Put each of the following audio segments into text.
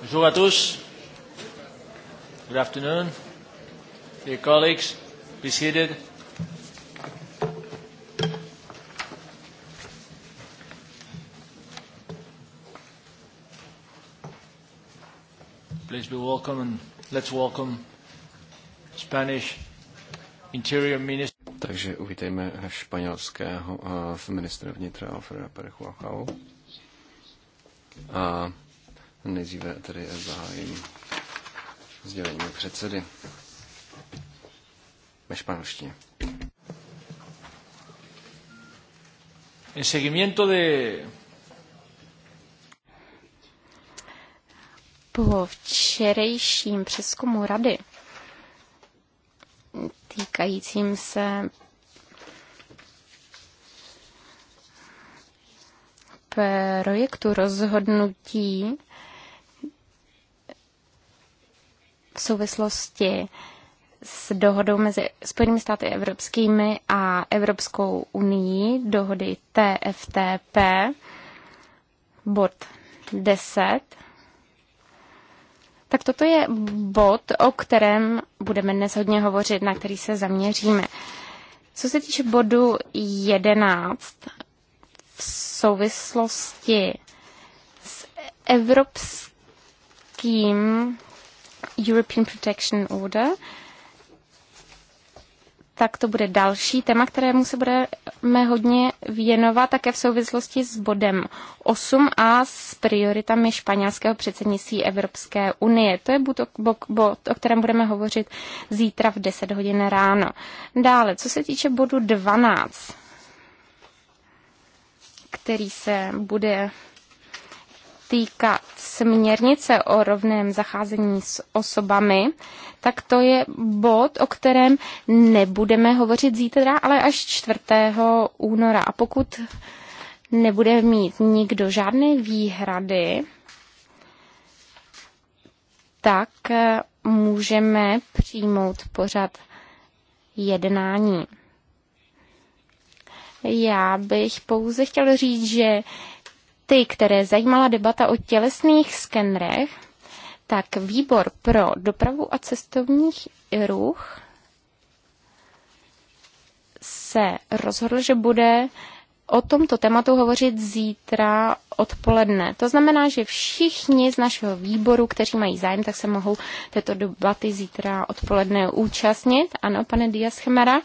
Bonjour à tous. Good afternoon. Dear colleagues, be seated. Please be welcome and let's welcome Spanish Interior Minister. Takže uvítejme španělského uh, ministra vnitra Alfreda Perechuachau. A nejdříve tedy zahájím sdělení předsedy ve španělštině. En seguimiento de po včerejším přeskumu rady týkajícím se projektu rozhodnutí v souvislosti s dohodou mezi Spojenými státy evropskými a Evropskou unii, dohody TFTP, bod 10. Tak toto je bod, o kterém budeme dnes hodně hovořit, na který se zaměříme. Co se týče bodu 11, souvislosti s evropským European Protection Order, tak to bude další téma, kterému se budeme hodně věnovat také v souvislosti s bodem 8 a s prioritami španělského předsednictví Evropské unie. To je bod, bod, o kterém budeme hovořit zítra v 10 hodin ráno. Dále, co se týče bodu 12, který se bude týkat směrnice o rovném zacházení s osobami, tak to je bod, o kterém nebudeme hovořit zítra, ale až 4. února. A pokud nebude mít nikdo žádné výhrady, tak můžeme přijmout pořad jednání. Já bych pouze chtěl říct, že ty, které zajímala debata o tělesných skenrech, tak výbor pro dopravu a cestovních ruch se rozhodl, že bude o tomto tématu hovořit zítra odpoledne. To znamená, že všichni z našeho výboru, kteří mají zájem, tak se mohou této debaty zítra odpoledne účastnit. Ano, pane Dias Chemera,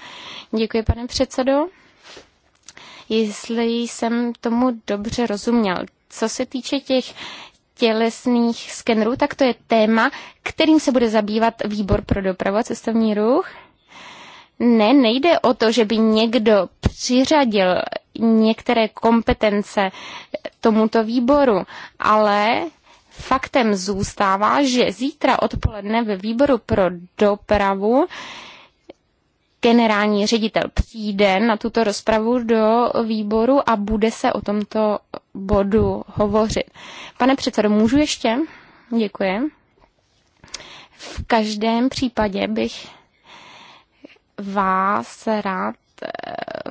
děkuji, pane předsedo jestli jsem tomu dobře rozuměl. Co se týče těch tělesných skenerů, tak to je téma, kterým se bude zabývat výbor pro dopravu a cestovní ruch. Ne, nejde o to, že by někdo přiřadil některé kompetence tomuto výboru, ale faktem zůstává, že zítra odpoledne ve výboru pro dopravu generální ředitel přijde na tuto rozpravu do výboru a bude se o tomto bodu hovořit. Pane předsedo, můžu ještě? Děkuji. V každém případě bych vás rád eh,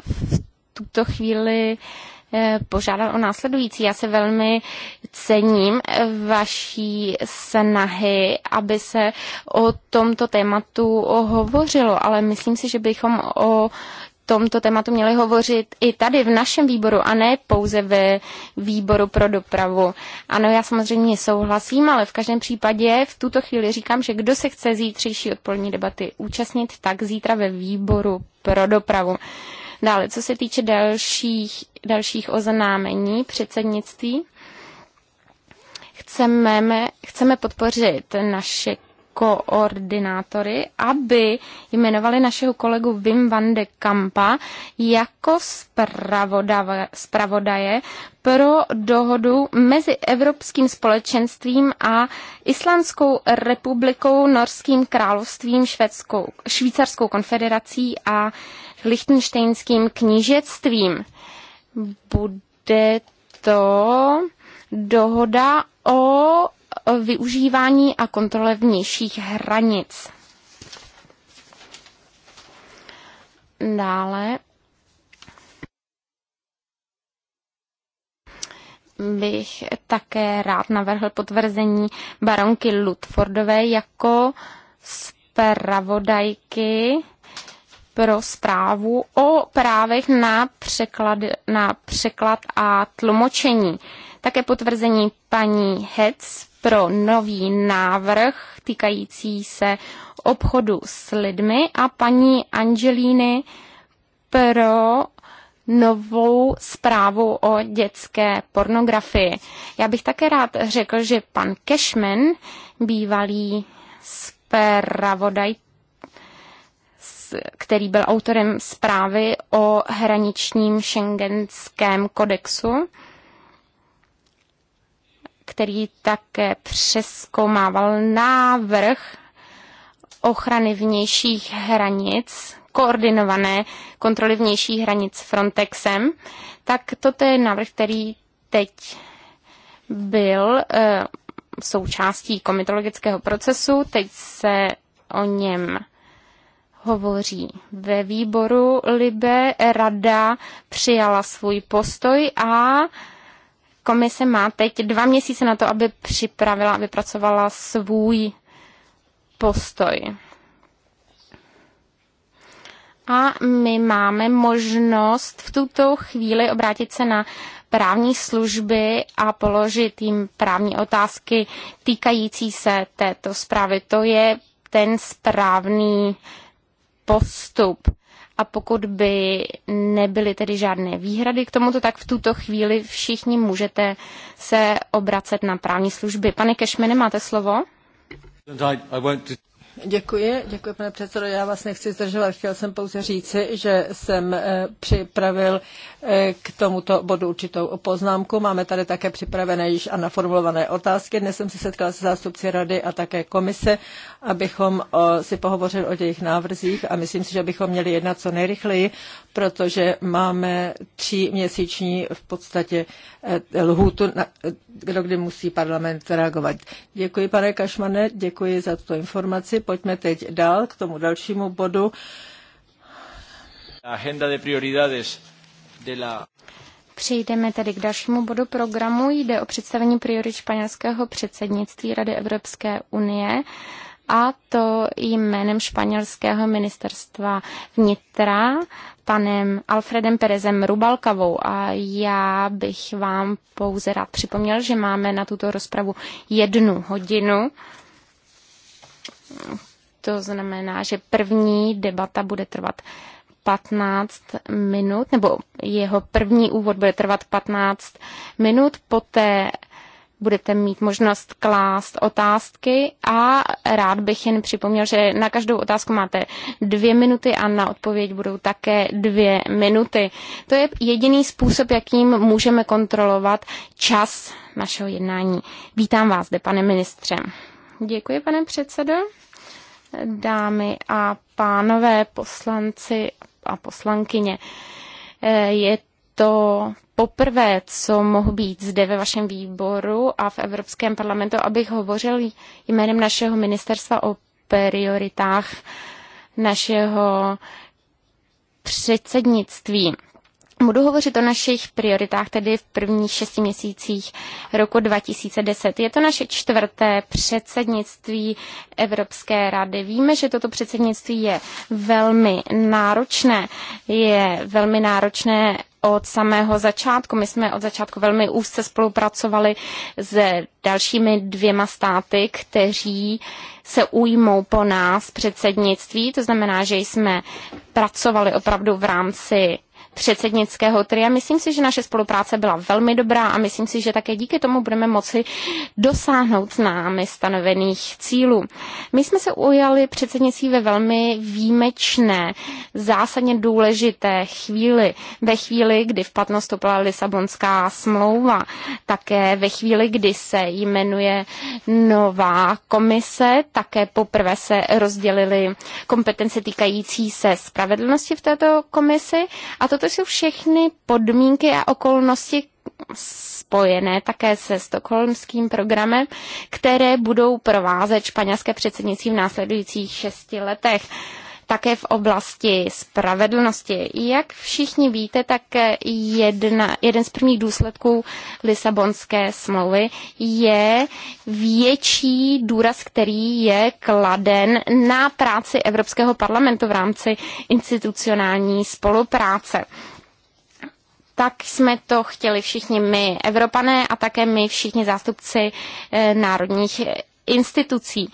v tuto chvíli Eh, požádat o následující. Já se velmi cením vaší snahy, aby se o tomto tématu hovořilo, ale myslím si, že bychom o tomto tématu měli hovořit i tady v našem výboru a ne pouze ve výboru pro dopravu. Ano, já samozřejmě souhlasím, ale v každém případě v tuto chvíli říkám, že kdo se chce zítřejší odpolní debaty účastnit, tak zítra ve výboru pro dopravu. Dále, co se týče dalších, dalších oznámení předsednictví, chceme, chceme podpořit naše koordinátory, aby jmenovali našeho kolegu Wim van de Kampa jako zpravodaje pro dohodu mezi Evropským společenstvím a Islandskou republikou, Norským královstvím, Švédskou, Švýcarskou konfederací a lichtenštejnským knížectvím. Bude to dohoda o využívání a kontrole vnějších hranic. Dále bych také rád navrhl potvrzení baronky Ludfordové jako zpravodajky pro zprávu o právech na překlad, na překlad a tlumočení. Také potvrzení paní Hetz pro nový návrh týkající se obchodu s lidmi a paní Angelíny pro novou zprávu o dětské pornografii. Já bych také rád řekl, že pan Cashman, bývalý zpravodaj který byl autorem zprávy o hraničním šengenském kodexu, který také přeskoumával návrh ochrany vnějších hranic, koordinované kontroly vnějších hranic Frontexem, tak toto je návrh, který teď byl eh, součástí komitologického procesu, teď se o něm hovoří ve výboru Libe. Rada přijala svůj postoj a komise má teď dva měsíce na to, aby připravila vypracovala svůj postoj. A my máme možnost v tuto chvíli obrátit se na právní služby a položit jim právní otázky týkající se této zprávy. To je ten správný postup. A pokud by nebyly tedy žádné výhrady k tomuto, tak v tuto chvíli všichni můžete se obracet na právní služby. Pane Kešmene, máte slovo? Děkuji, děkuji pane předsedo. Já vás nechci zdržovat, chtěl jsem pouze říci, že jsem eh, připravil eh, k tomuto bodu určitou poznámku. Máme tady také připravené již a naformulované otázky. Dnes jsem se setkal se zástupci rady a také komise, abychom si pohovořili o jejich návrzích a myslím si, že bychom měli jednat co nejrychleji, protože máme tří měsíční v podstatě eh, lhůtu, do kdy musí parlament reagovat. Děkuji, pane Kašmane, děkuji za tuto informaci. Pojďme teď dál k tomu dalšímu bodu. Agenda de prioridades de la... Přejdeme tedy k dalšímu bodu programu. Jde o představení priorit španělského předsednictví Rady Evropské unie a to jménem španělského ministerstva vnitra panem Alfredem Perezem Rubalkavou. A já bych vám pouze rád připomněl, že máme na tuto rozpravu jednu hodinu. To znamená, že první debata bude trvat 15 minut, nebo jeho první úvod bude trvat 15 minut, poté budete mít možnost klást otázky a rád bych jen připomněl, že na každou otázku máte dvě minuty a na odpověď budou také dvě minuty. To je jediný způsob, jakým můžeme kontrolovat čas našeho jednání. Vítám vás zde, pane ministře. Děkuji, pane předsedo. Dámy a pánové, poslanci a poslankyně, eh, je to poprvé, co mohu být zde ve vašem výboru a v Evropském parlamentu, abych hovořil jménem našeho ministerstva o prioritách našeho předsednictví. Budu hovořit o našich prioritách, tedy v prvních šesti měsících roku 2010. Je to naše čtvrté předsednictví Evropské rady. Víme, že toto předsednictví je velmi náročné. Je velmi náročné od samého začátku. My jsme od začátku velmi úzce spolupracovali s dalšími dvěma státy, kteří se ujmou po nás předsednictví. To znamená, že jsme pracovali opravdu v rámci předsednického tria. Myslím si, že naše spolupráce byla velmi dobrá a myslím si, že také díky tomu budeme moci dosáhnout námi stanovených cílů. My jsme se ujali předsednictví ve velmi výjimečné, zásadně důležité chvíli. Ve chvíli, kdy v platnost vstoupila Lisabonská smlouva, také ve chvíli, kdy se jmenuje nová komise, také poprvé se rozdělily kompetence týkající se spravedlnosti v této komisi a toto to jsou všechny podmínky a okolnosti spojené také se stokholmským programem, které budou provázet španělské předsednictví v následujících šesti letech také v oblasti spravedlnosti. Jak všichni víte, tak jedna, jeden z prvních důsledků Lisabonské smlouvy je větší důraz, který je kladen na práci Evropského parlamentu v rámci institucionální spolupráce tak jsme to chtěli všichni my, Evropané, a také my všichni zástupci eh, národních institucí.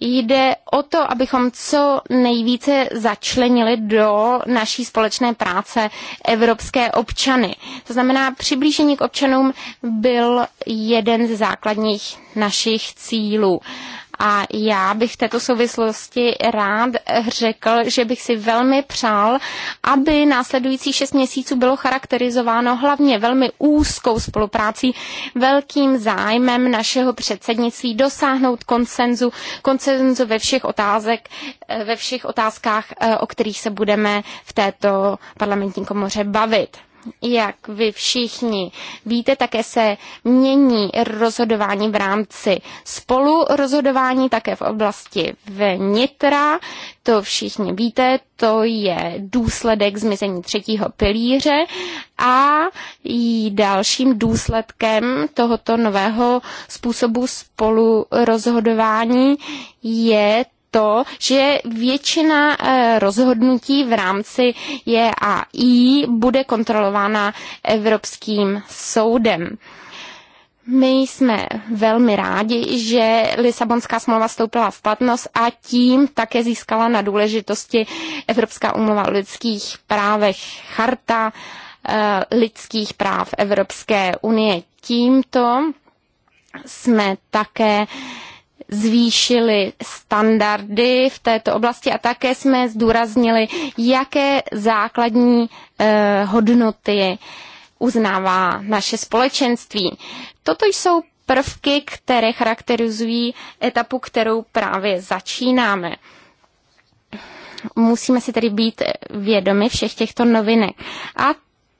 Jde o to, abychom co nejvíce začlenili do naší společné práce evropské občany. To znamená, přiblížení k občanům byl jeden z základních našich cílů. A já bych v této souvislosti rád řekl, že bych si velmi přál, aby následující šest měsíců bylo charakterizováno hlavně velmi úzkou spoluprácí, velkým zájmem našeho předsednictví dosáhnout konsenzu, konsenzu ve všech otázek, ve všech otázkách, eh, o kterých se budeme v této parlamentní komoře bavit. Jak vy všichni víte, také se mění rozhodování v rámci spolurozhodování, také v oblasti vnitra. To všichni víte, to je důsledek zmizení třetího pilíře a dalším důsledkem tohoto nového způsobu spolurozhodování je to, že většina eh, rozhodnutí v rámci JAI bude kontrolována Evropským soudem. My jsme velmi rádi, že Lisabonská smlouva vstoupila v platnost a tím také získala na důležitosti Evropská umluva o lidských právech, charta eh, lidských práv Evropské unie. Tímto jsme také uh, zvýšili standardy v této oblasti a také jsme zdůraznili, jaké základní eh, hodnoty uznává naše společenství. Toto jsou prvky, které charakterizují etapu, kterou právě začínáme. Musíme si tedy být vědomi všech těchto novinek. A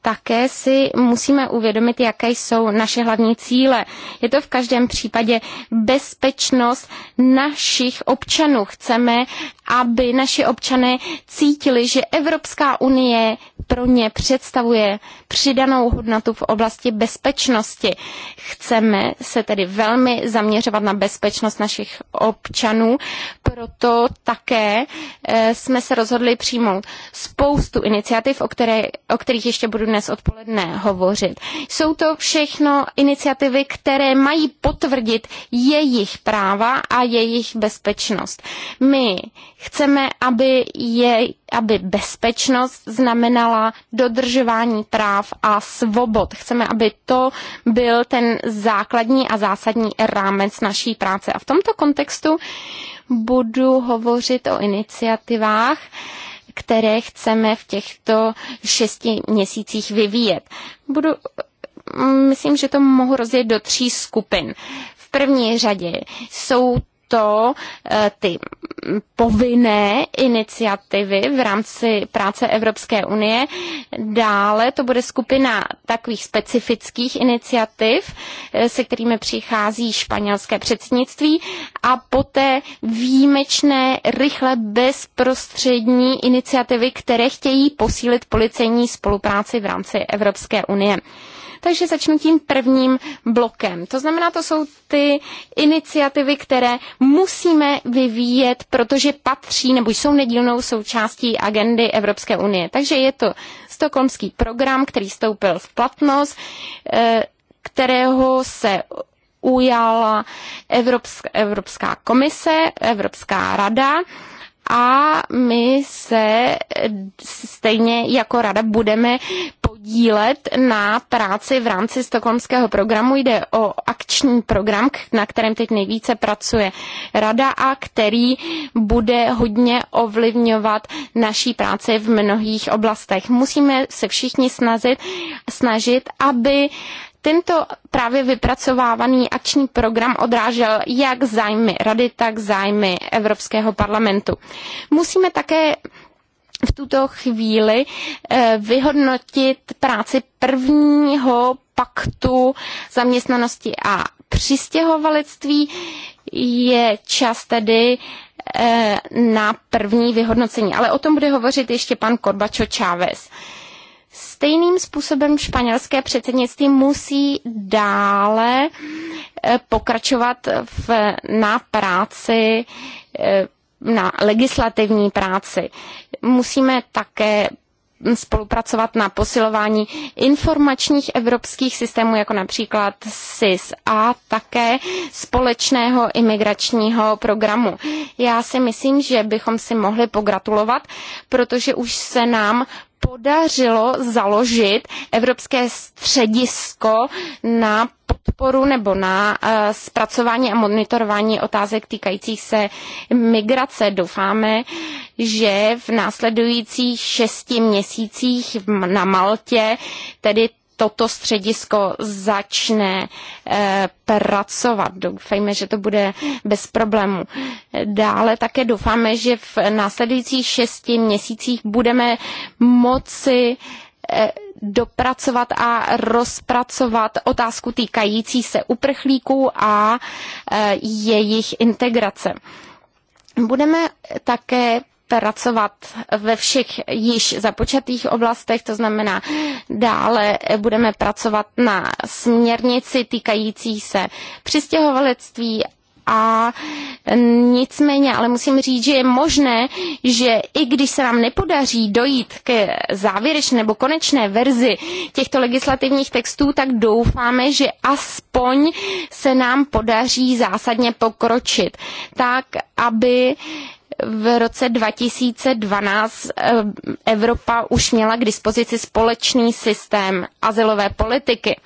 také si musíme uvědomit, jaké jsou naše hlavní cíle. Je to v každém případě bezpečnost našich občanů. Chceme, aby naši občané cítili, že Evropská unie pro ně představuje přidanou hodnotu v oblasti bezpečnosti. Chceme se tedy velmi zaměřovat na bezpečnost našich občanů, proto také eh, jsme se rozhodli přijmout spoustu iniciativ, o, které, o kterých ještě budu dnes odpoledne hovořit. Jsou to všechno iniciativy, které mají potvrdit jejich práva a jejich bezpečnost. My chceme, aby, je, aby bezpečnost znamenala dodržování práv a svobod. Chceme, aby to byl ten základní a zásadní rámec naší práce. A v tomto kontextu budu hovořit o iniciativách, které chceme v těchto šesti měsících vyvíjet. Budu, mm, myslím, že to mohu rozdělit do tří skupin. V první řadě jsou to eh, ty povinné iniciativy v rámci práce Evropské unie. Dále to bude skupina takových specifických iniciativ, eh, se kterými přichází španělské předsednictví a poté výjimečné, rychle, bezprostřední iniciativy, které chtějí posílit policejní spolupráci v rámci Evropské unie. Takže začnu tím prvním blokem. To znamená, to jsou ty iniciativy, které musíme vyvíjet, protože patří nebo jsou nedílnou součástí agendy Evropské unie. Takže je to stokholmský program, který stoupil v platnost, eh, kterého se ujala Evropská, Evropská komise, Evropská rada a my se stejně jako rada budeme podílet na práci v rámci stokholmského programu. Jde o akční program, na kterém teď nejvíce pracuje rada a který bude hodně ovlivňovat naší práci v mnohých oblastech. Musíme se všichni snazit, snažit, aby tento právě vypracovávaný akční program odrážel jak zájmy Rady, tak zájmy Evropského parlamentu. Musíme také v tuto chvíli eh, vyhodnotit práci prvního paktu zaměstnanosti a přistěhovalectví. Je čas tedy eh, na první vyhodnocení, ale o tom bude hovořit ještě pan Korbačo Chávez. Stejným způsobem španělské předsednictví musí dále eh, pokračovat v, na práci eh, na legislativní práci. Musíme také spolupracovat na posilování informačních evropských systémů, jako například SIS a také společného imigračního programu. Já si myslím, že bychom si mohli pogratulovat, protože už se nám podařilo založit Evropské středisko na podporu nebo na eh, zpracování a monitorování otázek týkajících se migrace. Doufáme, že v následujících šesti měsících na Maltě tedy toto středisko začne eh, pracovat. Doufejme, že to bude bez problémů. Dále také doufáme, že v následujících šesti měsících budeme moci eh, dopracovat a rozpracovat otázku týkající se uprchlíků a eh, jejich integrace. Budeme také pracovat ve všech již započatých oblastech, to znamená dále budeme pracovat na směrnici týkající se přistěhovalectví a nicméně, ale musím říct, že je možné, že i když se nám nepodaří dojít k závěrečné nebo konečné verzi těchto legislativních textů, tak doufáme, že aspoň se nám podaří zásadně pokročit, tak aby v roce 2012 eh, Evropa už měla k dispozici společný systém azylové politiky.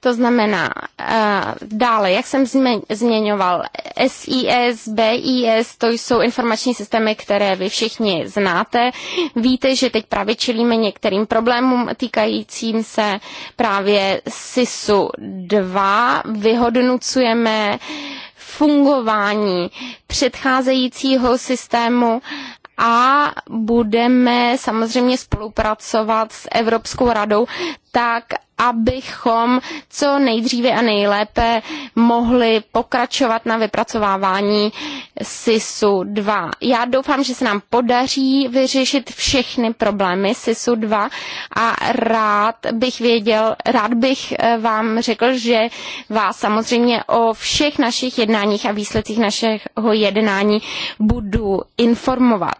To znamená, eh, dále, jak jsem změňoval, SIS, BIS, to jsou informační systémy, které vy všichni znáte. Víte, že teď právě čelíme některým problémům týkajícím se právě SISu 2. Vyhodnocujeme uh, fungování předcházejícího systému a budeme samozřejmě spolupracovat s Evropskou radou tak abychom co nejdříve a nejlépe mohli pokračovat na vypracovávání SISu 2. Já doufám, že se nám podaří vyřešit všechny problémy SISu 2 a rád bych věděl, rád bych eh, vám řekl, že vás samozřejmě o všech našich jednáních a výsledcích našeho jednání budu informovat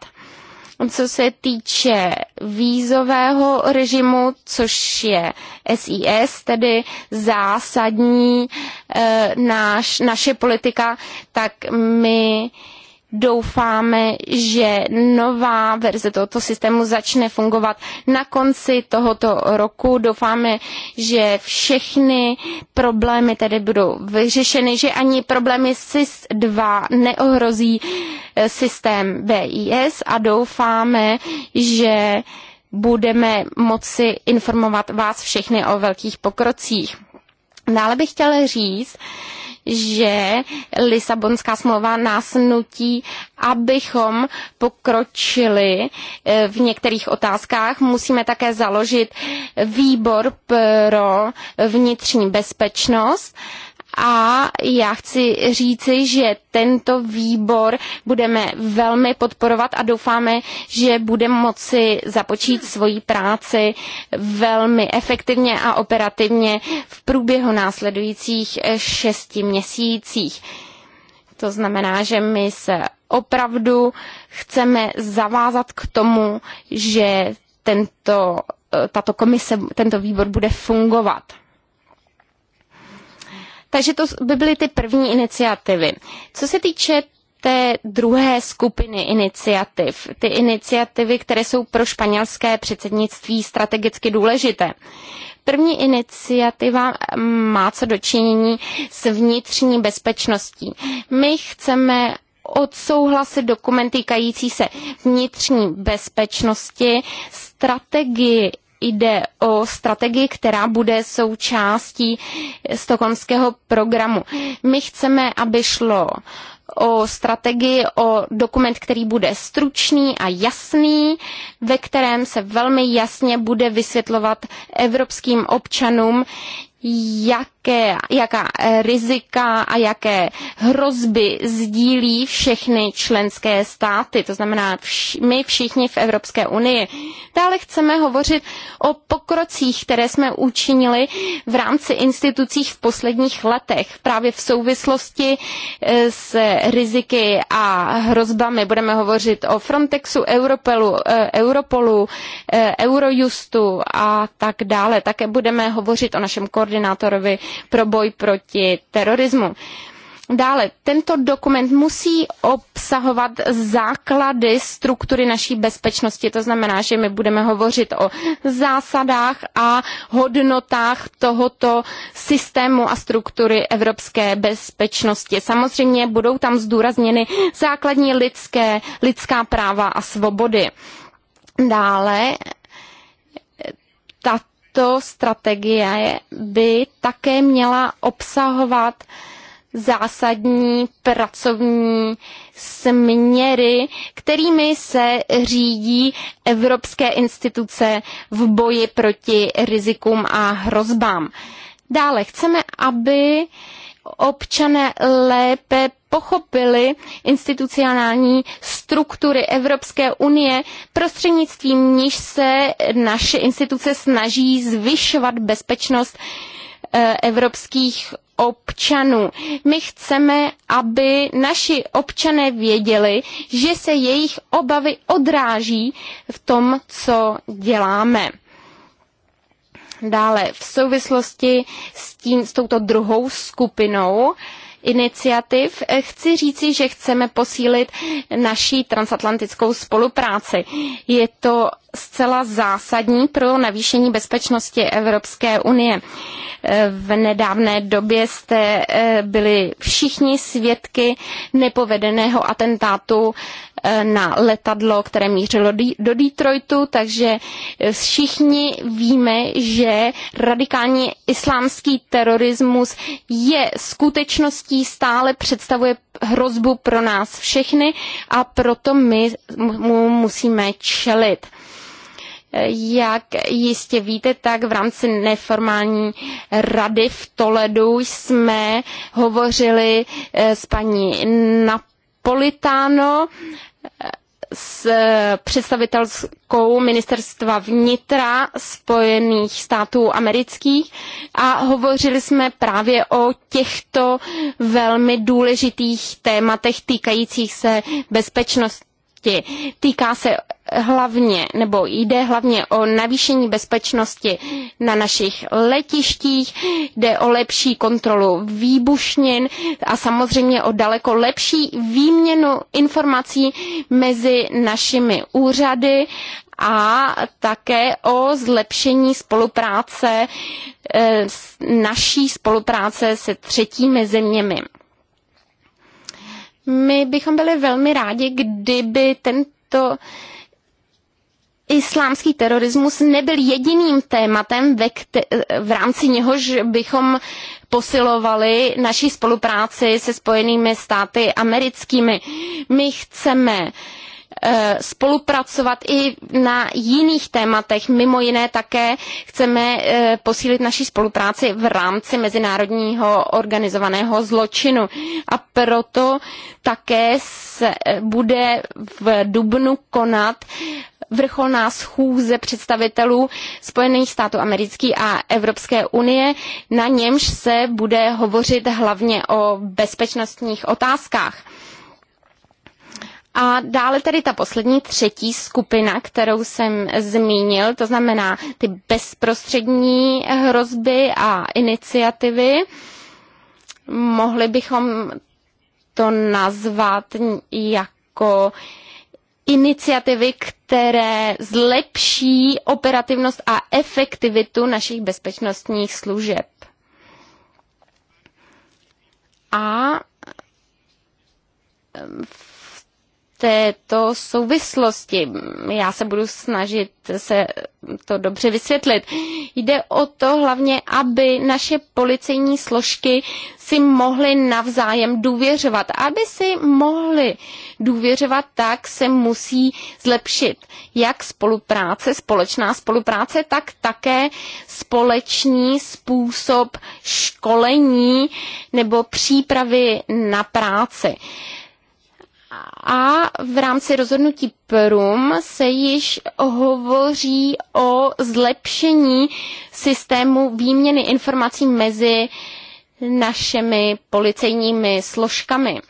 co se týče vízového režimu, což je SIS, tedy zásadní e, eh, naš, naše politika, tak my e, doufáme, že nová verze tohoto systému začne fungovat na konci tohoto roku. Doufáme, že všechny problémy tedy budou vyřešeny, že ani problémy SIS-2 neohrozí eh, systém BIS a doufáme, že budeme moci informovat vás všechny o velkých pokrocích. Dále bych chtěla říct, že Lisabonská smlouva nás nutí, abychom pokročili eh, v některých otázkách. Musíme také založit výbor pro vnitřní bezpečnost a já chci říci, že tento výbor budeme velmi podporovat a doufáme, že bude moci započít svoji práci velmi efektivně a operativně v průběhu následujících šesti měsících. To znamená, že my se opravdu chceme zavázat k tomu, že tento, tato komise, tento výbor bude fungovat. Takže to by byly ty první iniciativy. Co se týče té druhé skupiny iniciativ, ty iniciativy, které jsou pro španělské předsednictví strategicky důležité. První iniciativa mm, má co dočinění s vnitřní bezpečností. My chceme odsouhlasit dokument týkající se vnitřní bezpečnosti, strategii jde o strategii, která bude součástí Stokonského programu. My chceme, aby šlo o strategii, o dokument, který bude stručný a jasný, ve kterém se velmi jasně bude vysvětlovat evropským občanům, jaké, jaká rizika a jaké hrozby sdílí všechny členské státy, to znamená vš- my všichni v Evropské unii. Dále chceme hovořit o pokrocích, které jsme učinili v rámci institucích v posledních letech právě v souvislosti e, s riziky a hrozbami. Budeme hovořit o Frontexu, Europolu, e, Europolu e, Eurojustu a tak dále. Také budeme hovořit o našem koordinátoru koordinátorovi pro boj proti terorismu. Dále, tento dokument musí obsahovat základy struktury naší bezpečnosti, to znamená, že my budeme hovořit o zásadách a hodnotách tohoto systému a struktury evropské bezpečnosti. Samozřejmě budou tam zdůrazněny základní lidské, lidská práva a svobody. Dále, tato tato strategie by také měla obsahovat zásadní pracovní směry, kterými se řídí evropské instituce v boji proti rizikům a hrozbám. Dále chceme, aby občané lépe pochopili institucionální struktury Evropské unie, prostřednictvím níž se naše instituce snaží zvyšovat bezpečnost eh, evropských občanů. My chceme, aby naši občané věděli, že se jejich obavy odráží v tom, co děláme. Dále v souvislosti s, tím, s touto druhou skupinou uh, iniciativ eh, chci říci, že chceme posílit naší transatlantickou spolupráci. Je to zcela zásadní pro navýšení bezpečnosti Evropské unie. Eh, v nedávné době jste eh, byli všichni svědky nepovedeného atentátu Eh, na letadlo, které mířilo do Detroitu, takže eh, všichni víme, že radikální islámský terorismus je skutečností, stále představuje hrozbu pro nás všechny a proto my mu musíme čelit. Eh, jak jistě víte, tak v rámci neformální rady v Toledu jsme hovořili s paní Nap Politano s představitelskou ministerstva vnitra Spojených států amerických a hovořili jsme právě o těchto velmi důležitých tématech týkajících se bezpečnosti. Týká se hlavně, nebo jde hlavně o navýšení bezpečnosti na našich letištích, jde o lepší kontrolu výbušnin a samozřejmě o daleko lepší výměnu informací mezi našimi úřady a také o zlepšení spolupráce, eh, naší spolupráce se třetími zeměmi. My bychom byli velmi rádi, kdyby tento islámský terorismus nebyl jediným tématem, ve kte- v rámci něhož bychom posilovali naší spolupráci se Spojenými státy americkými. My chceme eh, spolupracovat i na jiných tématech. Mimo jiné také chceme eh, posílit naši spolupráci v rámci mezinárodního organizovaného zločinu. A proto také se eh, bude v Dubnu konat vrcholná schůze představitelů Spojených států amerických a Evropské unie, na němž se bude hovořit hlavně o bezpečnostních otázkách. A dále tedy ta poslední, třetí skupina, kterou jsem zmínil, to znamená ty bezprostřední hrozby a iniciativy. Mohli bychom to nazvat jako uh, iniciativy, které zlepší operativnost a efektivitu našich bezpečnostních služeb. A v této souvislosti, já se budu snažit se to dobře vysvětlit, jde o to hlavně, aby naše policejní složky si mohly navzájem důvěřovat, aby si mohly uh, důvěřovat, tak se musí zlepšit jak spolupráce, společná spolupráce, tak také společný způsob školení nebo přípravy na práci. A v rámci rozhodnutí Prum se již hovoří o zlepšení systému výměny informací mezi našimi policejními složkami.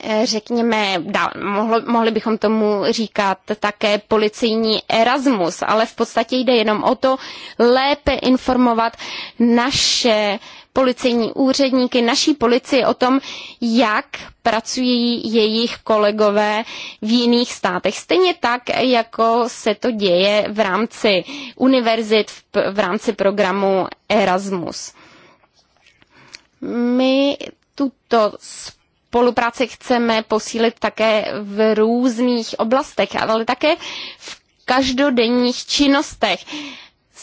Eh, řekněme, dá, mohlo, mohli bychom tomu říkat také policejní Erasmus, ale v podstatě jde jenom o to lépe informovat naše policejní úředníky, naší policii o tom, jak pracují jejich kolegové v jiných státech. Stejně tak, jako se to děje v rámci univerzit, v, v rámci programu Erasmus. My tuto společnost spolupráci chceme posílit také v různých oblastech, ale také v každodenních činnostech.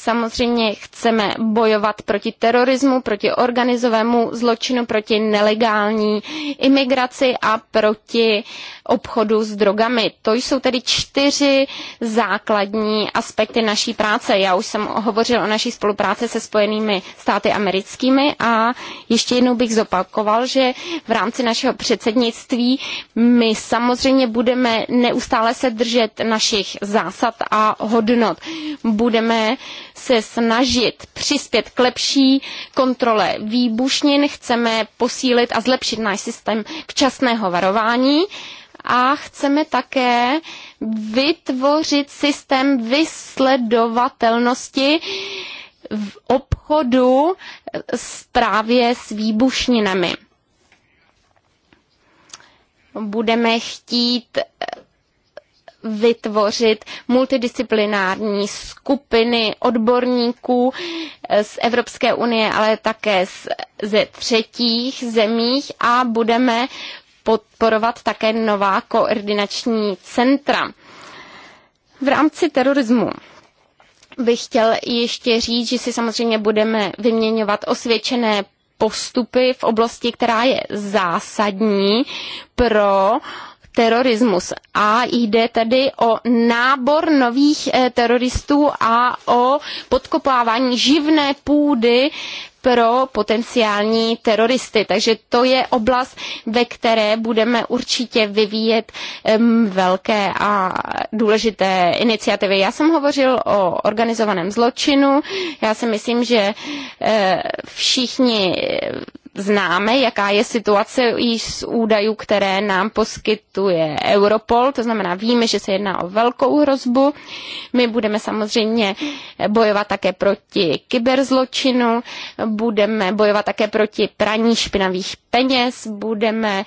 Samozřejmě chceme bojovat proti terorismu, proti organizovému zločinu, proti nelegální imigraci a proti obchodu s drogami. To jsou tedy čtyři základní aspekty naší práce. Já už jsem hovořil o naší spolupráci se Spojenými státy americkými a ještě jednou bych zopakoval, že v rámci našeho předsednictví my samozřejmě budeme neustále se držet našich zásad a hodnot. Budeme se snažit přispět k lepší kontrole výbušnin, chceme posílit a zlepšit náš systém včasného varování a chceme také vytvořit systém vysledovatelnosti v obchodu s právě s výbušninami. Budeme chtít vytvořit multidisciplinární skupiny odborníků eh, z Evropské unie, ale také z, ze třetích zemích a budeme podporovat také nová koordinační centra. V rámci terorismu bych chtěl ještě říct, že si samozřejmě budeme vyměňovat osvědčené postupy v oblasti, která je zásadní pro uh, terorismus. A jde tedy o nábor nových eh, teroristů a o podkopávání živné půdy pro potenciální teroristy. Takže to je oblast, ve které budeme určitě vyvíjet velké a důležité iniciativy. Já jsem hovořil o organizovaném zločinu. Já si myslím, že eh, všichni známe, jaká je situace již z údajů, které nám poskytuje Europol, to znamená víme, že se jedná o velkou hrozbu. My budeme samozřejmě bojovat také proti kyberzločinu, budeme bojovat také proti praní špinavých peněz, budeme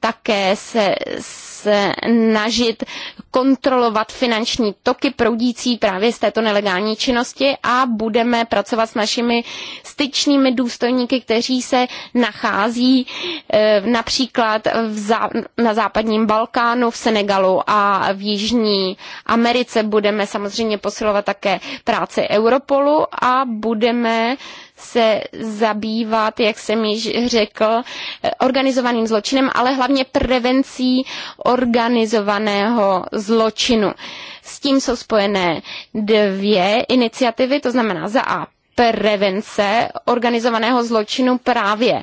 také se snažit kontrolovat finanční toky proudící právě z této nelegální činnosti a budeme pracovat s našimi styčnými důstojníky, kteří se nachází eh, například v zá, na západním Balkánu, v Senegalu a v Jižní Americe. Budeme samozřejmě posilovat také práci Europolu a budeme se zabývat, jak jsem již řekl, organizovaným zločinem, ale hlavně prevencí organizovaného zločinu. S tím jsou spojené dvě iniciativy, to znamená za A prevence organizovaného zločinu právě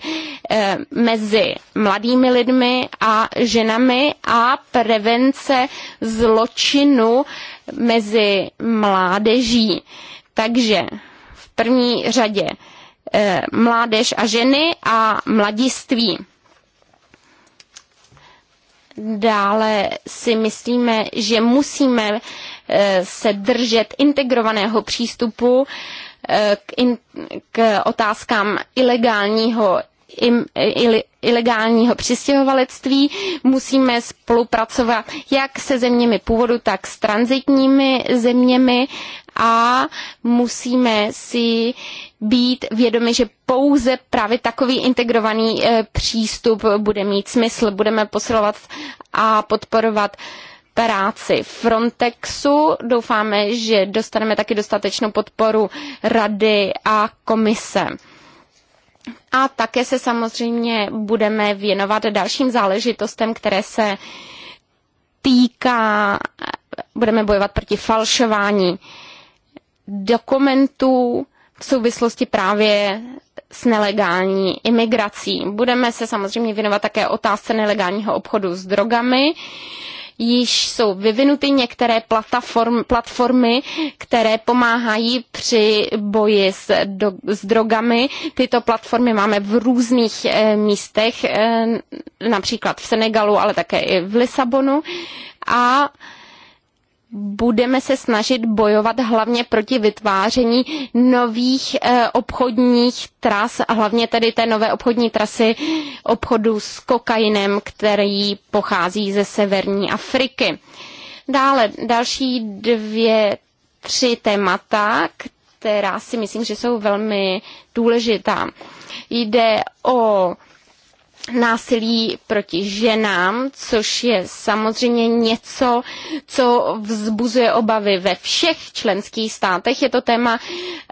eh, mezi mladými lidmi a ženami a prevence zločinu mezi mládeží. Takže první řadě eh, mládež a ženy a mladiství. Dále si myslíme, že musíme eh, se držet integrovaného přístupu eh, k, in, k otázkám ilegálního ilegálního přistěhovalectví. Musíme spolupracovat jak se zeměmi původu, tak s transitními zeměmi a musíme si být vědomi, že pouze právě takový integrovaný eh, přístup bude mít smysl. Budeme posilovat a podporovat práci Frontexu. Doufáme, že dostaneme taky dostatečnou podporu rady a komise. A také se samozřejmě budeme věnovat dalším záležitostem, které se týká, budeme bojovat proti falšování dokumentů v souvislosti právě s nelegální imigrací. Budeme se samozřejmě věnovat také otázce nelegálního obchodu s drogami. Již jsou vyvinuty některé platform, platformy, které pomáhají při boji s, do, s drogami. Tyto platformy máme v různých e, místech, e, například v Senegalu, ale také i v Lisabonu. A e, budeme se snažit bojovat hlavně proti vytváření nových eh, obchodních tras, a hlavně tedy té nové obchodní trasy obchodu s kokainem, který pochází ze severní Afriky. Dále další dvě, tři témata, která si myslím, že jsou velmi důležitá. Jde o násilí proti ženám, což je samozřejmě něco, co vzbuzuje obavy ve všech členských státech. Je to téma,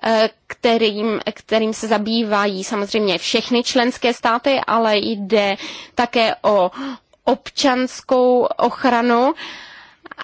eh, kterým, kterým se zabývají samozřejmě všechny členské státy, ale jde také o občanskou ochranu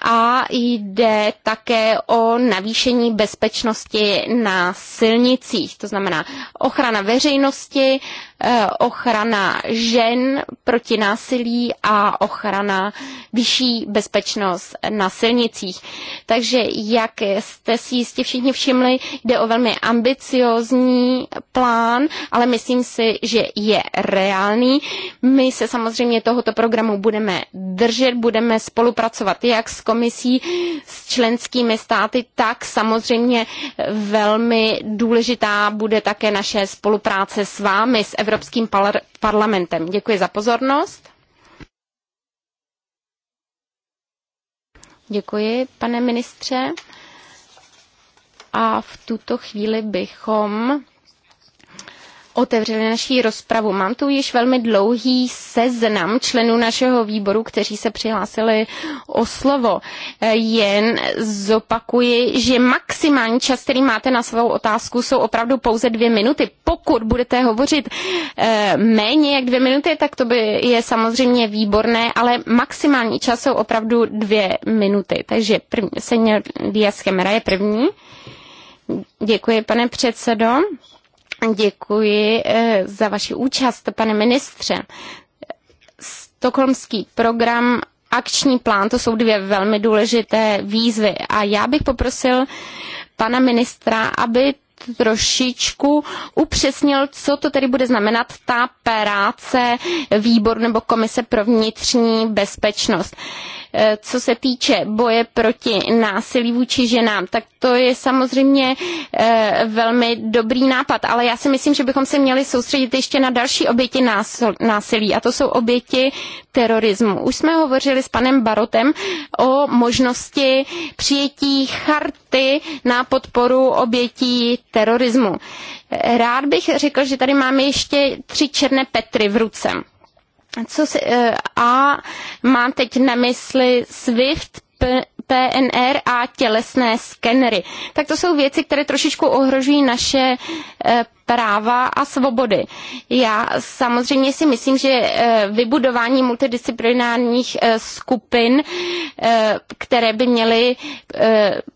a jde také o navýšení bezpečnosti na silnicích, to znamená ochrana veřejnosti, Eh, ochrana žen proti násilí a ochrana vyšší bezpečnost na silnicích. Takže jak jste si jistě všichni všimli, jde o velmi ambiciozní plán, ale myslím si, že je reálný. My se samozřejmě tohoto programu budeme držet, budeme spolupracovat jak s komisí, s členskými státy, tak samozřejmě velmi důležitá bude také naše spolupráce s vámi, s Evropskou Evropským parlamentem. Děkuji za pozornost. Děkuji, pane ministře. A v tuto chvíli bychom otevřeli naší rozpravu. Mám tu již velmi dlouhý seznam členů našeho výboru, kteří se přihlásili o slovo. E, jen zopakuji, že maximální čas, který máte na svou otázku, jsou opravdu pouze dvě minuty. Pokud budete hovořit e, méně jak dvě minuty, tak to by je samozřejmě výborné, ale maximální čas jsou opravdu dvě minuty. Takže první, senior Díaz Chemera je první. Děkuji, pane předsedo. Děkuji eh, za vaši účast, pane ministře. Stokholmský program akční plán, to jsou dvě velmi důležité výzvy. A já bych poprosil pana ministra, aby trošičku upřesnil, co to tedy bude znamenat ta práce výboru nebo komise pro vnitřní bezpečnost. Uh, Eh, co se týče boje proti násilí vůči ženám, tak to je samozřejmě eh, velmi dobrý nápad, ale já si myslím, že bychom se měli soustředit ještě na další oběti násilí a to jsou oběti terorismu. Už jsme hovořili s panem Barotem o možnosti přijetí charty na podporu obětí terorismu. Eh, rád bych řekl, že tady máme ještě tři černé Petry v ruce. Co si, eh, a mám teď na mysli SWIFT, PNR a tělesné skenery. Tak to jsou věci, které trošičku ohrožují naše eh, práva a svobody. Já samozřejmě si myslím, že eh, vybudování multidisciplinárních skupin, které by měly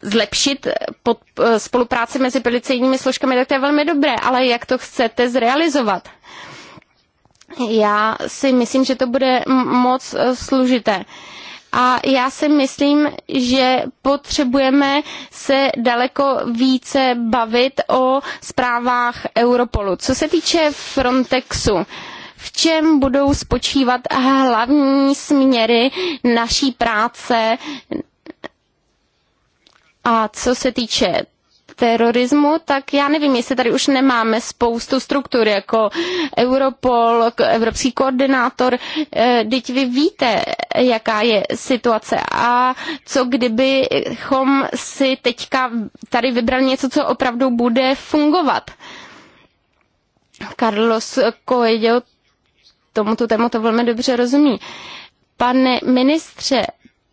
zlepšit spolupráci mezi policejními složkami, tak to je velmi dobré, ale jak to chcete zrealizovat? já si myslím, že to bude moc eh, služité. A já si myslím, že potřebujeme se daleko více bavit o zprávách Europolu. Co se týče Frontexu, v čem budou spočívat hlavní směry naší práce a co se týče terorismu, tak já nevím, jestli tady už nemáme spoustu struktur jako Europol, Evropský koordinátor. Teď eh, vy víte, jaká je situace a co kdybychom si teďka tady vybrali něco, co opravdu bude fungovat. Carlos Coelho tomuto to velmi dobře rozumí. Pane ministře,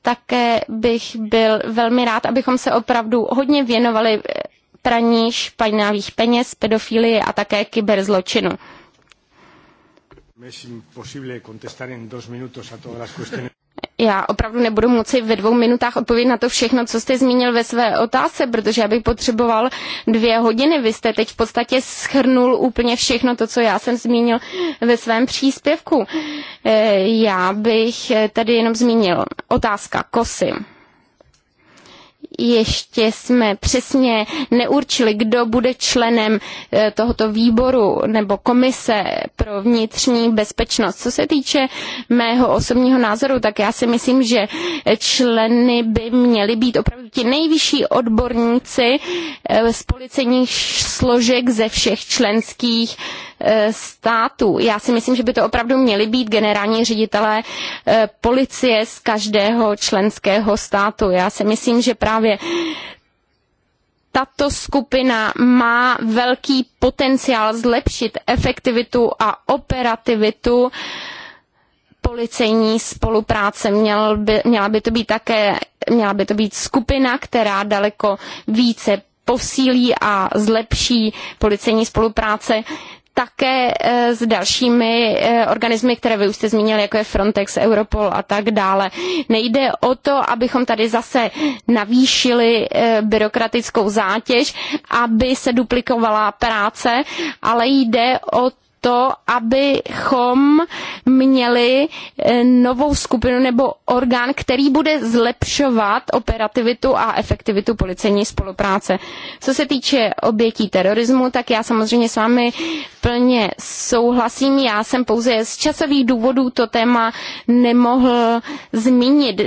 také bych byl velmi rád, abychom se opravdu hodně věnovali praní špinavých peněz, pedofilie a také kyberzločinu. Já opravdu nebudu moci ve dvou minutách odpovědět na to všechno, co jste zmínil ve své otázce, protože já bych potřeboval dvě hodiny. Vy jste teď v podstatě schrnul úplně všechno to, co já jsem zmínil ve svém příspěvku. Eh, já bych eh, tady jenom zmínil otázka kosy ještě jsme přesně neurčili, kdo bude členem eh, tohoto výboru nebo komise pro vnitřní bezpečnost. Co se týče mého osobního názoru, tak já si myslím, že členy by měli být opravdu ti nejvyšší odborníci eh, z policejních složek ze všech členských státu. Já si myslím, že by to opravdu měli být generální ředitelé eh, policie z každého členského státu. Já si myslím, že právě tato skupina má velký potenciál zlepšit efektivitu a operativitu policejní spolupráce. Měl by, měla by to být také, měla by to být skupina, která daleko více posílí a zlepší policejní spolupráce také eh, s dalšími eh, organismy, které vy už jste zmínili, jako je Frontex, Europol a tak dále. Nejde o to, abychom tady zase navýšili eh, byrokratickou zátěž, aby se duplikovala práce, ale jde o to, abychom měli eh, novou skupinu nebo orgán, který bude zlepšovat operativitu a efektivitu policejní spolupráce. Co se týče obětí terorismu, tak já samozřejmě s vámi plně souhlasím. Já jsem pouze z časových důvodů to téma nemohl zmínit.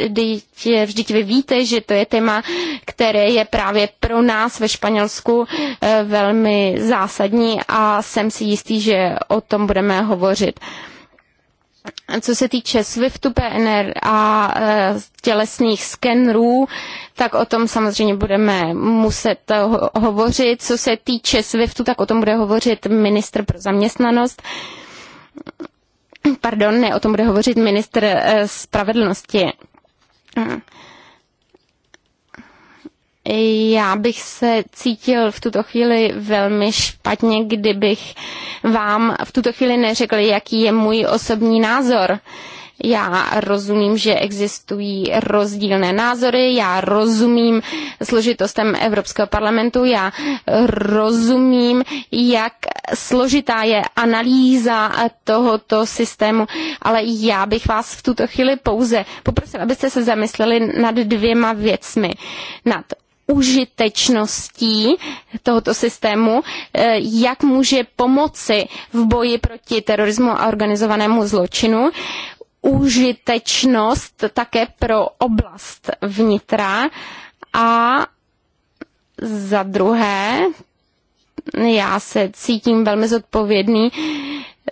Vždyť, eh, vy víte, že to je téma, které je právě pro nás ve Španělsku eh, velmi zásadní a jsem si jistý, že o tom budeme hovořit. Co se týče SWIFTu, PNR a e, tělesných skenrů, tak o tom samozřejmě budeme muset e, hovořit. Co se týče SWIFTu, tak o tom bude hovořit ministr pro zaměstnanost. Pardon, ne, o tom bude hovořit ministr e, spravedlnosti já bych se cítil v tuto chvíli velmi špatně, kdybych vám v tuto chvíli neřekl, jaký je můj osobní názor. Já rozumím, že existují rozdílné názory, já rozumím složitostem Evropského parlamentu, já rozumím, jak složitá je analýza tohoto systému, ale já bych vás v tuto chvíli pouze poprosil, abyste se zamysleli nad dvěma věcmi. Nad užitečností tohoto systému, eh, jak může pomoci v boji proti terorismu a organizovanému zločinu, užitečnost také pro oblast vnitra a za druhé já se cítím velmi zodpovědný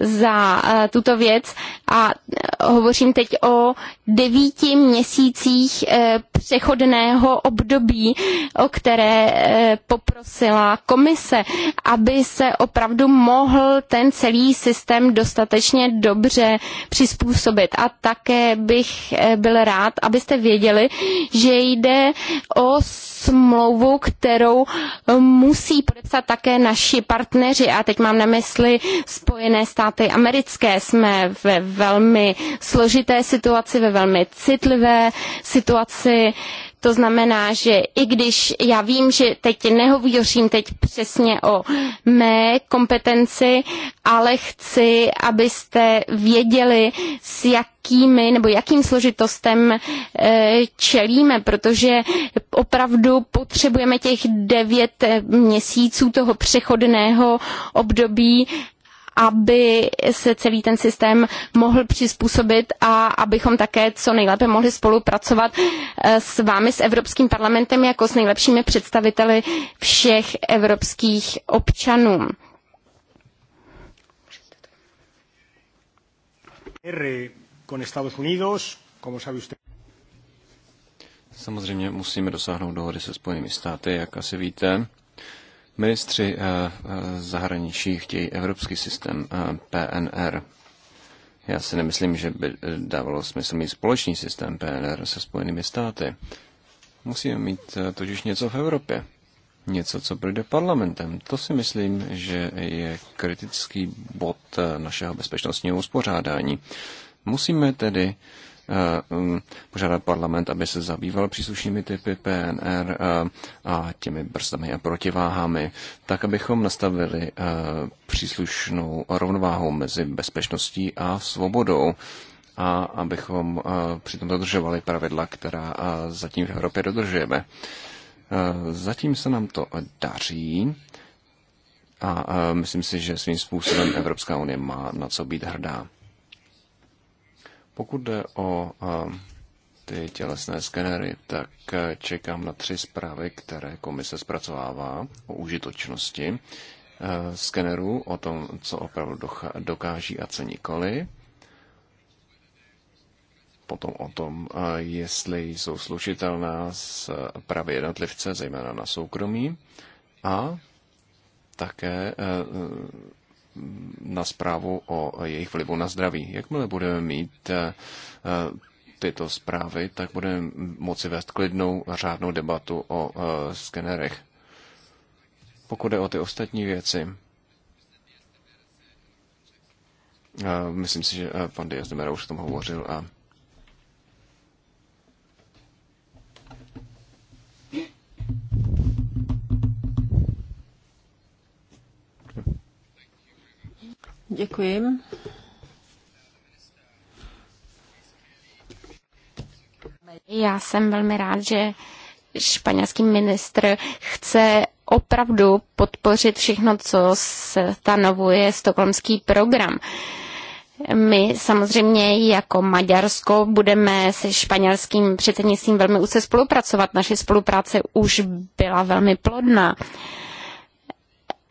za eh, tuto věc a eh, hovořím teď o devíti měsících eh, přechodného období, o které poprosila komise, aby se opravdu mohl ten celý systém dostatečně dobře přizpůsobit. A také bych byl rád, abyste věděli, že jde o smlouvu, kterou eh, musí podepsat také naši partneři. A teď mám na mysli Spojené státy americké. Jsme ve velmi složité situaci, ve velmi citlivé situaci to znamená, že i když já vím, že teď nehovořím teď přesně o mé kompetenci, ale chci, abyste věděli, s jakými nebo jakým složitostem eh, čelíme, protože opravdu potřebujeme těch devět eh, měsíců toho přechodného období, aby se celý ten systém mohl přizpůsobit a abychom také co nejlépe mohli spolupracovat eh, s vámi, s Evropským parlamentem, jako s nejlepšími představiteli všech evropských občanů. Con Estados Unidos, como sabe usted. Samozřejmě musíme dosáhnout dohody se Spojenými státy, jak asi víte. Ministři eh, eh, zahraničí chtějí evropský systém eh, PNR. Já si nemyslím, že by dávalo smysl mít společný systém PNR se Spojenými státy. Musíme mít totiž něco v Evropě. Něco, co projde parlamentem. To si myslím, že je kritický bod našeho bezpečnostního uspořádání. Musíme tedy Eh, um, požádat parlament, aby se zabýval příslušnými typy PNR eh, a těmi brzdami a protiváhami, tak abychom nastavili eh, příslušnou rovnováhu mezi bezpečností a svobodou a abychom přitom dodržovali pravidla, která zatím v Evropě dodržujeme. Zatím se nám to daří a myslím si, že svým způsobem Evropská unie má na co být hrdá. Pokud jde o eh, ty tělesné skenery, tak eh, čekám na tři zprávy, které komise zpracovává o užitočnosti eh, skenerů, o tom, co opravdu dokáží a co nikoli. Potom o tom, jestli jsou slušitelná s právě jednotlivce, zejména na soukromí. A také na zprávu o jejich vlivu na zdraví. Jakmile budeme mít eh, tyto zprávy, tak budeme moci vést klidnou a řádnou debatu o eh, skenerech. Pokud jde o ty ostatní věci, eh, myslím si, že pan Diaz de už o tom hovořil a Děkuji. Já jsem velmi rád, že španělský ministr chce opravdu podpořit všechno, co stanovuje stokholmský program. My samozřejmě jako Maďarsko budeme se španělským předsednictvím velmi úzce spolupracovat. Naše spolupráce už byla velmi plodná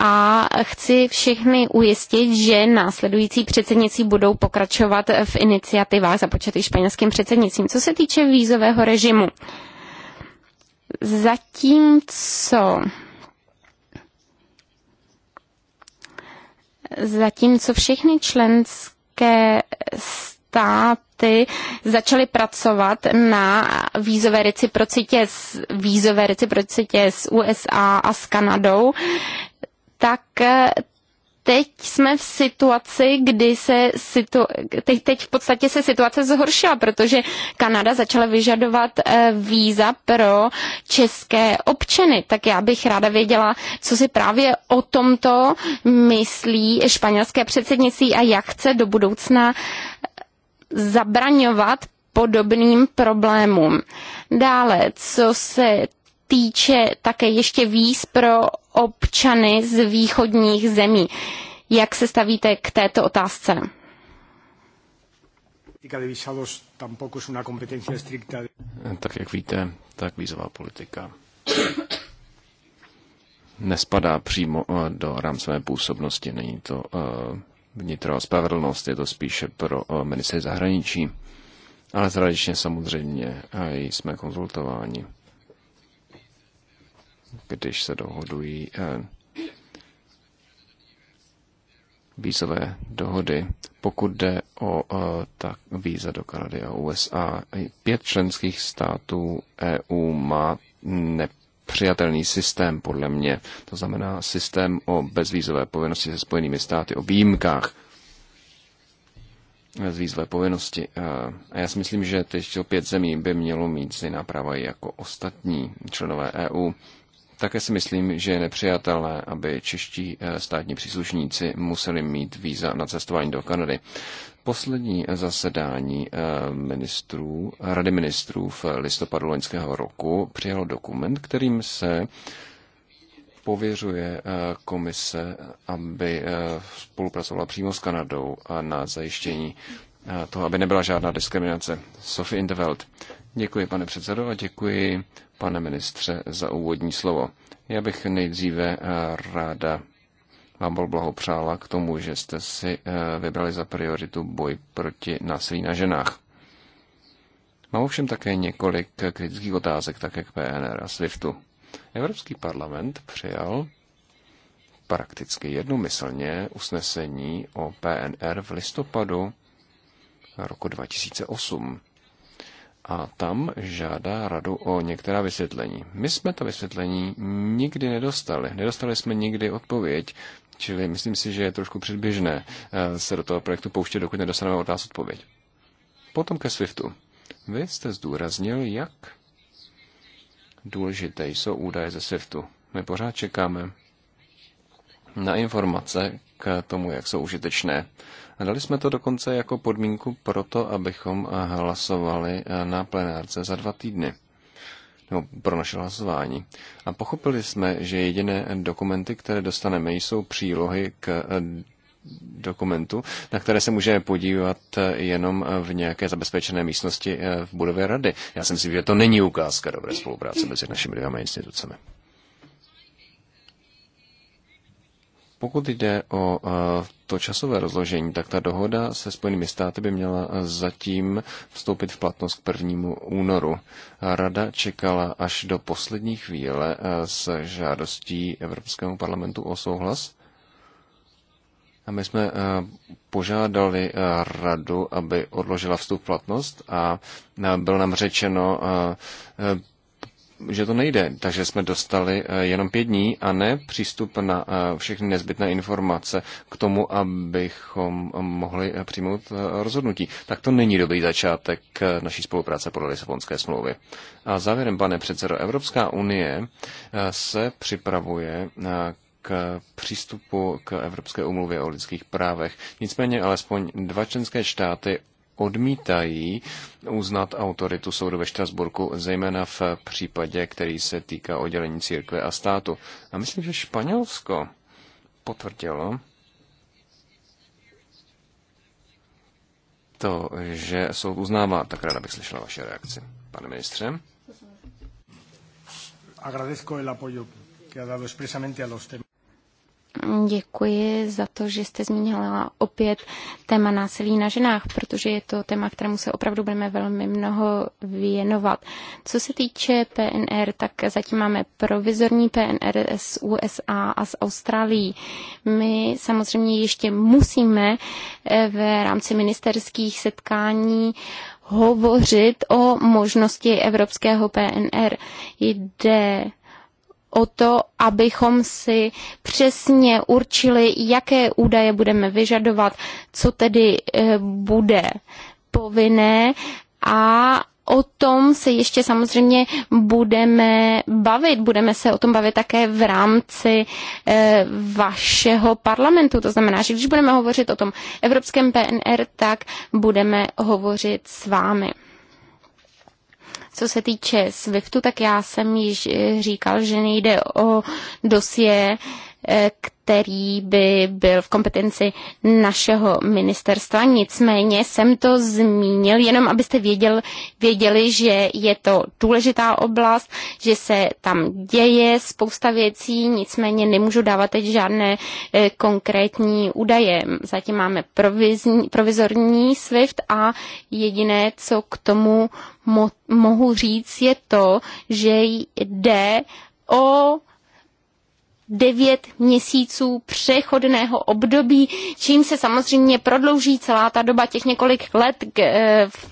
a chci všechny ujistit, že následující předsednicí budou pokračovat v iniciativách započatých španělským předsednicím. Co se týče vízového režimu, zatímco zatímco všechny členské státy začaly pracovat na vízové reciprocitě, vízové reciprocitě s USA a s Kanadou, tak eh, teď jsme v situaci, kdy se situ... teď, teď v podstatě se situace zhoršila, protože Kanada začala vyžadovat eh, víza pro české občany. Tak já bych ráda věděla, co si právě o tomto myslí španělské předsednictví a jak chce do budoucna eh, zabraňovat podobným problémům. Dále, co se týče také ještě víz pro občany z východních zemí. Jak se stavíte k této otázce? Tak jak víte, tak vízová politika nespadá přímo eh, do rámcové působnosti. Není to eh, vnitro spravedlnost, je to spíše pro eh, ministry zahraničí. Ale tradičně samozřejmě jsme konzultováni když se dohodují eh, vízové dohody. Pokud jde o eh, tak víza do Kanady a USA, pět členských států EU má přijatelný systém, podle mě. To znamená systém o bezvízové povinnosti se Spojenými státy, o výjimkách bezvízové povinnosti. Eh, a já si myslím, že těch pět zemí by mělo mít stejná práva jako ostatní členové EU. Také si myslím, že je nepřijatelné, aby čeští eh, státní příslušníci museli mít víza na cestování do Kanady. Poslední eh, zasedání eh, ministrů, Rady ministrů v listopadu loňského roku přijalo dokument, kterým se pověřuje komise, aby spolupracovala přímo s Kanadou na zajištění toho, aby nebyla žádná diskriminace. Sophie Indeveld Děkuji, pane předsedo, a děkuji, pane ministře, za úvodní slovo. Já bych nejdříve eh, ráda vám byl blahopřála k tomu, že jste si eh, vybrali za prioritu boj proti násilí na ženách. Mám ovšem také několik kritických otázek také k PNR a SWIFTu. Evropský parlament přijal prakticky jednomyslně usnesení o PNR v listopadu roku 2008 a tam žádá radu o některá vysvětlení. My jsme to vysvětlení nikdy nedostali. Nedostali jsme nikdy odpověď, čili myslím si, že je trošku předběžné eh, se do toho projektu pouštět, dokud nedostaneme od nás odpověď. Potom ke SWIFTu. Vy jste zdůraznil, jak důležité jsou údaje ze SWIFTu. My pořád čekáme na informace k tomu, jak jsou užitečné. A dali jsme to dokonce jako podmínku pro to, abychom eh, hlasovali eh, na plenárce za dva týdny nebo pro naše hlasování. A pochopili jsme, že jediné dokumenty, které dostaneme, jsou přílohy k eh, dokumentu, na které se můžeme podívat jenom v nějaké zabezpečené místnosti v budově rady. Já jsem si že to není ukázka dobré spolupráce mezi našimi dvěma institucemi. Pokud jde o e, to časové rozložení, tak ta dohoda se Spojenými státy by měla e, zatím vstoupit v platnost k 1. únoru. Rada čekala až do poslední chvíle e, s žádostí Evropskému parlamentu o souhlas. A my jsme požádali radu, aby odložila vstup platnost a bylo nám řečeno, že to nejde, takže jsme dostali eh, jenom pět dní a ne přístup na eh, všechny nezbytné informace k tomu, abychom mohli eh, přijmout rozhodnutí. Tak to není dobrý začátek naší spolupráce podle Lisabonské smlouvy. A závěrem, pane předsedo, Evropská unie se připravuje k přístupu k Evropské umluvě o lidských právech. Nicméně alespoň dva členské štáty odmítají uznat autoritu soudu ve Štrasburku, zejména v případě, který se týká oddělení církve a státu. A myslím, že Španělsko potvrdilo, to, že soud uznává. Tak ráda bych slyšela vaše reakci, pane ministře. Agradezco el apoyo que ha dado expresamente a los temas. Děkuji za to, že jste zmínila opět téma násilí na ženách, protože je to téma, kterému se opravdu budeme velmi mnoho věnovat. Co se týče PNR, tak zatím máme provizorní PNR z USA a z Austrálií. My samozřejmě ještě musíme eh, v rámci ministerských setkání hovořit o možnosti evropského PNR. Jde o to, abychom si přesně určili, jaké údaje budeme vyžadovat, co tedy eh, bude povinné a O tom se ještě samozřejmě budeme bavit. Budeme se o tom bavit také v rámci e, vašeho parlamentu. To znamená, že když budeme hovořit o tom evropském PNR, tak budeme hovořit s vámi. Co se týče SWIFTu, tak já jsem již eh, říkal, že nejde o dosie, Eh, který by byl v kompetenci našeho ministerstva. Nicméně jsem to zmínil, jenom abyste věděl, věděli, že je to důležitá oblast, že se tam děje spousta věcí, nicméně nemůžu dávat teď žádné eh, konkrétní údaje. Zatím máme provizní, provizorní SWIFT a jediné, co k tomu mo- mohu říct, je to, že jde o devět měsíců přechodného období, čím se samozřejmě prodlouží celá ta doba těch několik let, k, eh, v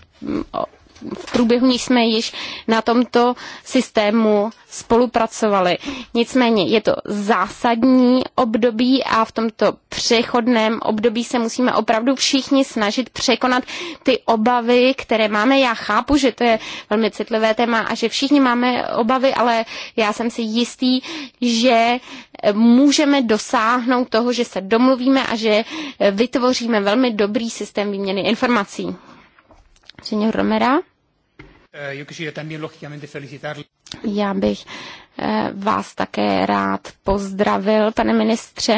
v průběhu nich jsme již na tomto systému spolupracovali. Nicméně je to zásadní období a v tomto přechodném období se musíme opravdu všichni snažit překonat ty obavy, které máme. Já chápu, že to je velmi citlivé téma a že všichni máme obavy, ale já jsem si jistý, že můžeme dosáhnout toho, že se domluvíme a že vytvoříme velmi dobrý systém výměny informací. Senior Romera. Eh, Já bych eh, vás také rád pozdravil, pane ministře,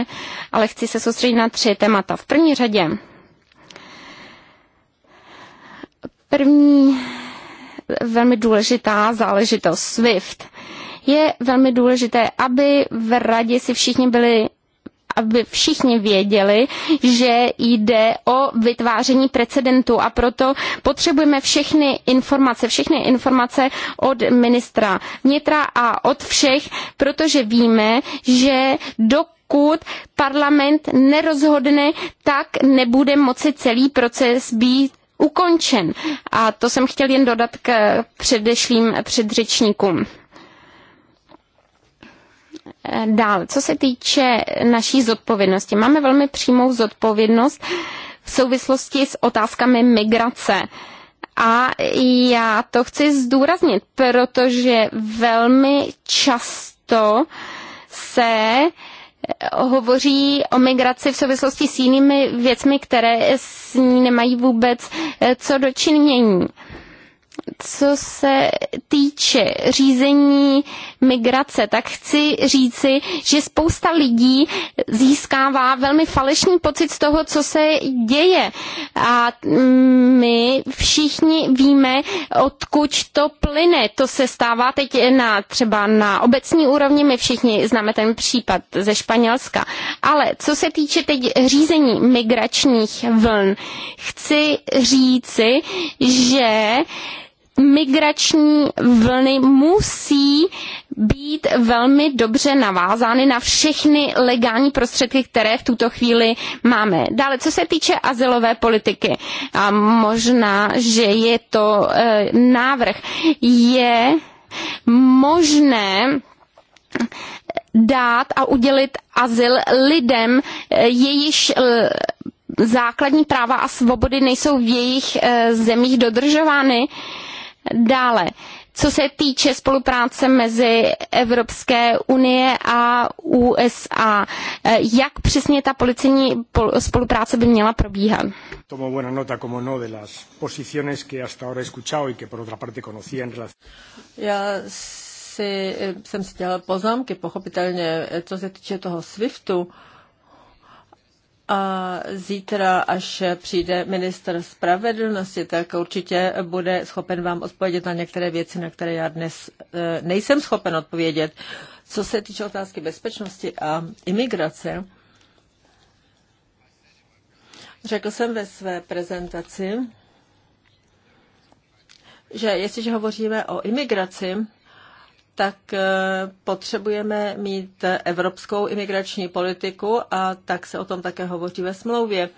ale chci se soustředit na tři témata. V první řadě první velmi důležitá záležitost SWIFT. Je velmi důležité, aby v radě si všichni byli aby všichni věděli, že jde o vytváření precedentu a proto potřebujeme všechny informace, všechny informace od ministra vnitra a od všech, protože víme, že do dokud parlament nerozhodne, tak nebude moci celý proces být ukončen. A to jsem chtěl jen dodat k předešlým předřečníkům. Eh, dál. Co se týče naší zodpovědnosti, máme velmi přímou zodpovědnost v souvislosti s otázkami migrace. A já to chci zdůraznit, protože velmi často se eh, hovoří o migraci v souvislosti s jinými věcmi, které s ní nemají vůbec eh, co dočinění co se týče řízení migrace, tak chci říci, že spousta lidí získává velmi falešný pocit z toho, co se děje. A my všichni víme, odkud to plyne. To se stává teď na, třeba na obecní úrovni, my všichni známe ten případ ze Španělska. Ale co se týče teď řízení migračních vln, chci říci, že migrační vlny musí být velmi dobře navázány na všechny legální prostředky, které v tuto chvíli máme. Dále, co se týče asilové politiky, a možná, že je to e, návrh, je možné dát a udělit azyl lidem, e, jejichž e, základní práva a svobody nejsou v jejich e, zemích dodržovány. E, Dále, co se týče spolupráce mezi Evropské unie a USA, eh, jak přesně ta policejní spolupráce by měla probíhat? Tomo buena nota, como no, de las posiciones que hasta ahora he escuchado y que por otra parte conocía en Já si, eh, jsem si dělal poznámky, pochopitelně, eh, co se týče toho SWIFTu, a zítra, až přijde minister spravedlnosti, tak určitě bude schopen vám odpovědět na některé věci, na které já dnes eh, nejsem schopen odpovědět. Co se týče otázky bezpečnosti a imigrace, řekl jsem ve své prezentaci, že jestliže hovoříme o imigraci, tak eh, potřebujeme mít evropskou imigrační politiku a tak se o tom také hovoří ve smlouvě.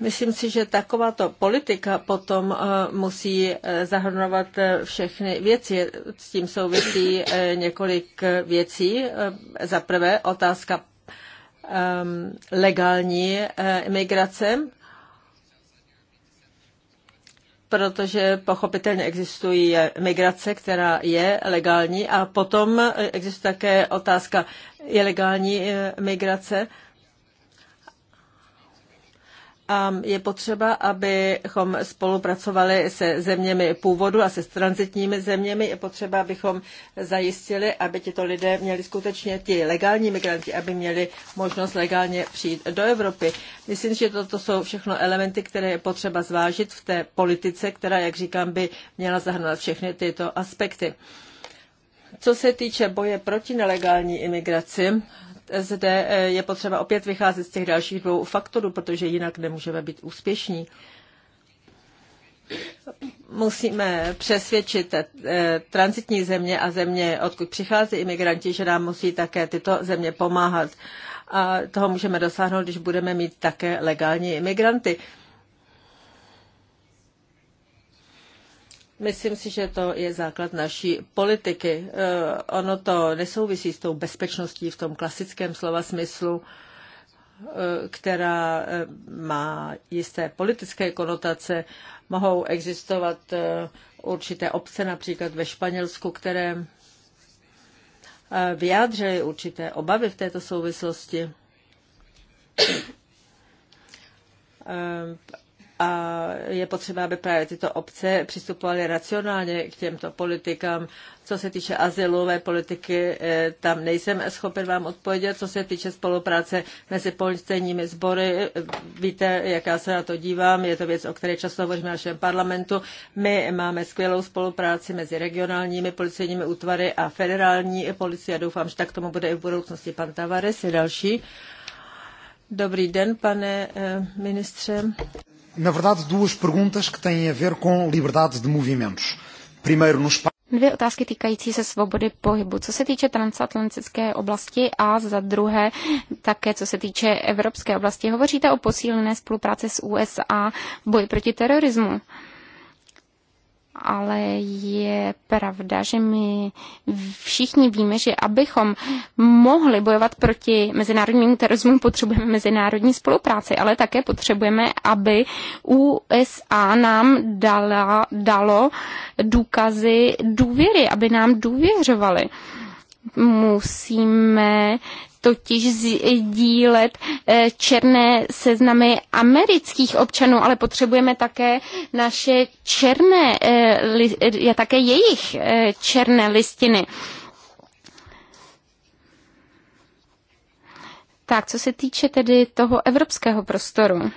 Myslím si, že takováto politika potom eh, musí eh, zahrnovat všechny věci. S tím souvisí několik věcí. Za prvé otázka ehm, legální imigrace protože pochopitelně existují migrace, která je legální a potom existuje také otázka ilegální eh, migrace a je potřeba, abychom spolupracovali se zeměmi původu a se transitními zeměmi. Je potřeba, abychom zajistili, aby tito lidé měli skutečně ti legální migranti, aby měli možnost legálně přijít do Evropy. Myslím, že toto jsou všechno elementy, které je potřeba zvážit v té politice, která, jak říkám, by měla zahrnout všechny tyto aspekty. Co se týče boje proti nelegální imigraci, zde eh, je potřeba opět vycházet z těch dalších dvou faktorů, protože jinak nemůžeme být úspěšní. Musíme přesvědčit eh, transitní země a země, odkud přichází imigranti, že nám musí také tyto země pomáhat. A toho můžeme dosáhnout, když budeme mít také legální imigranty. Myslím si, že to je základ naší politiky. Eh, ono to nesouvisí s tou bezpečností v tom klasickém slova smyslu, eh, která eh, má jisté politické konotace. Mohou existovat určité obce, například ve Španělsku, které vyjádřily určité obavy v této souvislosti a je potřeba, aby právě tyto obce přistupovaly racionálně k těmto politikám. Co se týče azylové politiky, eh, tam nejsem schopen vám odpovědět. Co se týče spolupráce mezi policejními sbory, eh, víte, jak já se na to dívám, je to věc, o které často hovoříme v našem parlamentu. My máme skvělou spolupráci mezi regionálními policejními útvary a federální policií a doufám, že tak tomu bude i v budoucnosti. Pan Tavares je další. Dobrý den, pane eh, ministře na verdade, duas perguntas que têm a ver com liberdade de movimentos. Primeiro, no espaço. Dvě otázky týkající se svobody pohybu. Co se týče transatlantické oblasti a za druhé také co se týče evropské oblasti. Hovoříte o posílené spolupráci s USA v boji proti terorismu ale je pravda, že my všichni víme, že abychom mohli bojovat proti mezinárodnímu terorismu, potřebujeme mezinárodní spolupráci, ale také potřebujeme, aby USA nám dala, dalo důkazy důvěry, aby nám důvěřovali musíme totiž sdílet eh, černé seznamy amerických občanů, ale potřebujeme také naše černé, eh, také jejich eh, černé listiny. Tak, co se týče tedy toho evropského prostoru,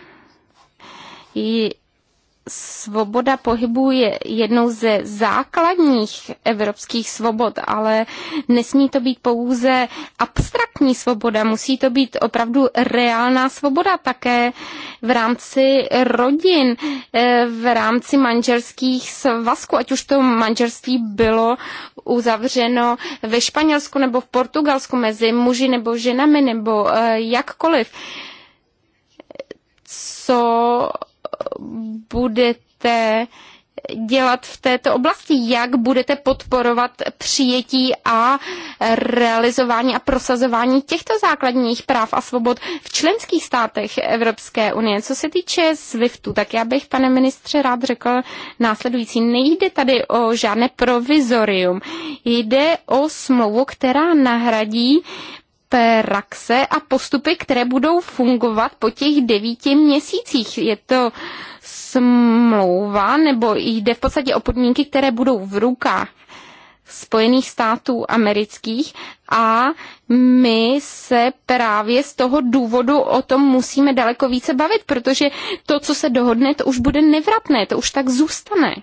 svoboda pohybu je jednou ze základních evropských svobod, ale nesmí to být pouze abstraktní svoboda, musí to být opravdu reálná svoboda také v rámci rodin, eh, v rámci manželských svazků, ať už to manželství bylo uzavřeno ve Španělsku nebo v Portugalsku mezi muži nebo ženami nebo eh, jakkoliv co budete dělat v této oblasti? Jak budete podporovat přijetí a realizování a prosazování těchto základních práv a svobod v členských státech Evropské unie? Co se týče SWIFTu, tak já bych, pane ministře, rád řekl následující. Nejde tady o žádné provizorium. Jde o smlouvu, která nahradí praxe a postupy, které budou fungovat po těch devíti měsících. Je to smlouva nebo jde v podstatě o podmínky, které budou v rukách Spojených států amerických a my se právě z toho důvodu o tom musíme daleko více bavit, protože to, co se dohodne, to už bude nevratné, to už tak zůstane.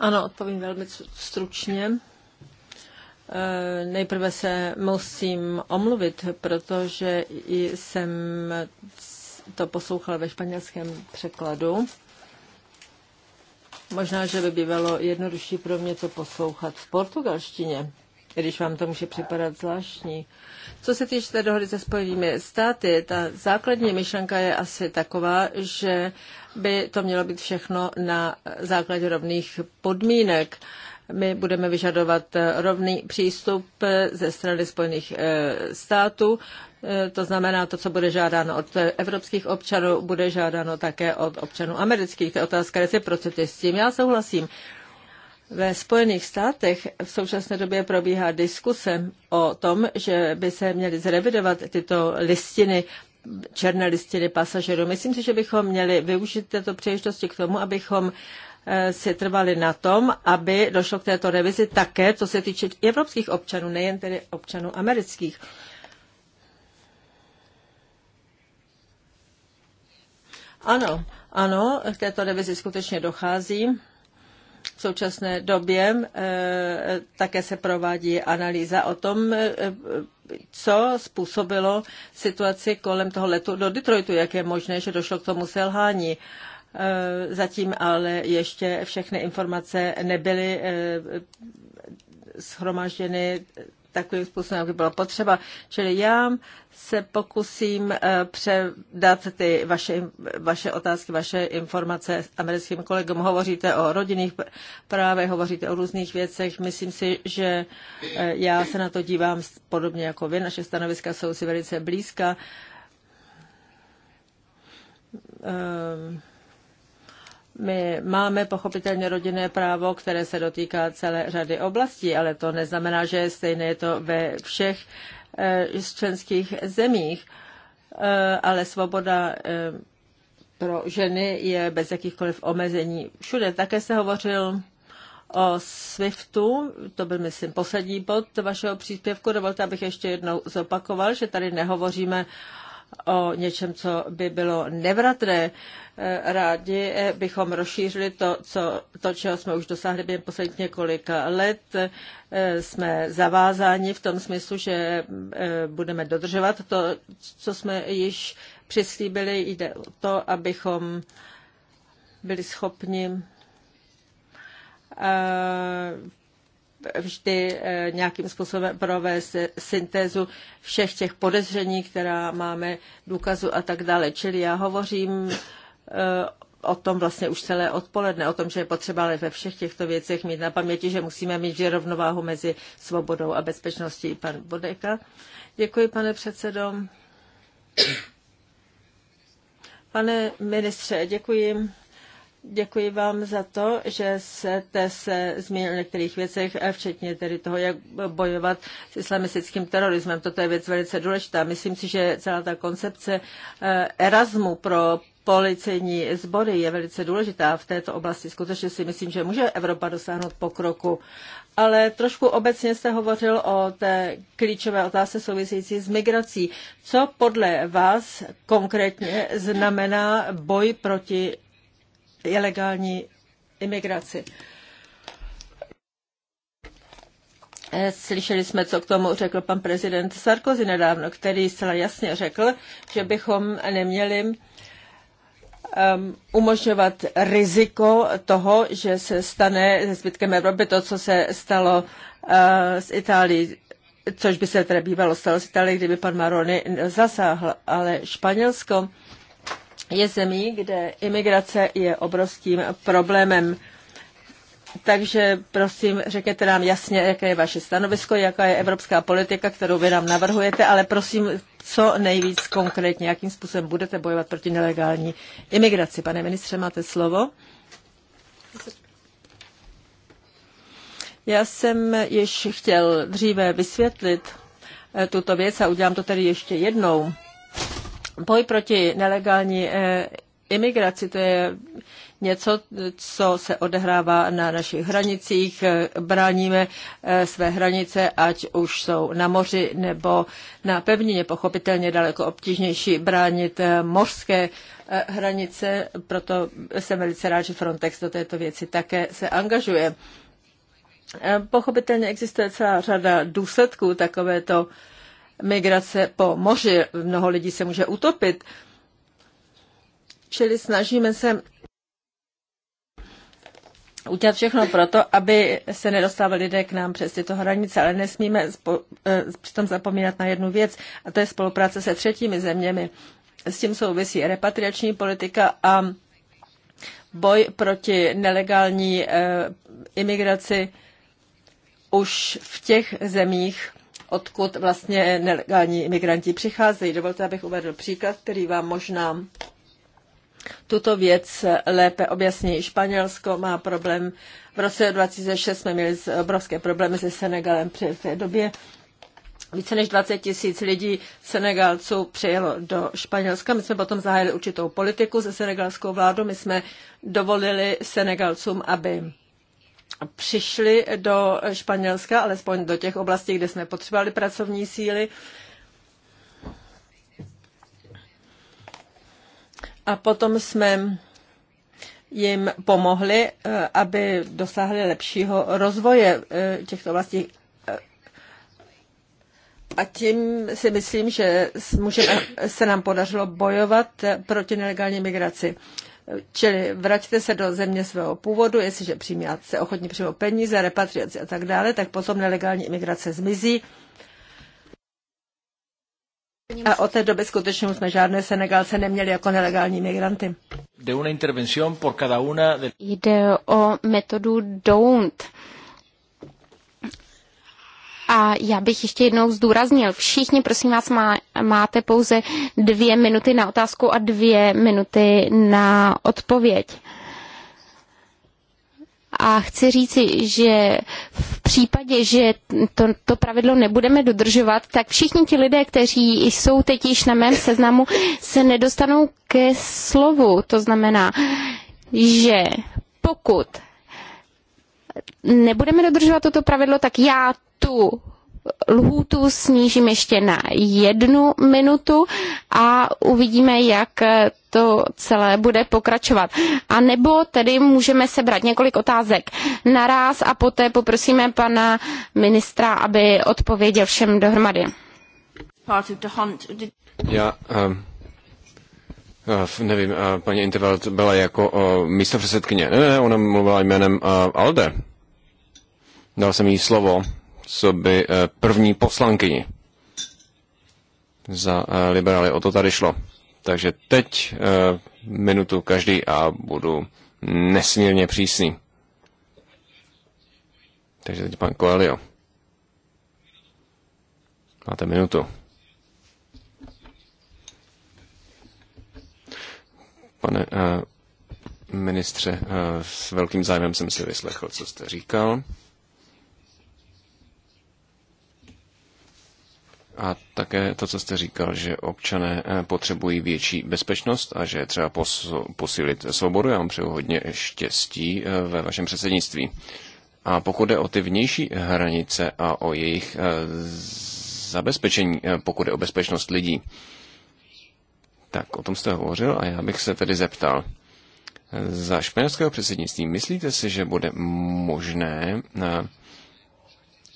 Ano, odpovím velmi stručně. E, nejprve se musím omluvit, protože jsem to poslouchal ve španělském překladu. Možná, že by bývalo jednodušší pro mě to poslouchat v portugalštině když vám to může připadat zvláštní. Co se týče té dohody se Spojenými státy, ta základní myšlenka je asi taková, že by to mělo být všechno na základě rovných podmínek. My budeme vyžadovat eh, rovný přístup eh, ze strany Spojených eh, států. To znamená, to, co bude žádáno od evropských občanů, bude žádáno také od občanů amerických. To je otázka reciprocity. S tím já souhlasím. Ve Spojených státech v současné době probíhá diskuse o tom, že by se měly zrevidovat tyto listiny černé listiny pasažerů. Myslím si, že bychom měli využít této příležitosti k tomu, abychom eh, si trvali na tom, aby došlo k této revizi také, co se týče evropských občanů, nejen tedy občanů amerických. Ano, ano, k této revizi skutečně dochází. V současné době eh, také se provádí analýza o tom, eh, co způsobilo situaci kolem toho letu do Detroitu, jak je možné, že došlo k tomu selhání. Eh, zatím ale ještě všechny informace nebyly schromažděny takovým způsobem, jak by bylo potřeba. Čili já se pokusím eh, předat ty vaše, vaše otázky, vaše informace americkým kolegům. Hovoříte o rodinných právech, hovoříte o různých věcech. Myslím si, že eh, já se na to dívám podobně jako vy. Naše stanoviska jsou si velice blízká. Um my máme pochopitelně rodinné právo, které se dotýká celé řady oblastí, ale to neznamená, že je stejné je to ve všech eh, členských zemích. Eh, ale svoboda eh, pro ženy je bez jakýchkoliv omezení. Všude také se hovořil o SWIFTu, to byl, myslím, poslední bod vašeho příspěvku. Dovolte, abych ještě jednou zopakoval, že tady nehovoříme o něčem, co by bylo nevratné. E, Rádi bychom rozšířili to, co, to, čeho jsme už dosáhli během posledních několika let. E, jsme zavázáni v tom smyslu, že e, budeme dodržovat to, co jsme již přislíbili. Jde o to, abychom byli schopni vždy eh, nějakým způsobem provést syntézu všech těch podezření, která máme, důkazu a tak dále. Čili já hovořím eh, o tom vlastně už celé odpoledne, o tom, že je potřeba ale ve všech těchto věcech mít na paměti, že musíme mít vždy rovnováhu mezi svobodou a bezpečností. Pan Bodeka. Děkuji, pane předsedo. Pane ministře, děkuji. Děkuji vám za to, že jste se zmínil o některých věcech, včetně tedy toho, jak bojovat s islamistickým terorismem. Toto je věc velice důležitá. Myslím si, že celá ta koncepce eh, Erasmu pro policejní sbory je velice důležitá v této oblasti. Skutečně si myslím, že může Evropa dosáhnout pokroku. Ale trošku obecně jste hovořil o té klíčové otázce související s migrací. Co podle vás konkrétně znamená boj proti ilegální imigraci. Eh, slyšeli jsme, co k tomu řekl pan prezident Sarkozy nedávno, který zcela jasně řekl, že bychom neměli um, umožňovat riziko toho, že se stane se zbytkem Evropy to, co se stalo uh, s Itálií, což by se teda bývalo stalo s Itálií, kdyby pan Maroni zasáhl. Ale Španělsko je zemí, kde imigrace je obrovským problémem. Takže prosím, řekněte nám jasně, jaké je vaše stanovisko, jaká je evropská politika, kterou vy nám navrhujete, ale prosím, co nejvíc konkrétně, jakým způsobem budete bojovat proti nelegální imigraci. Pane ministře, máte slovo. Já jsem již chtěl dříve vysvětlit eh, tuto věc a udělám to tedy ještě jednou. Boj proti nelegální eh, imigraci, to je něco, co se odehrává na našich hranicích. Bráníme eh, své hranice, ať už jsou na moři nebo na pevnině. Pochopitelně daleko obtížnější bránit eh, mořské hranice, proto jsem velice rád, že Frontex do této věci také se angažuje. Pochopitelně existuje celá řada důsledků takovéto migrace po moři. Mnoho lidí se může utopit. Čili snažíme se udělat všechno proto, aby se nedostávali lidé k nám přes tyto hranice, ale nesmíme spo, eh, přitom zapomínat na jednu věc, a to je spolupráce se třetími zeměmi. S tím souvisí repatriační politika a boj proti nelegální e, imigraci už v těch zemích, odkud vlastně nelegální imigranti přicházejí. Dovolte, abych uvedl příklad, který vám možná tuto věc lépe objasní. Španělsko má problém. V roce 2006 jsme měli obrovské problémy se Senegalem při té době. Více než 20 tisíc lidí Senegalců přijelo do Španělska. My jsme potom zahájili určitou politiku se senegalskou vládou. My jsme dovolili Senegalcům, aby přišli do Španělska, alespoň do těch oblastí, kde jsme potřebovali pracovní síly. A potom jsme jim pomohli, eh, aby dosáhli lepšího rozvoje eh, těchto oblastí. A tím si myslím, že se nám podařilo bojovat eh, proti nelegální migraci. Čili vraťte se do země svého původu, jestliže přijímáte ochotně přímo peníze, repatriaci a tak dále, tak potom nelegální imigrace zmizí. A od té doby skutečně jsme žádné Senegalce neměli jako nelegální migranty. Jde o metodu don't a já bych ještě jednou zdůraznil, všichni, prosím vás, má, máte pouze dvě minuty na otázku a dvě minuty na odpověď. A chci říci, že v případě, že to, to pravidlo nebudeme dodržovat, tak všichni ti lidé, kteří jsou teď již na mém seznamu, se nedostanou ke slovu. To znamená, že pokud nebudeme dodržovat toto pravidlo, tak já tu lhůtu snížím ještě na jednu minutu a uvidíme, jak to celé bude pokračovat. A nebo tedy můžeme sebrat několik otázek naraz a poté poprosíme pana ministra, aby odpověděl všem dohromady. Já um, Eh, nevím, eh, paní Intervalt byla jako eh, místo předsedkyně. Ne, ne, ona mluvila jménem Alde. Dal jsem jí slovo, co by první poslankyni za liberály. O to tady šlo. Takže teď minutu každý a budu nesmírně přísný. Takže teď pan Coelho. Máte minutu. Pane eh, ministře, eh, s velkým zájmem jsem si vyslechl, co jste říkal. A také to, co jste říkal, že občané eh, potřebují větší bezpečnost a že je třeba posílit svobodu. Já vám přeju hodně štěstí ve vašem předsednictví. A pokud jde o ty vnější hranice a o jejich zabezpečení, pokud je o bezpečnost lidí, tak o tom jste hovořil a já bych se tedy zeptal. Za španělského předsednictví myslíte si, že bude možné eh,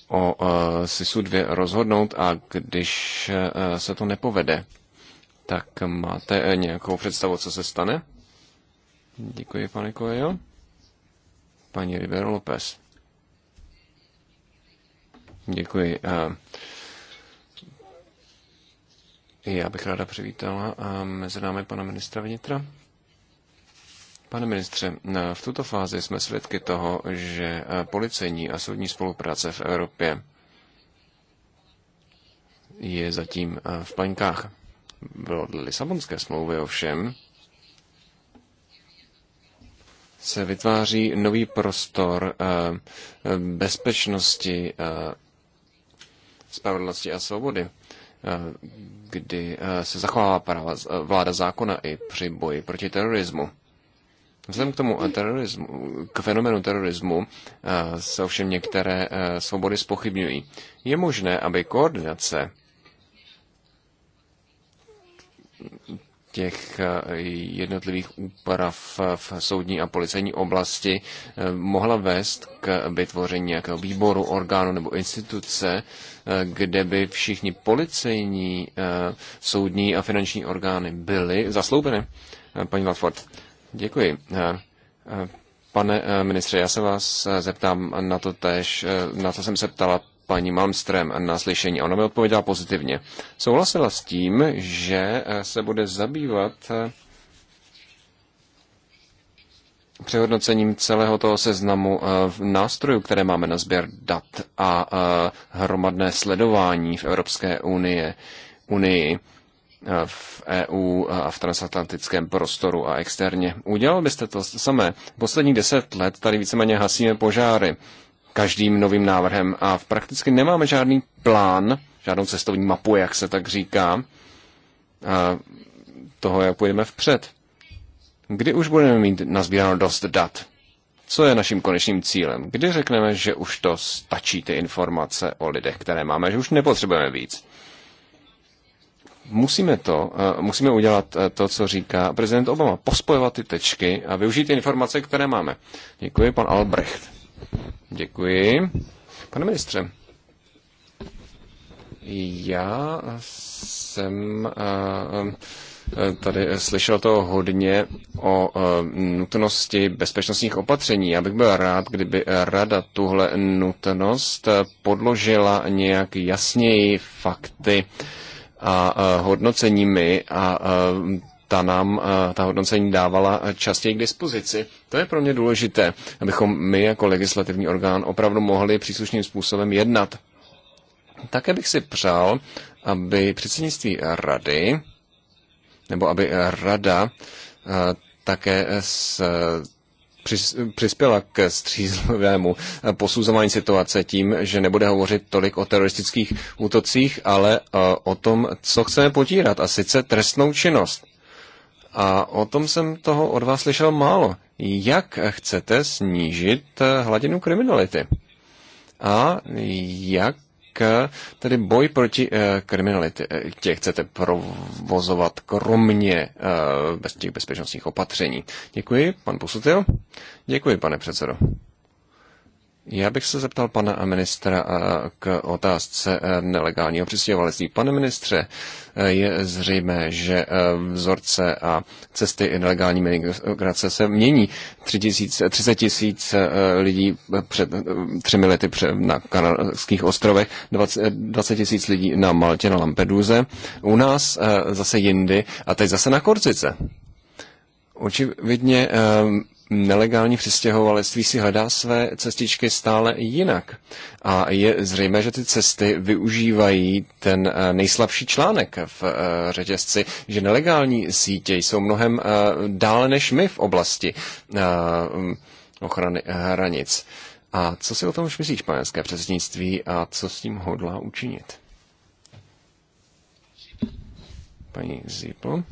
o eh, SISu 2 rozhodnout a když eh, se to nepovede, tak máte nějakou představu, co se stane? Děkuji, pane Coelho. Paní Rivero López. Děkuji. Já bych ráda přivítala mezi námi pana ministra vnitra. Pane ministře, v tuto fázi jsme svědky toho, že e, policejní a soudní spolupráce v Evropě je zatím e, v paňkách. Bylo Lisabonské smlouvy ovšem se vytváří nový prostor e, bezpečnosti, spravedlnosti a svobody kdy eh, se zachovává práva eh, vláda zákona i při boji proti terorismu. Vzhledem k tomu eh, terorismu, k fenomenu terorismu se ovšem některé svobody spochybňují. Je možné, aby koordinace těch eh, jednotlivých úprav v soudní a policejní oblasti eh, mohla vést k vytvoření nějakého výboru, orgánu nebo instituce, eh, kde by všichni policejní, soudní a finanční orgány byly zasloubeny. Paní Watford, děkuji. Pane ministře, já se vás zeptám na to tež, na co jsem se ptala paní Malmström na slyšení. Ona mi odpověděla pozitivně. Souhlasila s tím, že eh, se bude zabývat eh, přehodnocením celého toho seznamu eh, nástrojů, které máme na sběr dat a hromadné sledování v Evropské unie, unii v EU a v transatlantickém prostoru a externě. Udělal byste to samé. Posledních deset let tady víceméně hasíme požáry každým novým návrhem a v prakticky nemáme žádný plán, žádnou cestovní mapu, jak se tak říká, toho, jak půjdeme vpřed. Kdy už budeme mít nazbíráno dost dat? Co je naším konečným cílem? Kdy řekneme, že už to stačí ty informace o lidech, které máme, že už nepotřebujeme víc? Musíme to, musíme udělat to, co říká prezident Obama, pospojovat ty tečky a využít ty informace, které máme. Děkuji, pan Albrecht. Děkuji. Pane ministře, já jsem eh, eh, tady slyšel to hodně o eh, nutnosti bezpečnostních opatření. Já bych byl rád, kdyby rada tuhle nutnost podložila nějak jasněji fakty a hodnoceními a ta nám eh, ta hodnocení dávala častěji k dispozici. To je pro mě důležité, abychom my jako legislativní orgán opravdu mohli příslušným způsobem jednat. Také bych si přál, aby předsednictví rady, nebo aby rada eh, také s přispěla k střízlivému posuzování situace tím, že nebude hovořit tolik o teroristických útocích, ale eh, o tom, co chceme potírat, a sice trestnou činnost. A o tom jsem toho od vás slyšel málo. Jak chcete snížit eh, hladinu kriminality? A jak eh, tedy boj proti eh, kriminalitě chcete provozovat kromě bez těch bezpečnostních opatření? Děkuji, pan Posutil. Děkuji, pane předsedo. Já bych se zeptal pana ministra eh, k otázce eh, nelegálního přistěhovalectví. Pane ministře, eh, je zřejmé, že vzorce a cesty nelegální migrace se mění. 30 tisíc lidí před třemi lety na Kanadských ostrovech, 20 tisíc lidí na Maltě, na Lampeduze, u nás zase jindy a teď zase na Korcice. Očividně nelegální přistěhovalectví si hledá své cestičky stále jinak. A je zřejmé, že ty cesty využívají ten eh, nejslabší článek v eh, řetězci, že nelegální sítě jsou mnohem eh, dále než my v oblasti mm, ochrany hranic. A co si o tom už myslíš, španělské předsednictví a co s tím hodlá učinit? Paní Zipo.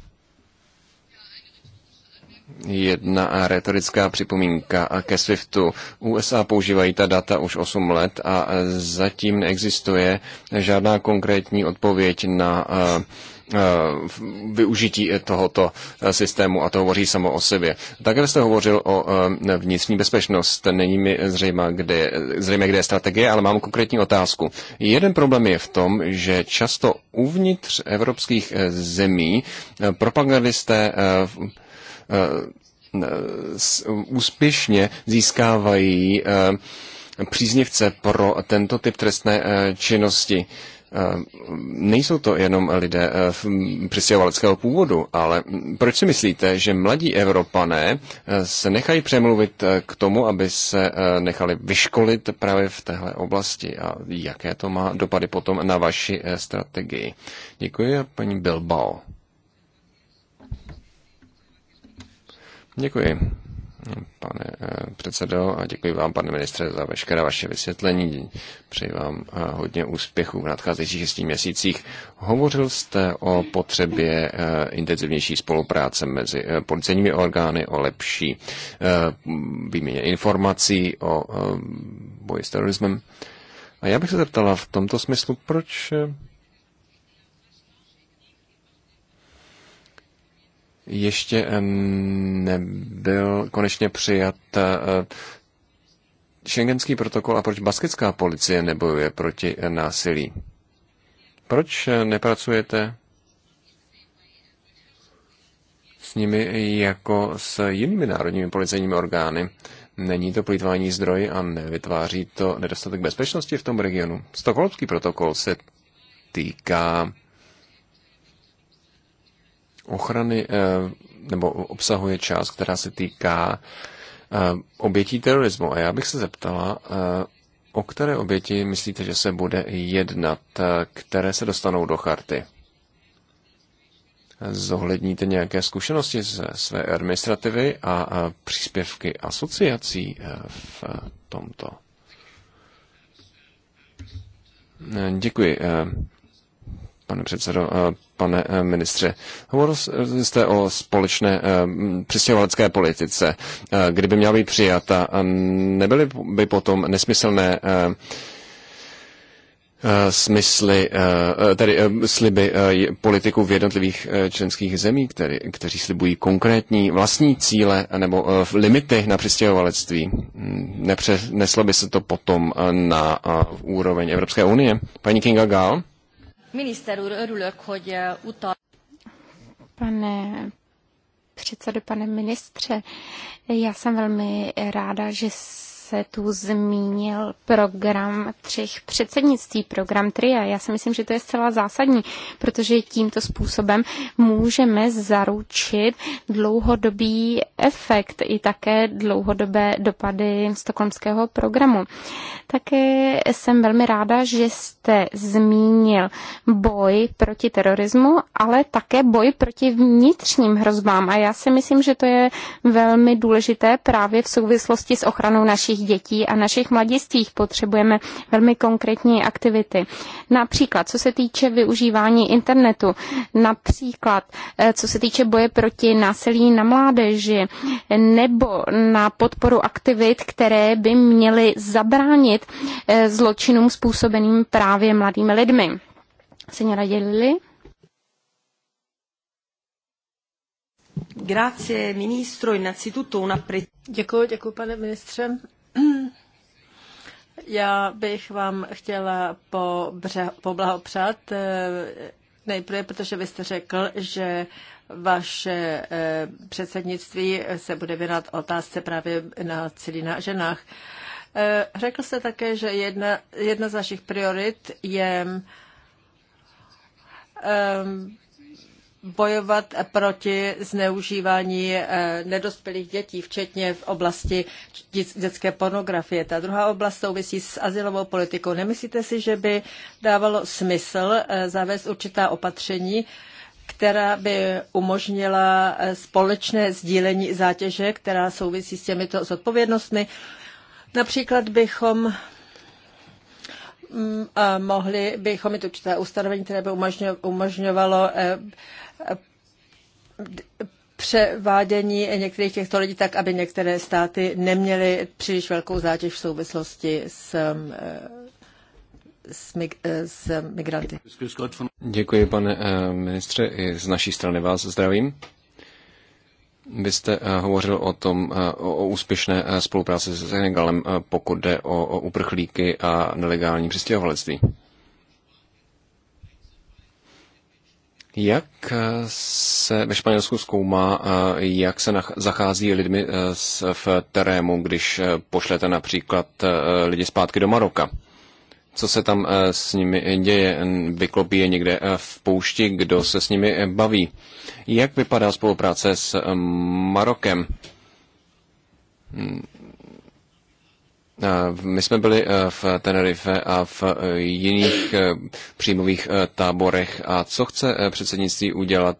Jedna retorická připomínka ke SWIFTu. USA používají ta data už 8 let a zatím neexistuje žádná konkrétní odpověď na eh, eh, využití tohoto systému a to hovoří samo o sobě. Také jste hovořil o eh, vnitřní bezpečnost. Není mi zřejmé, kde, zřejmé, kde je strategie, ale mám konkrétní otázku. Jeden problém je v tom, že často uvnitř evropských zemí propagandisté Eh, úspěšně získávají eh, příznivce pro tento typ trestné eh, činnosti. Nejsou to jenom lidé přistěhovaleckého původu, ale proč si myslíte, že mladí Evropané se nechají přemluvit k tomu, aby se nechali vyškolit právě v téhle oblasti a jaké to má dopady potom na vaši strategii? Děkuji a paní Bilbao. Děkuji, pane eh, předsedo, a děkuji vám, pane ministře, za veškeré vaše vysvětlení. Přeji vám eh, hodně úspěchů v nadcházejících šesti měsících. Hovořil jste o potřebě eh, intenzivnější spolupráce mezi policejními orgány, o lepší výměně informací, o boji s terorismem. A já bych se zeptala v tomto smyslu, proč ještě nebyl konečně přijat šengenský eh, protokol a proč baskická policie nebojuje proti eh, násilí? Proč eh, nepracujete s nimi jako s jinými národními policejními orgány? Není to plýtvání zdroji a nevytváří to nedostatek bezpečnosti v tom regionu. Stokholmský protokol se týká ochrany eh, nebo obsahuje část, která se týká eh, obětí terorismu. A já bych se zeptala, eh, o které oběti myslíte, že se bude jednat, které se dostanou do charty? Zohledníte nějaké zkušenosti ze své administrativy a příspěvky asociací v tomto? Děkuji pane předsedo, eh, pane eh, ministře. Hovoril jste o společné eh, přistěhovalecké politice. Kdyby měla být přijata, nebyly by potom nesmyslné smysly, tedy sliby politiků v jednotlivých členských zemí, který, kteří slibují konkrétní vlastní cíle nebo limity na přistěhovalectví. Nepřeneslo by se to potom na úroveň Evropské unie. Paní Kinga Gál? Eh, pane předsedo, pane ministře, já jsem velmi ráda, že se tu zmínil program třech předsednictví, program TRIA. Já si myslím, že to je zcela zásadní, protože tímto způsobem můžeme zaručit dlouhodobý efekt i také dlouhodobé dopady stokholmského programu. Také jsem velmi ráda, že jste zmínil boj proti terorismu, ale také boj proti vnitřním hrozbám. A já si myslím, že to je velmi důležité právě v souvislosti s ochranou našich našich dětí a našich mladistvích potřebujeme velmi konkrétní aktivity. Například, co se týče využívání internetu, například, eh, co se týče boje proti násilí na mládeži, nebo na podporu aktivit, které by měly zabránit eh, zločinům způsobeným právě mladými lidmi. Signora Dělili? Grazie, ministro, innanzitutto un apprezzamento. Děkuji, děkuji, pane ministře. Já bych vám chtěla poblahopřát eh, nejprve, protože vy jste řekl, že vaše eh, předsednictví se bude věnovat otázce právě na celý na ženách. Eh, řekl jste také, že jedna, jedna z vašich priorit je bojovat proti zneužívání eh, nedospělých dětí, včetně v oblasti dětské pornografie. Ta druhá oblast souvisí s asilovou politikou. Nemyslíte si, že by dávalo smysl eh, zavést určitá opatření, která by umožnila eh, společné sdílení zátěže, která souvisí s těmito zodpovědnostmi? Například bychom Mm, mohli bychom mít určité ustanovení, které by umožňovalo eh, převádění některých těchto lidí tak, aby některé státy neměly příliš velkou zátěž v souvislosti s eh, s, mig, eh, s migranty. Děkuji, pane ministře, i z naší strany vás zdravím. Vy jste eh, hovořil o tom, eh, o úspěšné eh, spolupráci se Senegalem, pokud jde o uprchlíky a nelegální přistěhovalectví. Jak se ve Španělsku zkoumá, jak se zachází lidmi v terému, když pošlete například lidi zpátky do Maroka? co se tam eh, s nimi děje. Vyklopí je někde eh, v poušti, kdo se s nimi eh, baví. Jak vypadá spolupráce s Marokem? Hmm. My jsme byli v Tenerife a v jiných příjmových táborech. A co chce předsednictví udělat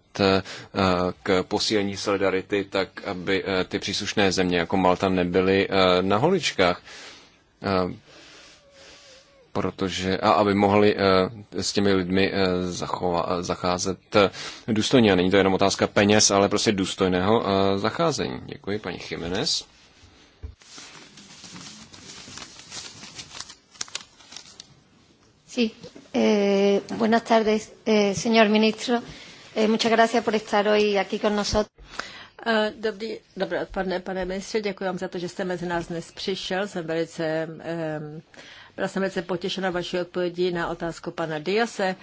k posílení solidarity, tak aby ty příslušné země jako Malta nebyly na holičkách? protože, a aby mohli eh, s těmi lidmi eh, zachova, eh, zacházet důstojně. A není to jenom otázka peněz, ale prostě důstojného zacházení. Děkuji, paní Jiménez. Sí. Eh, buenas tardes, eh, señor ministro. Eh, muchas gracias por estar hoy aquí con nosotros. Dobrý, dobrý pane, pane ministře. Děkuji vám za to, že jste mezi nás dnes přišel. Jsem velice eh, byla jsem velice potěšena vaší odpovědí na otázku pana Diase.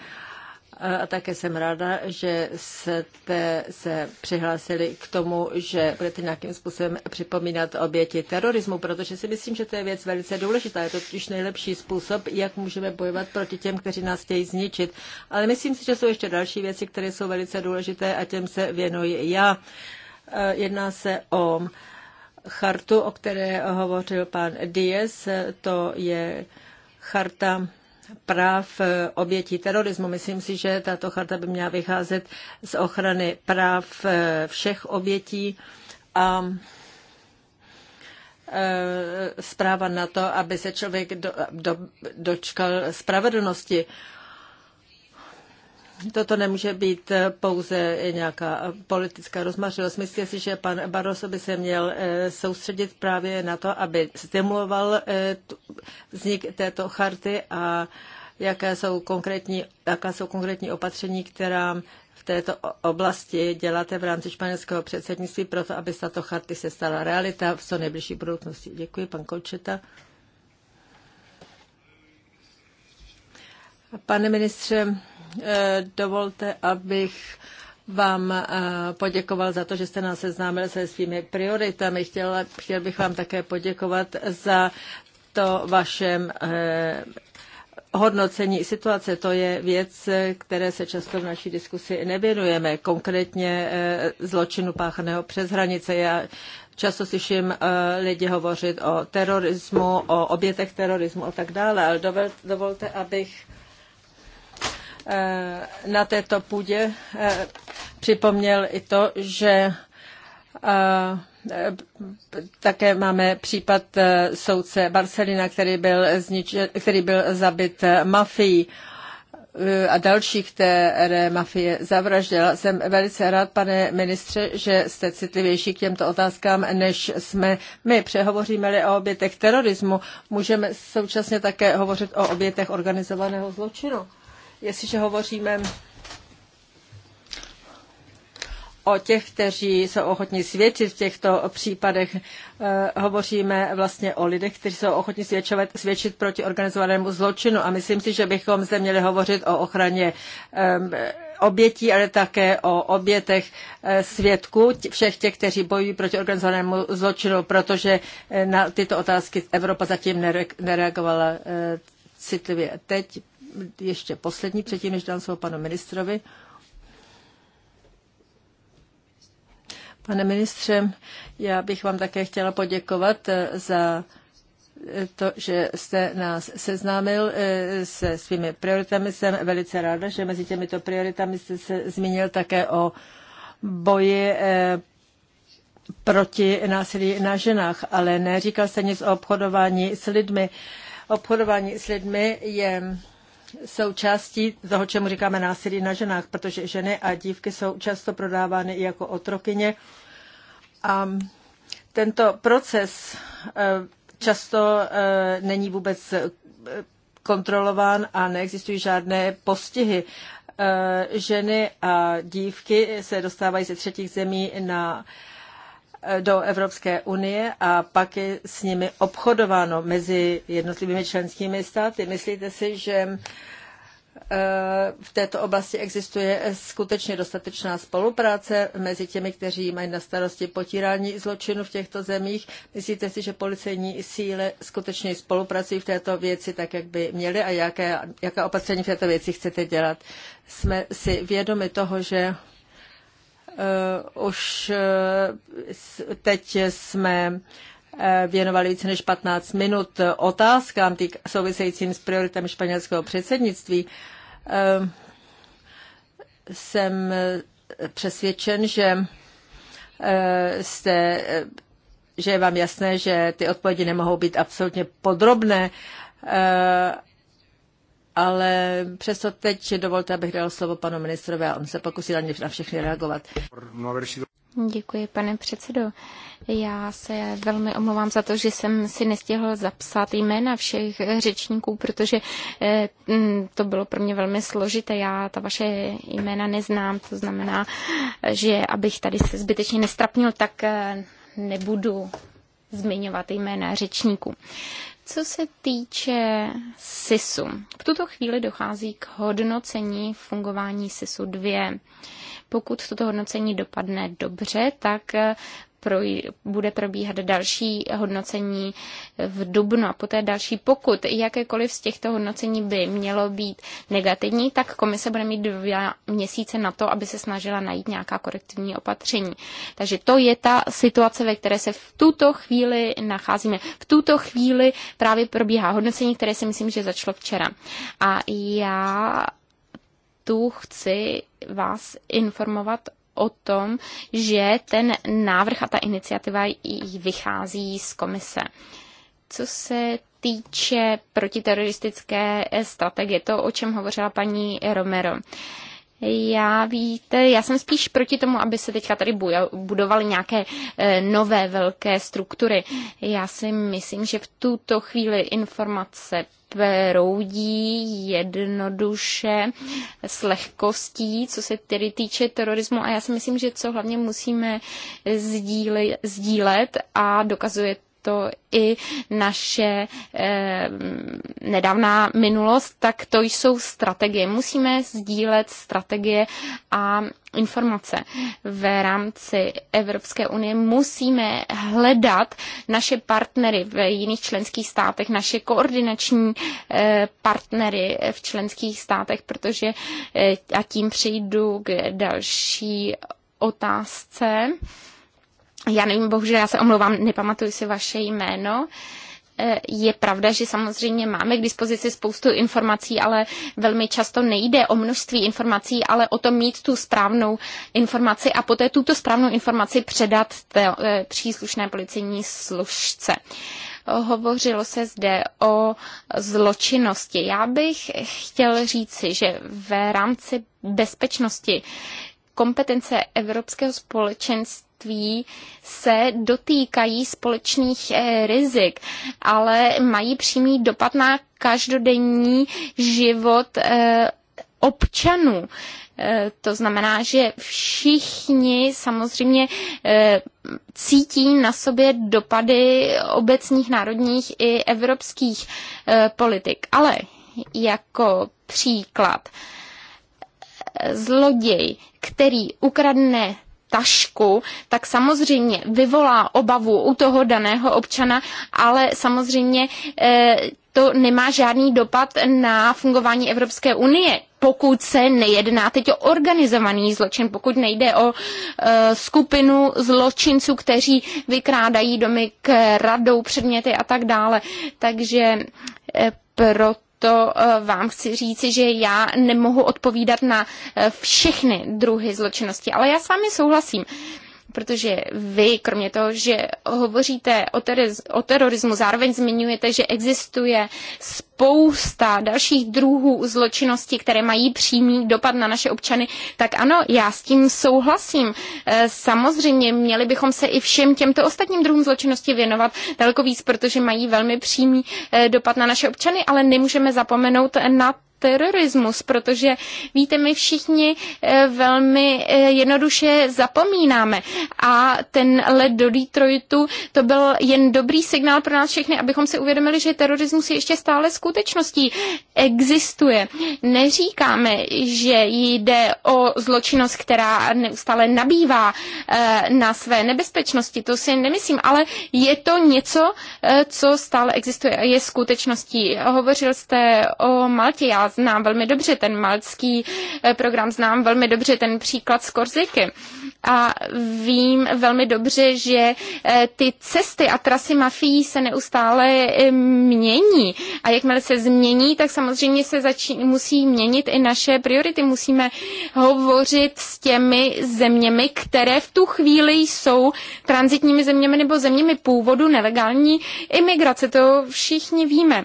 A také jsem ráda, že jste se přihlásili k tomu, že budete nějakým způsobem připomínat oběti terorismu, protože si myslím, že to je věc velice důležitá. Je to totiž nejlepší způsob, jak můžeme bojovat proti těm, kteří nás chtějí zničit. Ale myslím si, že jsou ještě další věci, které jsou velice důležité a těm se věnuji já. E, jedná se o chartu, o které hovořil pan Díez, To je charta práv obětí terorismu. Myslím si, že tato charta by měla vycházet z ochrany práv eh, všech obětí a eh, zpráva na to, aby se člověk do, do, dočkal spravedlnosti. Toto nemůže být pouze nějaká politická rozmařilost. Myslím si, že pan Barroso by se měl eh, soustředit právě na to, aby stimuloval eh, vznik této charty a jaké jsou konkrétní, jaká jsou konkrétní opatření, která v této oblasti děláte v rámci španělského předsednictví proto, aby z tato charty se stala realita v co nejbližší budoucnosti. Děkuji, pan Kolčeta. Pane ministře, Eh, dovolte, abych vám eh, poděkoval za to, že jste nás seznámil se svými prioritami. Chtěl, chtěl bych vám také poděkovat za to vašem eh, hodnocení situace. To je věc, které se často v naší diskusi nevěnujeme, konkrétně zločinu páchaného přes hranice. Já často slyším lidi hovořit o terorismu, o obětech terorismu a tak dále, ale dovolte, abych Eh, na této půdě eh, připomněl i to, že eh, také máme případ soudce Barcelina, který byl, zničen, který byl zabit mafií a dalších, které mafie zavraždila. Jsem velice rád, pane ministře, že jste citlivější k těmto otázkám, než jsme my. Přehovoříme-li o obětech terorismu, můžeme současně také hovořit o obětech organizovaného zločinu. Jestliže hovoříme o těch, kteří jsou ochotni svědčit v těchto případech. Eh, hovoříme vlastně o lidech, kteří jsou ochotni svědčovat, svědčit proti organizovanému zločinu a myslím si, že bychom zde měli hovořit o ochraně eh, obětí, ale také o obětech eh, svědků, všech těch, kteří bojují proti organizovanému zločinu, protože na tyto otázky Evropa zatím nereagovala citlivě. Teď ještě poslední, předtím, než dám slovo panu ministrovi. Pane ministře, já bych vám také chtěla poděkovat eh, za eh, to, že jste nás seznámil eh, se svými prioritami. Jsem velice ráda, že mezi těmito prioritami jste se zmínil také o boji proti násilí na ženách, ale neříkal jste nic o obchodování s lidmi. Obchodování s lidmi je součástí toho, čemu říkáme násilí na ženách, protože ženy a dívky jsou často prodávány i jako otrokyně. A tento proces eh, často eh, není vůbec eh, kontrolován a neexistují žádné postihy. Ženy a dívky se dostávají ze třetích zemí na do Evropské unie a pak je s nimi obchodováno mezi jednotlivými členskými státy. Myslíte si, že eh, v této oblasti existuje skutečně dostatečná spolupráce mezi těmi, kteří mají na starosti potírání zločinu v těchto zemích. Myslíte si, že policejní síly skutečně spolupracují v této věci tak, jak by měly a jaké, jaká opatření v této věci chcete dělat? Jsme si vědomi toho, že Eh, už eh, teď jsme eh, věnovali více než 15 minut otázkám týk, souvisejícím s prioritami španělského předsednictví. Jsem přesvědčen, že jste, že je vám jasné, že ty odpovědi nemohou být absolutně podrobné, ale přesto teď dovolte, abych dal slovo panu ministrovi a on se pokusí na všechny reagovat. Děkuji, pane předsedo. Já se velmi omlouvám za to, že jsem si nestihl zapsat jména všech řečníků, protože eh, mm, to bylo pro mě velmi složité. Já ta vaše jména neznám, to znamená, že abych tady se zbytečně nestrapnil, tak eh, nebudu zmiňovat jména řečníků. Co se týče SISu, v tuto chvíli dochází k hodnocení fungování SISu 2. Pokud toto hodnocení dopadne dobře, tak proj- bude probíhat další hodnocení v dubnu a poté další. Pokud jakékoliv z těchto hodnocení by mělo být negativní, tak komise bude mít dva měsíce na to, aby se snažila najít nějaká korektivní opatření. Takže to je ta situace, ve které se v tuto chvíli nacházíme. V tuto chvíli právě probíhá hodnocení, které si myslím, že začalo včera. A já tu chci vás informovat o tom, že ten návrh a ta iniciativa vychází z komise. Co se týče protiteroristické strategie, to, o čem hovořila paní Romero. Já víte, já jsem spíš proti tomu, aby se teďka tady budovaly nějaké eh, nové velké struktury. Já si myslím, že v tuto chvíli informace proudí jednoduše s lehkostí, co se tedy týče terorismu. A já si myslím, že co hlavně musíme sdíle, sdílet a dokazuje to i naše eh, nedávná minulost, tak to jsou strategie. Musíme sdílet strategie a informace v rámci Evropské unie. Musíme hledat naše partnery v jiných členských státech, naše koordinační eh, partnery v členských státech, protože eh, a tím přejdu k další otázce. Eh, já nevím, bohužel já se omlouvám, nepamatuju si vaše jméno. E, je pravda, že samozřejmě máme k dispozici spoustu informací, ale velmi často nejde o množství informací, ale o to mít tu správnou informaci a poté tuto správnou informaci předat té e, příslušné policejní služce. hovořilo se zde o zločinnosti. Já bych chtěl říci, že v rámci bezpečnosti kompetence Evropského společenství odvětví se dotýkají společných eh, rizik, ale mají přímý dopad na každodenní život eh, občanů. Eh, to znamená, že všichni samozřejmě cítí na sobě dopady obecních, národních i evropských politik. Ale jako příklad, zloděj, který ukradne tašku, tak samozřejmě vyvolá obavu u toho daného občana, ale samozřejmě eh, to nemá žádný dopad na fungování Evropské unie, pokud se nejedná teď o organizovaný zločin, pokud nejde o e, skupinu zločinců, kteří vykrádají domy k radou, předměty a tak dále. Takže e, eh, proto to eh, vám chci říci, že já nemohu odpovídat na eh, všechny druhy zločinnosti, ale já s vámi souhlasím protože vy, kromě toho, že hovoříte o, teriz, o terorismu, zároveň zmiňujete, že existuje spousta dalších druhů zločinnosti, které mají přímý dopad na naše občany, tak ano, já s tím souhlasím. E, samozřejmě měli bychom se i všem těmto ostatním druhům zločinnosti věnovat daleko víc, protože mají velmi přímý e, dopad na naše občany, ale nemůžeme zapomenout na terorismus, protože víte, my všichni eh, velmi eh, jednoduše zapomínáme a ten let do Detroitu to byl jen dobrý signál pro nás všechny, abychom si uvědomili, že terorismus je ještě stále skutečností, existuje. Neříkáme, že jde o zločinnost, která neustále nabývá eh, na své nebezpečnosti, to si nemyslím, ale je to něco, co stále existuje a je skutečností. Hovořil jste o Maltě, já znám velmi dobře ten malcký eh, program, znám velmi dobře ten příklad z Korziky a vím velmi dobře, že eh, ty cesty a trasy mafií se neustále eh, mění a jakmile se změní, tak samozřejmě se začín, musí měnit i naše priority. Musíme hovořit s těmi zeměmi, které v tu chvíli jsou transitními zeměmi nebo zeměmi původu nelegální imigrace. To všichni víme.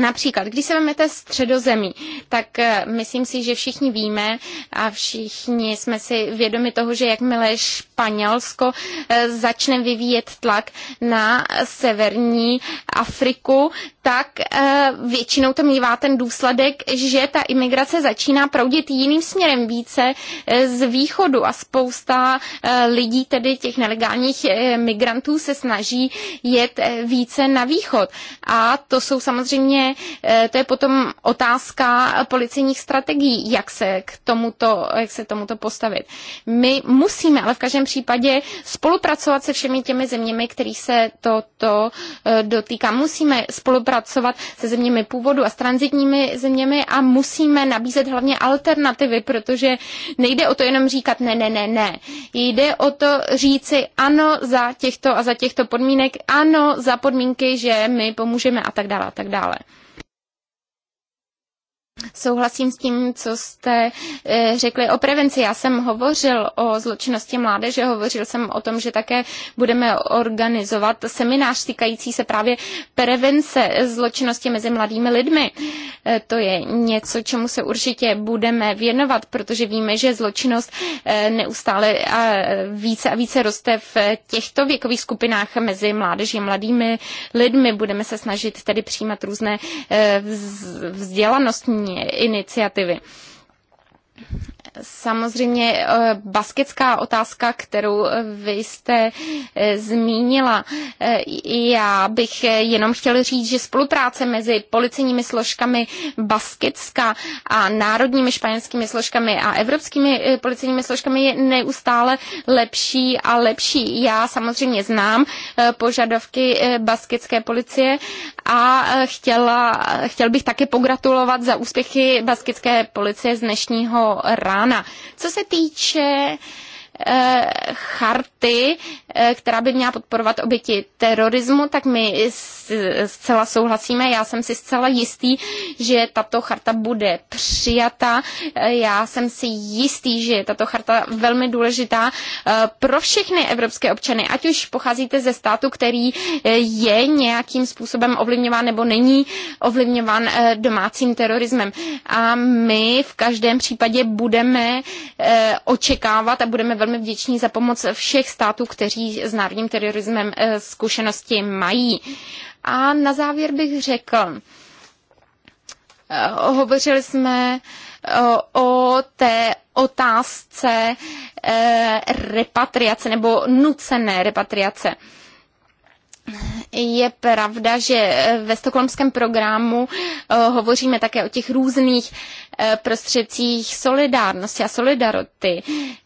Například, když se vezmete středozemí, tak eh, myslím si, že všichni víme a všichni jsme si vědomi toho, že jakmile Španělsko eh, začne vyvíjet tlak na severní Afriku, tak eh, většinou to mývá ten důsledek, že ta imigrace začíná proudit jiným směrem více z východu a spousta lidí, tedy těch nelegálních migrantů, se snaží jet více na východ. A to jsou samozřejmě Eh, to je potom otázka policejních strategií, jak se k tomuto, jak se tomuto postavit. My musíme ale v každém případě spolupracovat se všemi těmi zeměmi, kterých se toto eh, dotýká. Musíme spolupracovat se zeměmi původu a s transitními zeměmi a musíme nabízet hlavně alternativy, protože nejde o to jenom říkat ne, ne, ne, ne. Jde o to říci ano za těchto a za těchto podmínek, ano za podmínky, že my pomůžeme a tak dále a tak dále. Souhlasím s tím, co jste eh, řekli o prevenci. Já jsem hovořil o zločinnosti mládeže, hovořil jsem o tom, že také budeme organizovat seminář týkající se právě prevence zločinnosti mezi mladými lidmi. Eh, to je něco, čemu se určitě budeme věnovat, protože víme, že zločinnost eh, neustále a více a více roste v těchto věkových skupinách mezi mládeží a mladými lidmi. Budeme se snažit tedy přijímat různé vzdělanostní iniciativy. Samozřejmě eh, basketská otázka, kterou eh, vy jste eh, zmínila. Já bych jenom chtěl říct, že spolupráce mezi policijními složkami Baskicka a národními španělskými složkami a evropskými policijními složkami je neustále lepší a lepší. Já samozřejmě znám požadavky basketské policie a chtěla, chtěl bych také pogratulovat za úspěchy basketské policie z dnešního rána. Co se týče Eh, charty, eh, která by měla podporovat oběti terorismu, tak my zcela souhlasíme. Já jsem si zcela jistý, že tato charta bude přijata. Eh, já jsem si jistý, že je tato charta velmi důležitá pro všechny evropské občany, ať už pocházíte ze státu, který je nějakým způsobem ovlivňován nebo není ovlivňován domácím terorismem. A my v každém případě budeme očekávat a budeme velmi velmi vděční za pomoc všech států, kteří s národním terorismem eh, zkušenosti mají. A na závěr bych řekl, eh, hovořili jsme eh, o té otázce repatriace nebo nucené repatriace. Je pravda, že eh, ve stokholmském programu eh, hovoříme také o těch různých eh, prostředcích solidárnosti a solidarity.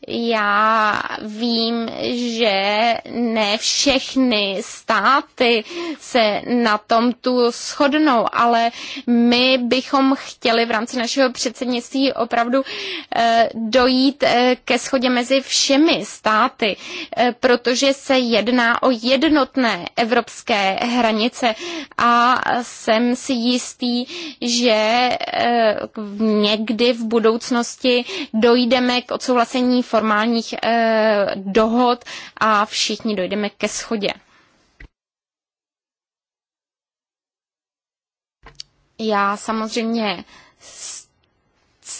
Já vím, že ne všechny státy se na tom tu shodnou, ale my bychom chtěli v rámci našeho předsednictví opravdu dojít ke schodě mezi všemi státy, protože se jedná o jednotné evropské hranice a jsem si jistý, že eh, někdy v budoucnosti dojdeme k odsouhlasení formálních eh, dohod a všichni dojdeme ke schodě. Já samozřejmě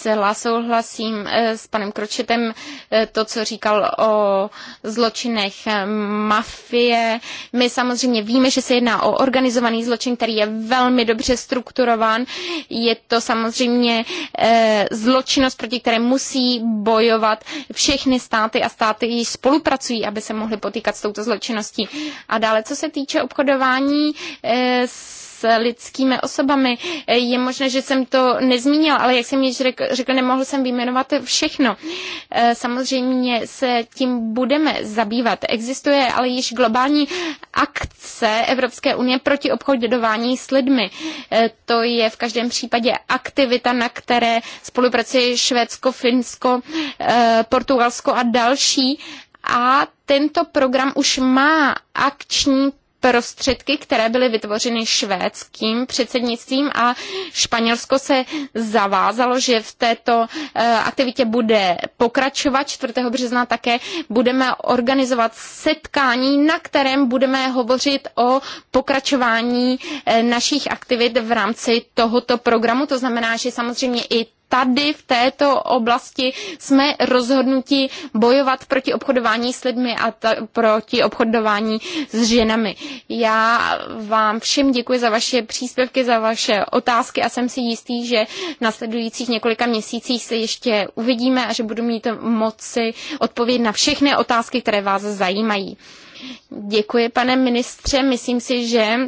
zcela souhlasím eh, s panem Kročetem eh, to, co říkal o zločinech eh, mafie. My samozřejmě víme, že se jedná o organizovaný zločin, který je velmi dobře strukturován. Je to samozřejmě zločinnost, proti které musí bojovat všechny státy a státy již spolupracují, aby se mohly potýkat s touto zločinností. A dále, co se týče obchodování s s lidskými osobami. Je možné, že jsem to nezmínil, ale jak jsem již řekl, řekl nemohl jsem vyjmenovat všechno. Eh, samozřejmě se tím budeme zabývat. Existuje ale již globální akce Evropské unie proti obchodování s lidmi. Eh, to je v každém případě aktivita, na které spolupracuje Švédsko, Finsko, eh, Portugalsko a další. A tento program už má akční prostředky, které byly vytvořeny švédským předsednictvím a Španělsko se zavázalo, že v této eh, aktivitě bude pokračovat. 4. března také budeme organizovat setkání, na kterém budeme hovořit o pokračování eh, našich aktivit v rámci tohoto programu. To znamená, že samozřejmě i tady v této oblasti jsme rozhodnuti bojovat proti obchodování s lidmi a proti obchodování s ženami. Já vám všem děkuji za vaše příspěvky, za vaše otázky a jsem si jistý, že na sledujících několika měsících se ještě uvidíme a že budu mít moci odpovědět na všechny otázky, které vás zajímají. Děkuji, pane ministře. Myslím si, že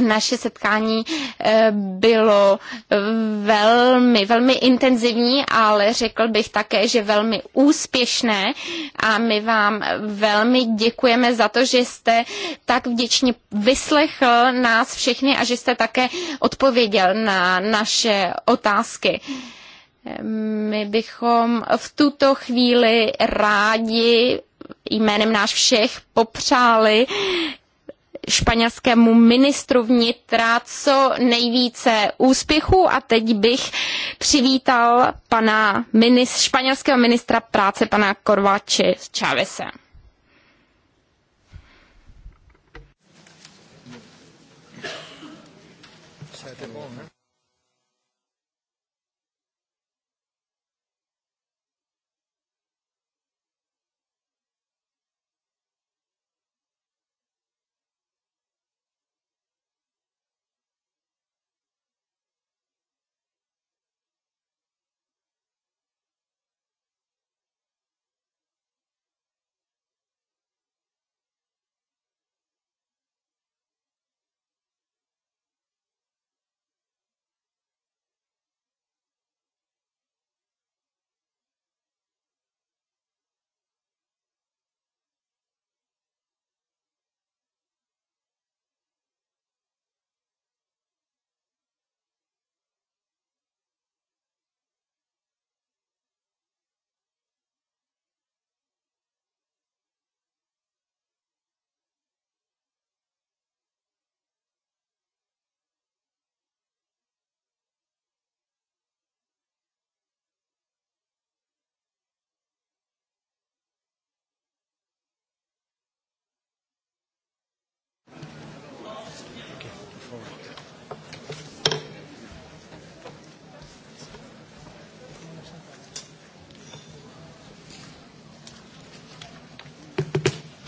naše setkání eh, bylo eh, velmi, velmi intenzivní, ale řekl bych také, že velmi úspěšné a my vám velmi děkujeme za to, že jste tak vděčně vyslechl nás všechny a že jste také odpověděl na naše otázky. My bychom v tuto chvíli rádi jménem náš všech popřáli španělskému ministru vnitra co nejvíce úspěchů a teď bych přivítal pana minis, španělského ministra práce, pana Korvače Čávese.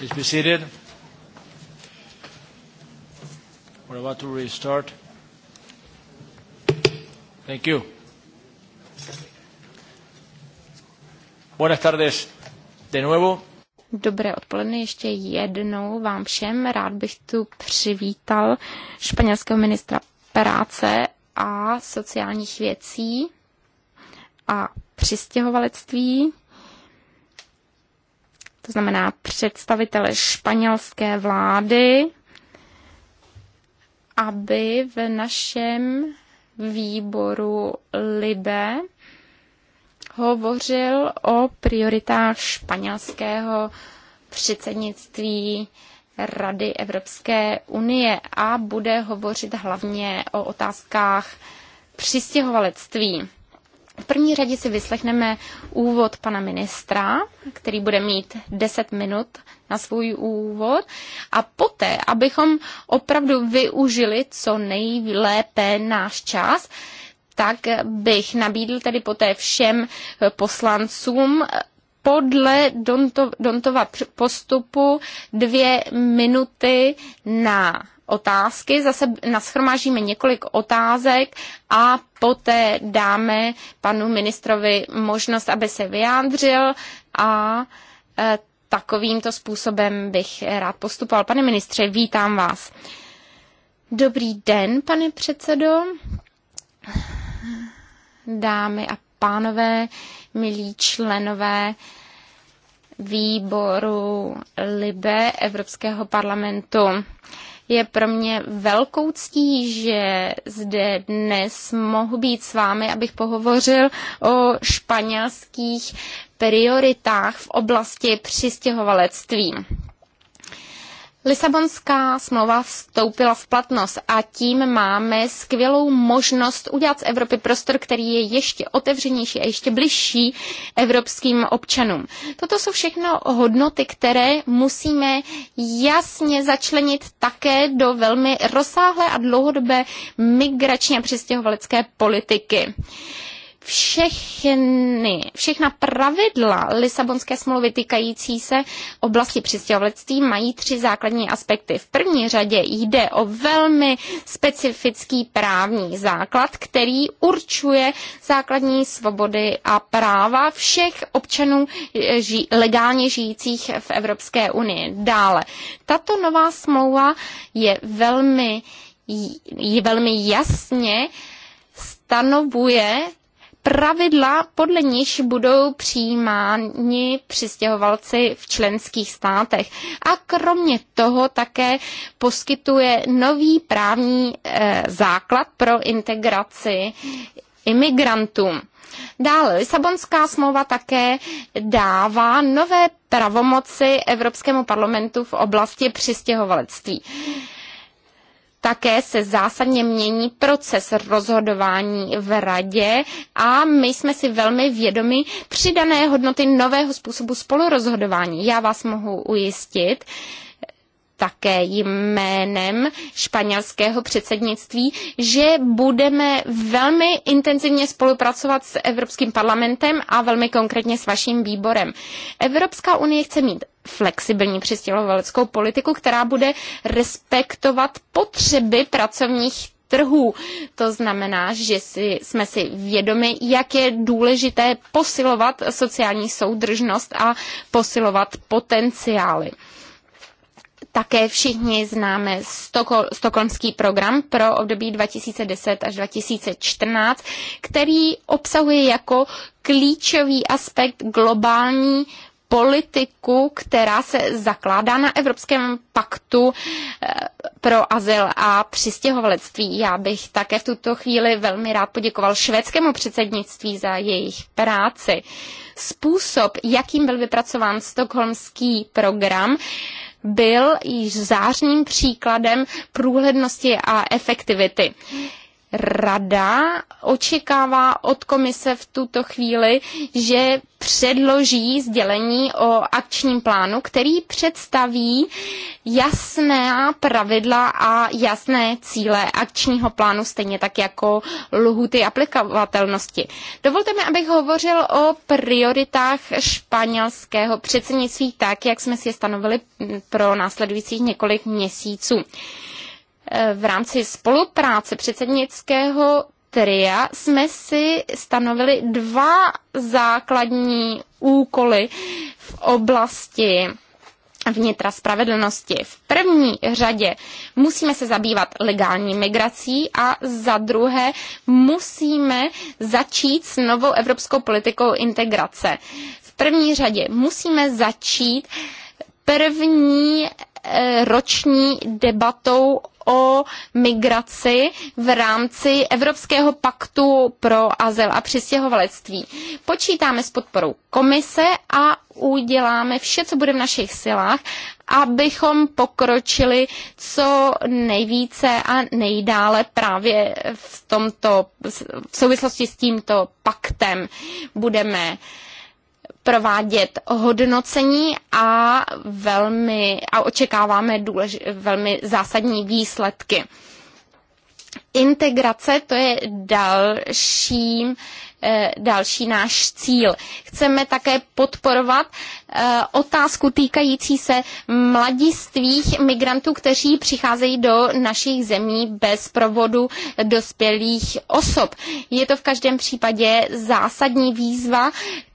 Please be seated. We're about to restart. Thank you. Buenas tardes de nuevo. Dobré odpoledne ještě jednou vám všem. Rád bych tu přivítal španělského ministra práce a sociálních věcí a přistěhovalectví to znamená představitele španělské vlády, aby v našem výboru Libe hovořil o prioritách španělského předsednictví Rady Evropské unie a bude hovořit hlavně o otázkách přistěhovalectví. V první řadě si vyslechneme úvod pana ministra, který bude mít 10 minut na svůj úvod a poté, abychom opravdu využili co nejlépe náš čas, tak bych nabídl tedy poté všem poslancům podle Dontova postupu dvě minuty na otázky, zase naschromážíme několik otázek a poté dáme panu ministrovi možnost, aby se vyjádřil a e, takovýmto způsobem bych rád postupoval. Pane ministře, vítám vás. Dobrý den, pane předsedo, dámy a pánové, milí členové výboru LIBE Evropského parlamentu. Je pro mě velkou ctí, že zde dnes mohu být s vámi, abych pohovořil o španělských prioritách v oblasti přistěhovalectví. Lisabonská smlouva vstoupila v platnost a tím máme skvělou možnost udělat z Evropy prostor, který je ještě otevřenější a ještě bližší evropským občanům. Toto jsou všechno hodnoty, které musíme jasně začlenit také do velmi rozsáhlé a dlouhodobé migrační a přistěhovalecké politiky všechny, všechna pravidla Lisabonské smlouvy týkající se oblasti přistěhovalectví mají tři základní aspekty. V první řadě jde o velmi specifický právní základ, který určuje základní svobody a práva všech občanů eh, ži- legálně žijících v Evropské unii. Dále, tato nová smlouva je velmi, je velmi jasně stanovuje pravidla, podle níž budou přijímáni přistěhovalci v členských státech. A kromě toho také poskytuje nový právní eh, základ pro integraci imigrantům. Dále Lisabonská smlouva také dává nové pravomoci Evropskému parlamentu v oblasti přistěhovalectví. Také se zásadně mění proces rozhodování v radě a my jsme si velmi vědomi přidané hodnoty nového způsobu spolurozhodování. Já vás mohu ujistit, také jménem španělského předsednictví, že budeme velmi intenzivně spolupracovat s Evropským parlamentem a velmi konkrétně s vaším výborem. Evropská unie chce mít flexibilní přistěhovaleckou politiku, která bude respektovat potřeby pracovních trhů. To znamená, že si, jsme si vědomi, jak je důležité posilovat sociální soudržnost a posilovat potenciály. Také všichni známe Stokol, stokholmský program pro období 2010 až 2014, který obsahuje jako klíčový aspekt globální politiku, která se zakládá na Evropském paktu eh, pro azyl a přistěhovalectví. Já bych také v tuto chvíli velmi rád poděkoval švédskému předsednictví za jejich práci. Způsob, jakým byl vypracován stokholmský program, byl již zářným příkladem průhlednosti a efektivity rada očekává od komise v tuto chvíli, že předloží sdělení o akčním plánu, který představí jasná pravidla a jasné cíle akčního plánu, stejně tak jako lhuty aplikovatelnosti. Dovolte mi, abych hovořil o prioritách španělského předsednictví tak, jak jsme si je stanovili pro následujících několik měsíců. Eh, v rámci spolupráce předsednického tria jsme si stanovili dva základní úkoly v oblasti vnitra spravedlnosti. V první řadě musíme se zabývat legální migrací a za druhé musíme začít s novou evropskou politikou integrace. V první řadě musíme začít první eh, roční debatou o migraci v rámci Evropského paktu pro azyl a přistěhovalectví. Počítáme s podporou komise a uděláme vše, co bude v našich silách, abychom pokročili co nejvíce a nejdále právě v tomto, v souvislosti s tímto paktem. Budeme uh, provádět hodnocení a, velmi, a očekáváme důlež, velmi zásadní výsledky. Integrace to je dalším, eh, další náš cíl. Chceme také podporovat eh, otázku týkající se mladistvých migrantů, kteří přicházejí do našich zemí bez provodu dospělých osob. Je to v každém případě zásadní výzva,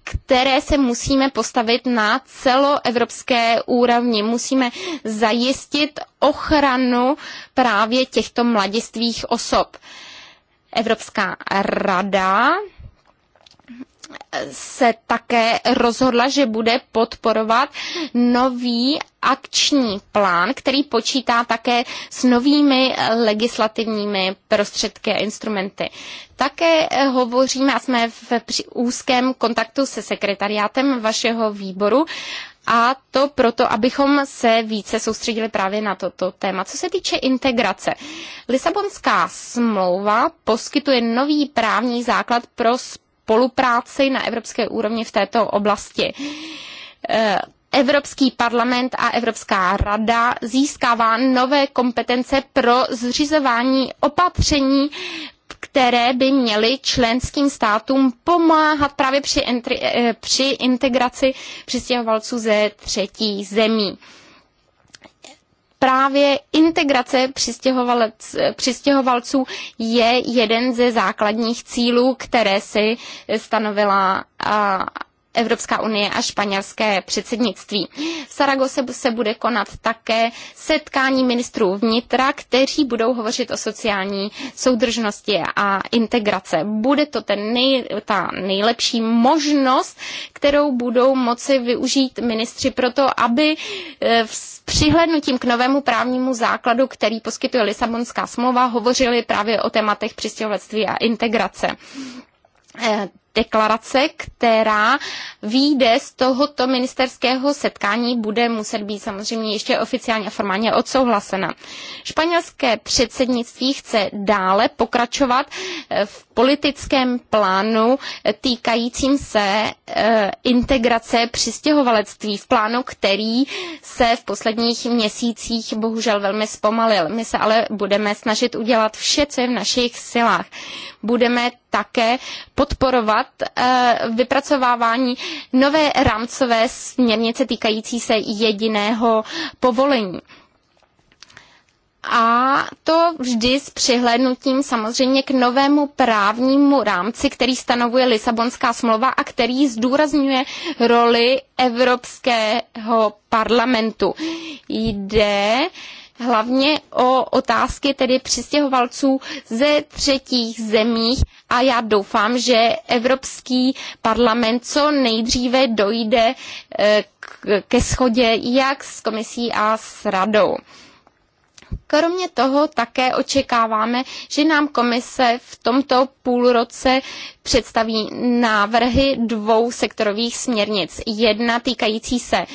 které se musíme postavit na celoevropské úrovni. Musíme zajistit ochranu právě těchto mladistvých osob. Evropská rada se také rozhodla, že bude podporovat nový akční plán, který počítá také s novými legislativními prostředky a instrumenty. Také eh, hovoříme a jsme v úzkém kontaktu se sekretariátem vašeho výboru a to proto, abychom se více soustředili právě na toto téma. Co se týče integrace, Lisabonská smlouva poskytuje nový právní základ pro společnost spolupráci na evropské úrovni v této oblasti. Eh, Evropský parlament a Evropská rada získává nové kompetence pro zřizování opatření které by měly členským státům pomáhat právě při, entry, eh, při integraci přistěhovalců ze třetí zemí právě integrace přistěhovalců je jeden ze základních cílů, které si stanovila Evropská unie a španělské předsednictví. V Saragose se bude konat také setkání ministrů vnitra, kteří budou hovořit o sociální soudržnosti a integrace. Bude to ten nej, ta nejlepší možnost, kterou budou moci využít ministři proto, aby e, v přihlednutím k novému právnímu základu, který poskytuje Lisabonská smlouva, hovořili právě o tématech přistěhovalectví a integrace. E, deklarace, která výjde z tohoto ministerského setkání, bude muset být samozřejmě ještě oficiálně a formálně odsouhlasena. Španělské předsednictví chce dále pokračovat eh, v politickém plánu týkajícím se eh, integrace přistěhovalectví, v plánu, který se v posledních měsících bohužel velmi zpomalil. My se ale budeme snažit udělat vše, co je v našich silách. Budeme také podporovat eh, vypracovávání nové rámcové směrnice týkající se jediného povolení. A to vždy s přihlédnutím samozřejmě k novému právnímu rámci, který stanovuje Lisabonská smlouva a který zdůrazňuje roli Evropského parlamentu. Jde hlavně o otázky tedy přistěhovalců ze třetích zemích a já doufám, že Evropský parlament co nejdříve dojde eh, ke shodě jak s komisí a s radou. Kromě toho také očekáváme, že nám komise v tomto půlroce představí návrhy dvou sektorových směrnic. Jedna týkající se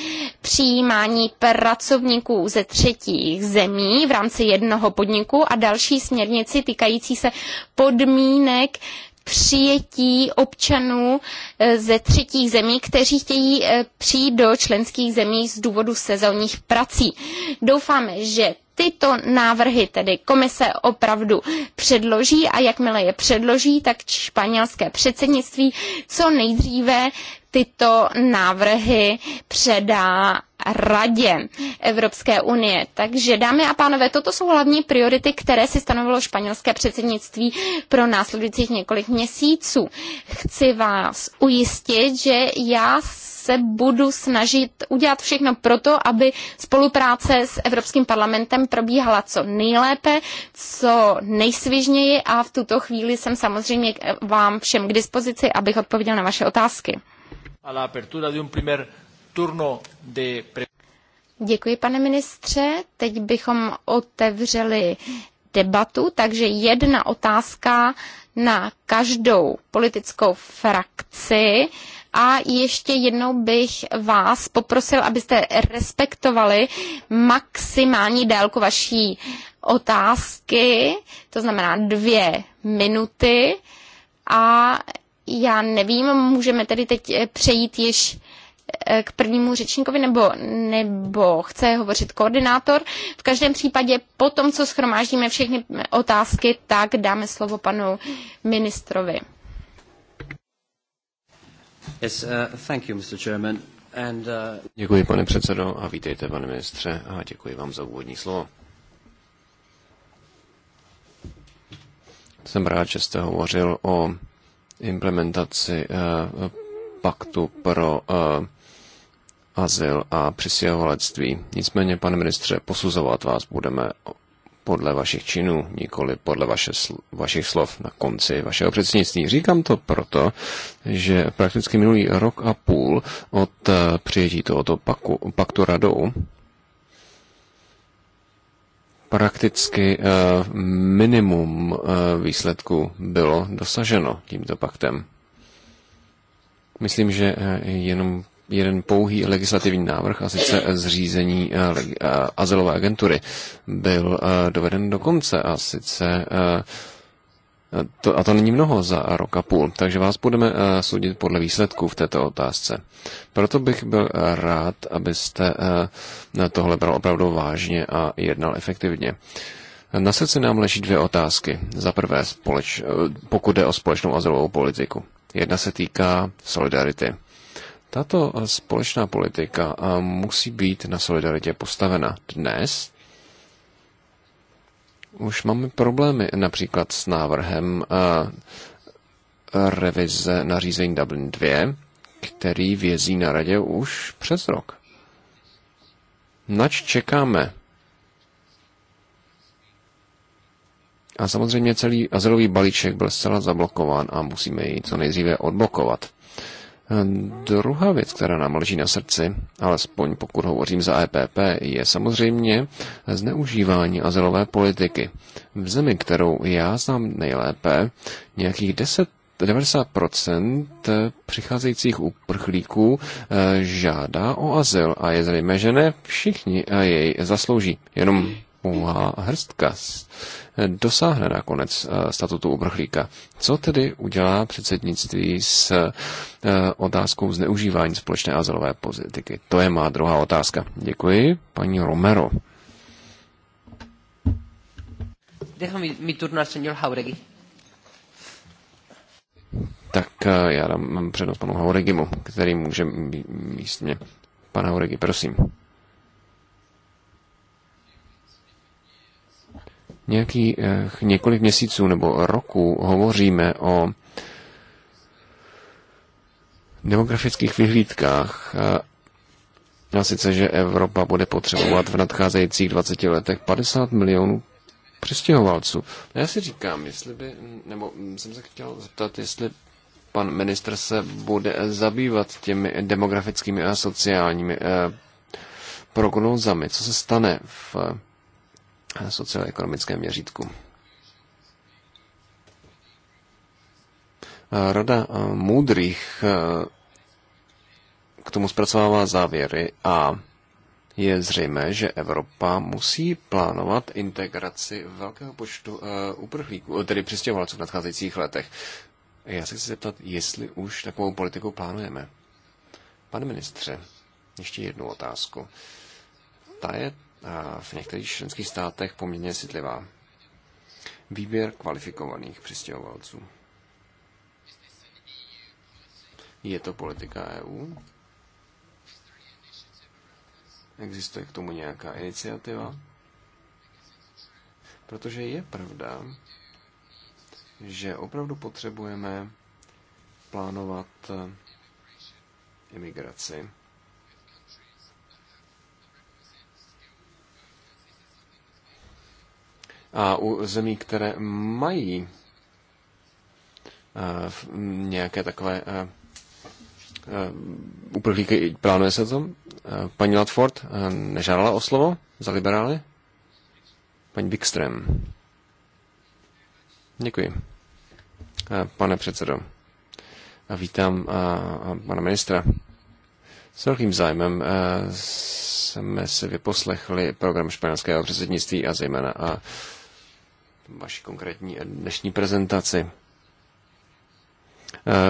přijímání pracovníků ze třetích zemí v rámci jednoho podniku a další směrnici týkající se podmínek přijetí občanů e, ze třetích zemí, kteří chtějí e, přijít do členských zemí z důvodu sezónních prací. Doufáme, že tyto návrhy tedy komise opravdu předloží a jakmile je předloží, tak španělské předsednictví co nejdříve tyto návrhy předá Radě Evropské unie. Takže dámy a pánové, toto jsou hlavní priority, které si stanovilo španělské předsednictví pro následujících několik měsíců. Chci vás ujistit, že já se budu snažit udělat všechno proto, aby spolupráce s Evropským parlamentem probíhala co nejlépe, co nejsvižněji a v tuto chvíli jsem samozřejmě vám všem k dispozici, abych odpověděl na vaše otázky. Děkuji, pane ministře. Teď bychom otevřeli debatu, takže jedna otázka na každou politickou frakci a ještě jednou bych vás poprosil, abyste respektovali maximální délku vaší otázky, to znamená dvě minuty. A já nevím, můžeme tedy teď eh, přejít již eh, k prvnímu řečníkovi, nebo, nebo chce hovořit koordinátor. V každém případě po tom, co schromáždíme všechny otázky, tak dáme slovo panu ministrovi. Yes, uh, thank you, Mr. Chairman. And, uh... Děkuji, pane předsedo, a vítejte, pane ministře, a děkuji vám za úvodní slovo. Jsem rád, že jste hovořil o implementaci uh, paktu pro uh, azyl a přisěhovalectví. Nicméně, pane ministře, posuzovat vás budeme podle vašich činů, nikoli podle vaše, vašich slov na konci vašeho předsednictví. Říkám to proto, že prakticky minulý rok a půl od eh, přijetí tohoto paku, paktu radou prakticky eh, minimum eh, výsledku bylo dosaženo tímto paktem. Myslím, že jenom jeden pouhý legislativní návrh, a sice zřízení eh, azylové agentury, byl eh, doveden do konce a sice eh, to, a to není mnoho za rok a půl, takže vás budeme soudit podle výsledků v této otázce. Proto bych byl rád, abyste tohle bral opravdu vážně a jednal efektivně. Na srdci nám leží dvě otázky. Za prvé, společ, pokud jde o společnou azylovou politiku. Jedna se týká solidarity. Tato společná politika musí být na solidaritě postavena dnes. Už máme problémy například s návrhem revize nařízení Dublin 2, který vězí na radě už přes rok. Nač čekáme? A samozřejmě celý azylový balíček byl zcela zablokován a musíme jej co nejdříve odblokovat. Druhá věc, která nám leží na srdci, alespoň pokud hovořím za EPP, je samozřejmě zneužívání azylové politiky. V zemi, kterou já znám nejlépe, nějakých 10 90% přicházejících uprchlíků eh, žádá o azyl a je zřejmé, že ne všichni eh, jej zaslouží. Jenom pouhá hrstka dosáhne nakonec eh, statutu uprchlíka. Co tedy udělá předsednictví s eh, otázkou zneužívání společné azylové politiky? To je má druhá otázka. Děkuji, paní Romero. mi, Tak eh, já dám přednost panu Hauregimu, který může míst mě. Pan Hauregi, prosím. nějakých eh, několik měsíců nebo roku hovoříme o demografických vyhlídkách eh, a sice, že Evropa bude potřebovat v nadcházejících 20 letech 50 milionů přistěhovalců. Já si říkám, jestli by, nebo jsem se chtěl zeptat, jestli pan ministr se bude zabývat těmi demografickými a sociálními eh, prognózami, co se stane v socioekonomickém měřítku. Rada moudrých k tomu zpracovává závěry a je zřejmé, že Evropa musí plánovat integraci velkého počtu uprchlíků, tedy přistěhovalců v nadcházejících letech. Já se chci zeptat, jestli už takovou politiku plánujeme. Pane ministře, ještě jednu otázku. Ta je v některých členských státech poměrně citlivá. Výběr kvalifikovaných přistěhovalců. Je to politika EU? Existuje k tomu nějaká iniciativa? Protože je pravda, že opravdu potřebujeme plánovat eh, imigraci A u zemí, které mají eh, nějaké takové eh, eh, uprchlíky, plánuje se to? Paní Latford nežádala o slovo za liberály? Paní Wikström. Děkuji. Pane předsedo. A vítám pana ministra. S velkým zájmem jsme si vyposlechli program španělského předsednictví a zejména a vaši konkrétní dnešní prezentaci.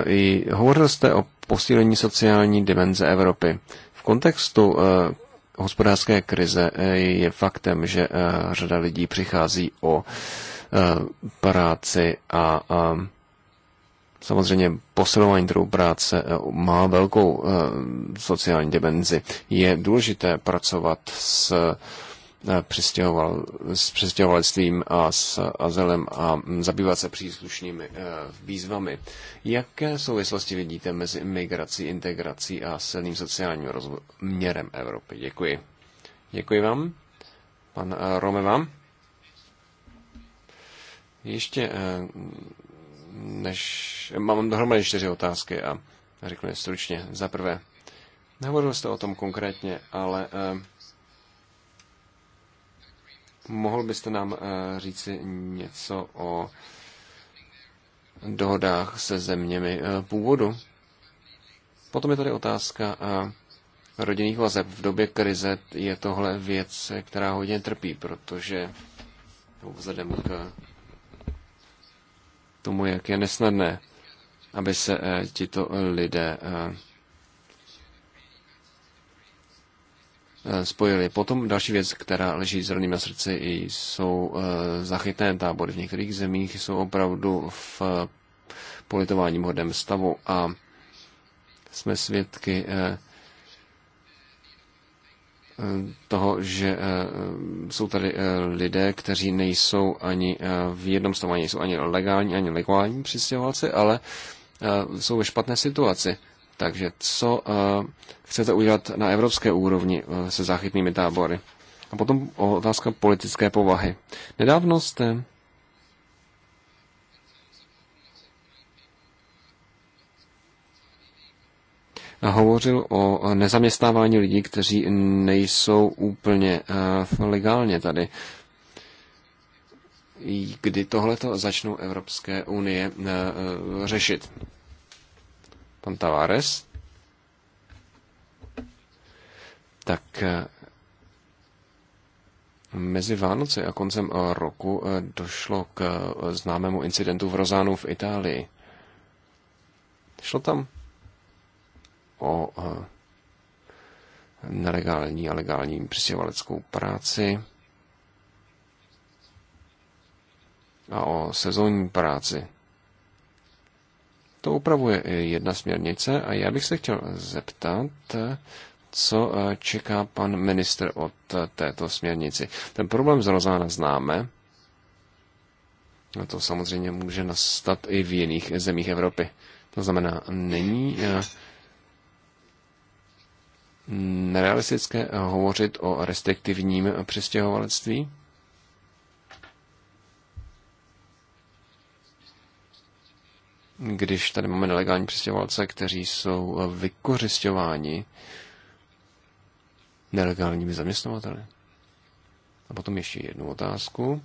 E, I hovořil jste o posílení sociální dimenze Evropy. V kontextu e, hospodářské krize e, je faktem, že řada lidí přichází o práci a samozřejmě posilování trhu práce má velkou sociální dimenzi. Je důležité pracovat s Eh, přestěhoval, s přestěhovalectvím a s azylem a zabývat se příslušnými eh, výzvami. Jaké souvislosti vidíte mezi migrací, integrací a silným sociálním rozměrem Evropy? Děkuji. Děkuji vám. Pan eh, Rome vám. Ještě než... Mám dohromady čtyři otázky a řeknu je stručně. Za prvé, nehovořil jste o tom konkrétně, ale Mohl byste nám eh, říci něco o dohodách se zeměmi eh, původu? Potom je tady otázka eh, rodinných vazeb. V době krize je tohle věc, která hodně trpí, protože vzhledem k tomu, jak je nesnadné, aby se tito lidé Eh, spojili. Potom další věc, která leží zrovným na srdci, jsou eh, zachytné tábory. V některých zemích jsou opravdu v eh, politování hodem stavu a jsme svědky toho, že jsou tady lidé, kteří nejsou ani v jednom stavu, ani nejsou ani legální, ani legální přistěhovalci, ale jsou ve špatné situaci. Takže co eh, chcete udělat na evropské úrovni eh, se záchytnými tábory? A potom otázka politické povahy. Nedávno jste hovořil o nezaměstnávání lidí, kteří nejsou úplně eh, legálně tady. Kdy tohleto začnou Evropské unie řešit? pan Tavares, tak eh, mezi Vánoce a koncem eh, roku eh, došlo k známému incidentu v Rozánu v Itálii. Šlo tam o nelegální a legální přistěhovaleckou práci a o sezónní práci. To upravuje jedna směrnice a já bych se chtěl zeptat, co eh, čeká pan minister od eh, této směrnici. Ten problém z Rozána známe. A to samozřejmě může nastat i v jiných zemích Evropy. To znamená, není eh, nerealistické hovořit o restriktivním přistěhovalectví? když tady máme nelegální přistěhovalce, kteří jsou vykořišťováni nelegálními zaměstnavateli. A potom ještě jednu otázku.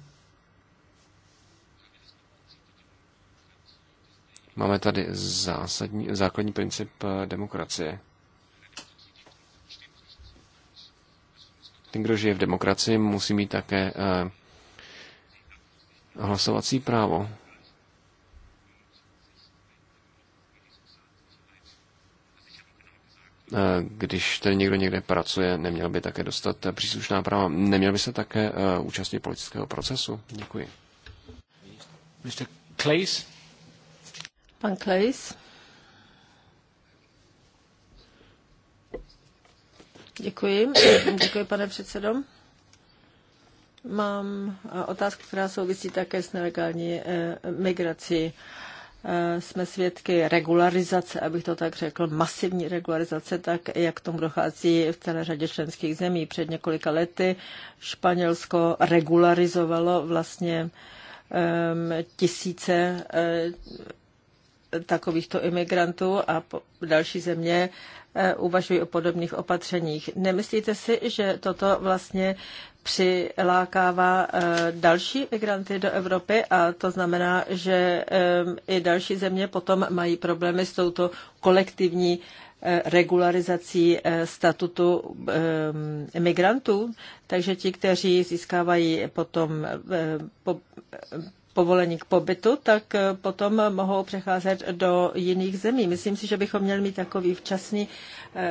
Máme tady zásadní, základní princip eh, demokracie. Ten, kdo žije v demokracii, musí mít také eh, hlasovací právo. Eh, když tedy někdo někde pracuje, neměl by také dostat eh, příslušná práva. Neměl by se také eh, účastnit politického procesu? Děkuji. Mr. Klejs? Pan Klejs? Děkuji. Děkuji, pane předsedo. Mám otázku, která souvisí také s nelegální migrací. Eh, jsme svědky regularizace, abych to tak řekl, masivní regularizace, tak jak tomu dochází v celé řadě členských zemí. Před několika lety Španělsko regularizovalo vlastně ehm, tisíce eh, takovýchto imigrantů a další země eh, uvažují o podobných opatřeních. Nemyslíte si, že toto vlastně přilákává eh, další migranty do Evropy a to znamená, že eh, i další země potom mají problémy s touto kolektivní eh, regularizací statutu migrantů. Takže ti, kteří získávají potom povolení k pobytu, tak potom mohou přecházet do jiných zemí. Myslím si, že bychom měli mít takový včasný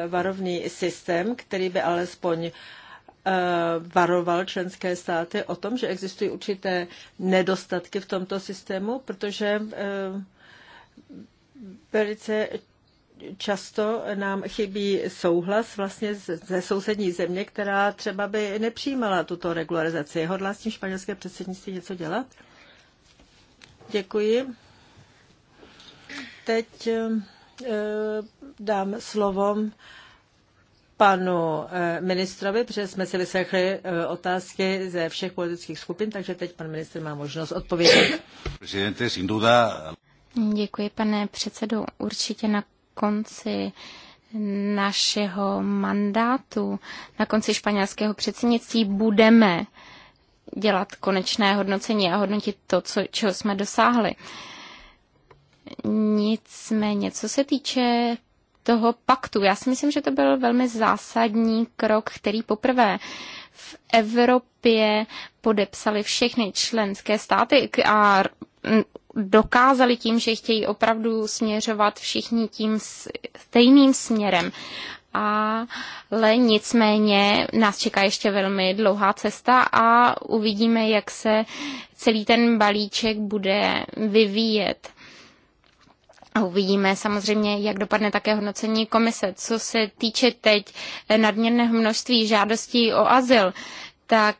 varovný systém, který by alespoň Eh, varoval členské státy o tom, že existují určité nedostatky v tomto systému, protože eh, velice často nám chybí souhlas vlastně ze sousední země, která třeba by nepřijímala tuto regularizaci. Hodlá s tím španělské předsednictví něco dělat? Děkuji. Teď eh, dám slovo panu eh, ministrovi, protože jsme si vyslechli eh, otázky ze všech politických skupin, takže teď pan ministr má možnost odpovědět. Děkuji, pane předsedo. Určitě na konci našeho mandátu, na konci španělského předsednictví budeme dělat konečné hodnocení a hodnotit to, co, čeho jsme dosáhli. Nicméně, co se týče toho paktu. Já si myslím, že to byl velmi zásadní krok, který poprvé v Evropě podepsali všechny členské státy a dokázali tím, že chtějí opravdu směřovat všichni tím stejným směrem. Ale nicméně nás čeká ještě velmi dlouhá cesta a uvidíme, jak se celý ten balíček bude vyvíjet. A uvidíme samozřejmě, jak dopadne také hodnocení komise. Co se týče teď nadměrného množství žádostí o azyl, tak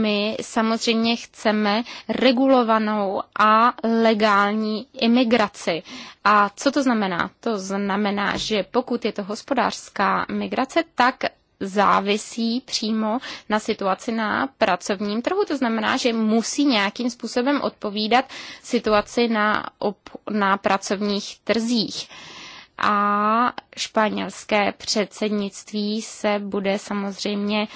my samozřejmě chceme regulovanou a legální imigraci. A co to znamená? To znamená, že pokud je to hospodářská migrace, tak závisí přímo na situaci na pracovním trhu. To znamená, že musí nějakým způsobem odpovídat situaci na, op- na pracovních trzích. A španělské předsednictví se bude samozřejmě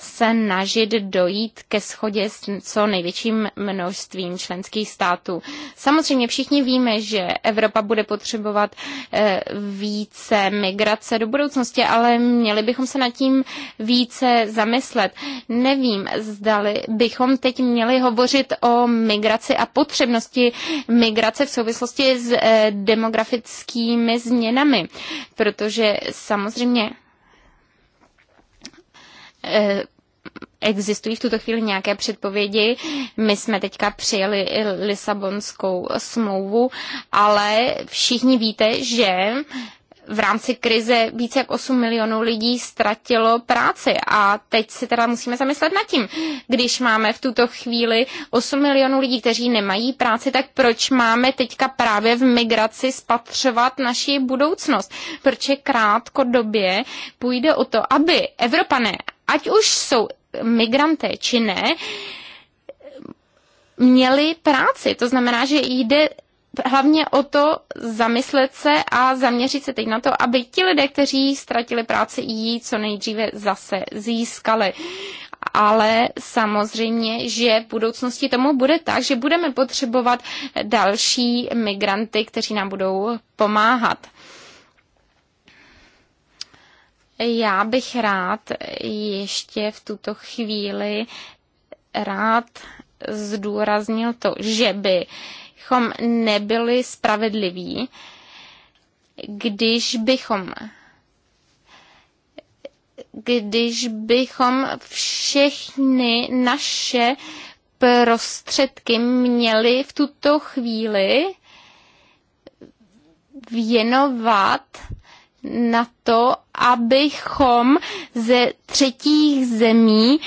snažit dojít ke schodě s co největším množstvím členských států. Samozřejmě všichni víme, že Evropa bude potřebovat eh, více migrace do budoucnosti, ale měli bychom se nad tím více zamyslet. Nevím, zdali bychom teď měli hovořit o migraci a potřebnosti migrace v souvislosti s eh, demografickými změnami protože samozřejmě eh, existují v tuto chvíli nějaké předpovědi. My jsme teďka přijeli Lisabonskou smlouvu, ale všichni víte, že v rámci krize více jak 8 milionů lidí ztratilo práci. A teď si teda musíme zamyslet nad tím, když máme v tuto chvíli 8 milionů lidí, kteří nemají práci, tak proč máme teďka právě v migraci spatřovat naši budoucnost? Proč je krátkodobě půjde o to, aby Evropané, ať už jsou migranté či ne, měli práci. To znamená, že jde hlavně o to zamyslet se a zaměřit se teď na to, aby ti lidé, kteří ztratili práci, ji co nejdříve zase získali. Ale samozřejmě, že v budoucnosti tomu bude tak, že budeme potřebovat další migranty, kteří nám budou pomáhat. Já bych rád ještě v tuto chvíli rád zdůraznil to, že by bychom nebyli spravedliví, když bychom když bychom všechny naše prostředky měli v tuto chvíli věnovat na to, abychom ze třetích zemí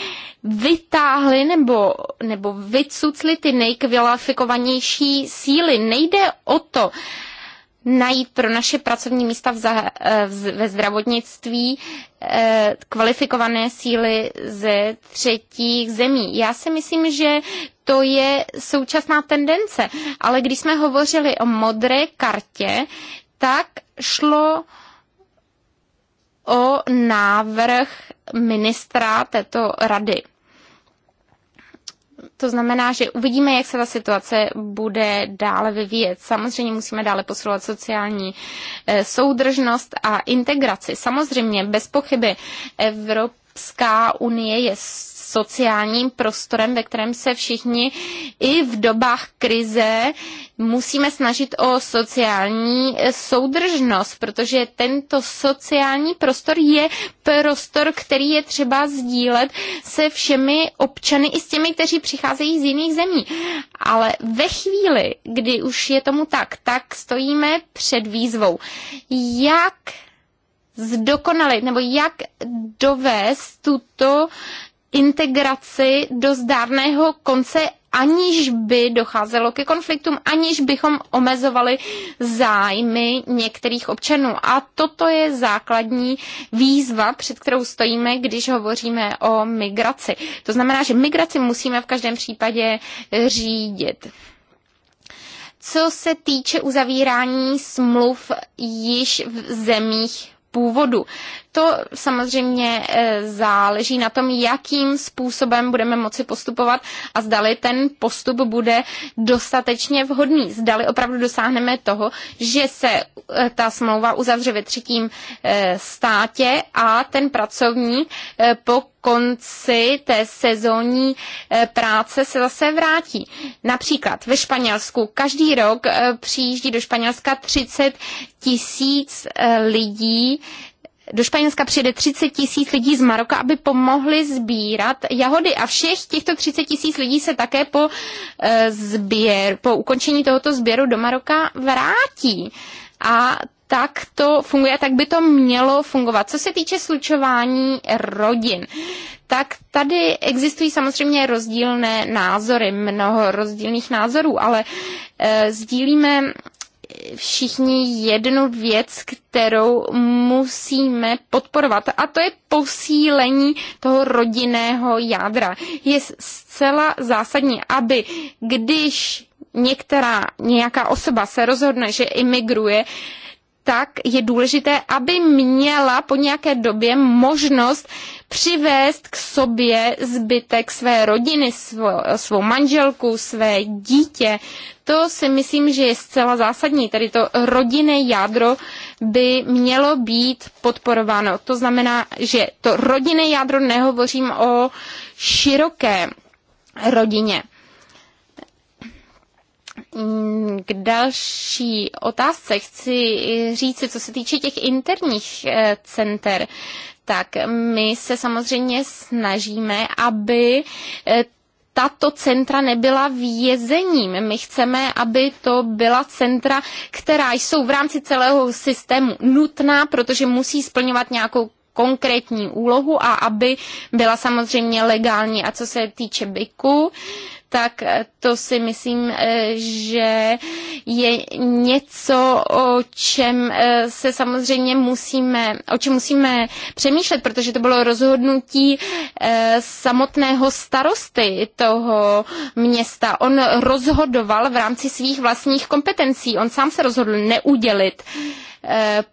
vytáhli nebo, nebo vycucli ty nejkvalifikovanější síly. Nejde o to, najít pro naše pracovní místa v zah- v, ve zdravotnictví eh, kvalifikované síly ze třetích zemí. Já si myslím, že to je současná tendence, ale když jsme hovořili o modré kartě, tak šlo o návrh ministra této rady. To znamená, že uvidíme, jak se ta situace bude dále vyvíjet. Samozřejmě musíme dále posilovat sociální eh, soudržnost a integraci. Samozřejmě, bez pochyby, Evropská unie je sociálním prostorem, ve kterém se všichni i v dobách krize musíme snažit o sociální eh, soudržnost, protože tento sociální prostor je prostor, který je třeba sdílet se všemi občany i s těmi, kteří přicházejí z jiných zemí. Ale ve chvíli, kdy už je tomu tak, tak stojíme před výzvou, jak zdokonalit nebo jak dovést tuto integraci do zdárného konce aniž by docházelo ke konfliktům, aniž bychom omezovali zájmy některých občanů. A toto je základní výzva, před kterou stojíme, když hovoříme o migraci. To znamená, že migraci musíme v každém případě řídit. Co se týče uzavírání smluv již v zemích původu. To samozřejmě eh, záleží na tom, jakým způsobem budeme moci postupovat a zdali ten postup bude dostatečně vhodný. Zdali opravdu dosáhneme toho, že se eh, ta smlouva uzavře ve třetím eh, státě a ten pracovník po konci té sezónní práce se zase vrátí. Například ve Španělsku každý rok přijíždí do Španělska 30 tisíc lidí do Španělska přijede 30 tisíc lidí z Maroka, aby pomohli sbírat jahody. A všech těchto 30 tisíc lidí se také po, zběr, eh, po ukončení tohoto sběru do Maroka vrátí. A tak to funguje, tak by to mělo fungovat. Co se týče slučování rodin, tak tady existují samozřejmě rozdílné názory, mnoho rozdílných názorů, ale e, sdílíme všichni jednu věc, kterou musíme podporovat a to je posílení toho rodinného jádra. Je zcela zásadní, aby když některá nějaká osoba se rozhodne, že imigruje, tak je důležité, aby měla po nějaké době možnost přivést k sobě zbytek své rodiny, svou, svou manželku, své dítě. To si myslím, že je zcela zásadní. Tady to rodinné jádro by mělo být podporováno. To znamená, že to rodinné jádro nehovořím o široké rodině. K další otázce chci říct, co se týče těch interních eh, center tak my se samozřejmě snažíme, aby eh, tato centra nebyla vězením. My chceme, aby to byla centra, která jsou v rámci celého systému nutná, protože musí splňovat nějakou konkrétní úlohu a aby byla samozřejmě legální. A co se týče byku, tak to si myslím, eh, že je něco, o čem eh, se samozřejmě musíme, o čem musíme přemýšlet, protože to bylo rozhodnutí eh, samotného starosty toho města. On rozhodoval v rámci svých vlastních kompetencí. On sám se rozhodl neudělit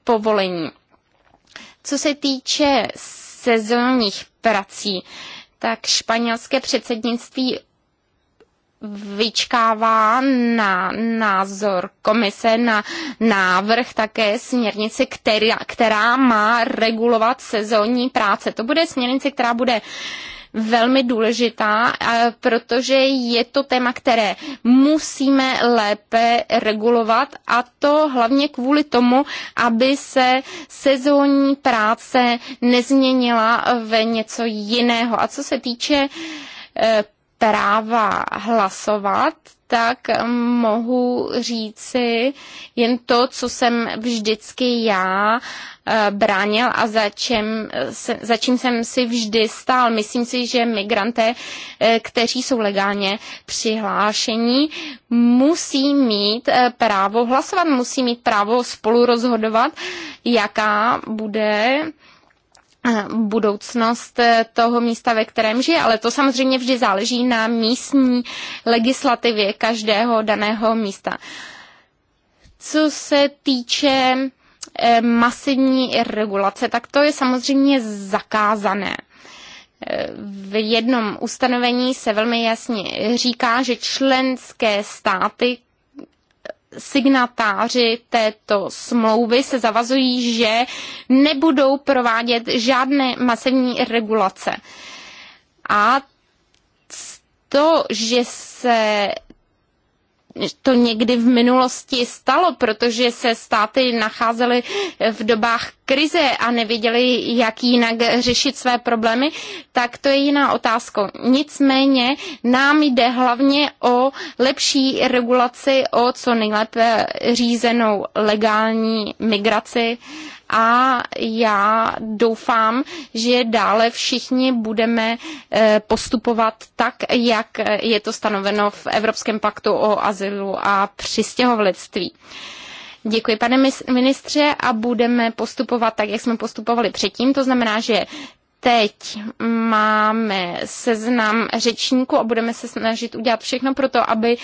povolení. Co se týče sezónních prací, tak španělské předsednictví vyčkává na názor komise, na návrh také směrnice, která, která má regulovat sezónní práce. To bude směrnice, která bude velmi důležitá, protože je to téma, které musíme lépe regulovat a to hlavně kvůli tomu, aby se sezónní práce nezměnila ve něco jiného. A co se týče eh, práva hlasovat, tak mohu říci jen to, co jsem vždycky já eh, bránil a za čím, za čím jsem si vždy stál. Myslím si, že migranté, eh, kteří jsou legálně přihlášení, musí mít eh, právo hlasovat, musí mít právo spolurozhodovat, jaká bude budoucnost eh, toho místa, ve kterém žije, ale to samozřejmě vždy záleží na místní legislativě každého daného místa. Co se týče eh, masivní regulace, tak to je samozřejmě zakázané. Eh, v jednom ustanovení se velmi jasně říká, že členské státy signatáři této smlouvy se zavazují, že nebudou provádět žádné masivní regulace. A to, že se to někdy v minulosti stalo, protože se státy nacházely v dobách krize a nevěděli, jak jinak řešit své problémy, tak to je jiná otázka. Nicméně nám jde hlavně o lepší regulaci, o co nejlépe řízenou legální migraci a já doufám, že dále všichni budeme eh, postupovat tak, jak je to stanoveno v Evropském paktu o azylu a přistěhovalectví. Děkuji, pane ministře, a budeme postupovat tak, jak jsme postupovali předtím. To znamená, že teď máme seznam řečníků a budeme se snažit udělat všechno pro to, aby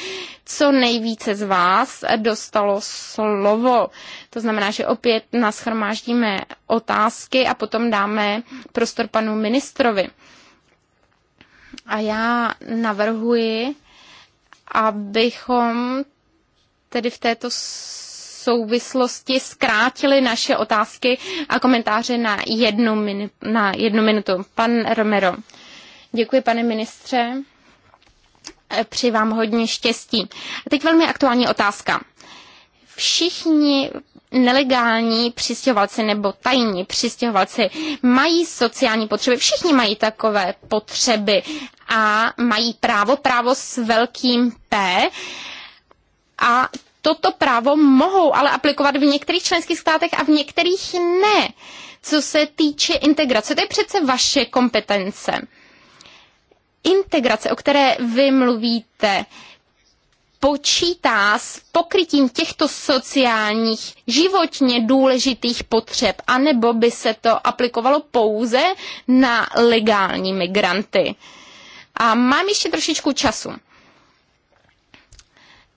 co nejvíce z vás dostalo slovo. To znamená, že opět naschromáždíme otázky a potom dáme prostor panu ministrovi. A já navrhuji, abychom tedy v této souvislosti zkrátili naše otázky a komentáře na jednu, minu, na jednu minutu. Pan Romero. Děkuji, pane ministře. Při vám hodně štěstí. A teď velmi aktuální otázka. Všichni nelegální přistěhovalci nebo tajní přistěhovalci mají sociální potřeby. Všichni mají takové potřeby a mají právo, právo s velkým P. A toto právo mohou ale aplikovat v některých členských státech a v některých ne. Co se týče integrace, to je přece vaše kompetence. Integrace, o které vy mluvíte, počítá s pokrytím těchto sociálních, životně důležitých potřeb, anebo by se to aplikovalo pouze na legální migranty. A mám ještě trošičku času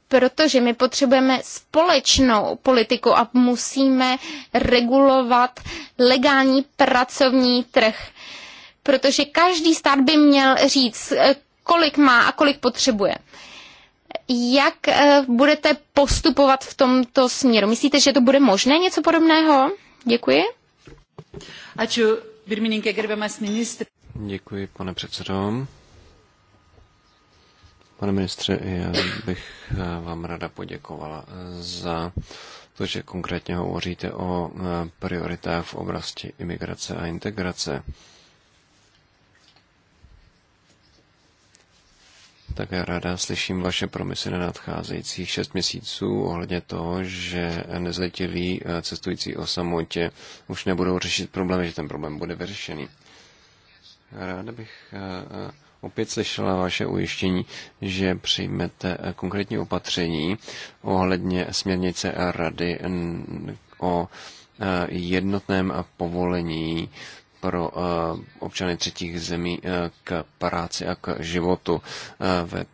protože my potřebujeme společnou politiku a musíme regulovat legální pracovní trh. Protože každý stát by měl říct, eh, kolik má a kolik potřebuje. Jak eh, budete postupovat v tomto směru? Myslíte, že to bude možné něco podobného? Děkuji. ministr. Děkuji, pane předsedo. Pane ministře, já bych eh, vám rada poděkovala eh, za to, že konkrétně hovoříte o eh, prioritách v oblasti imigrace a integrace. Také ráda slyším vaše promisy na nadcházejících šest měsíců ohledně toho, že nezletilí cestující o samotě už nebudou řešit problémy, že ten problém bude vyřešený. Ráda bych opět slyšela vaše ujištění, že přijmete eh, konkrétní opatření ohledně směrnice a rady o eh, jednotném povolení pro eh, občany třetích zemí k práci a k životu ve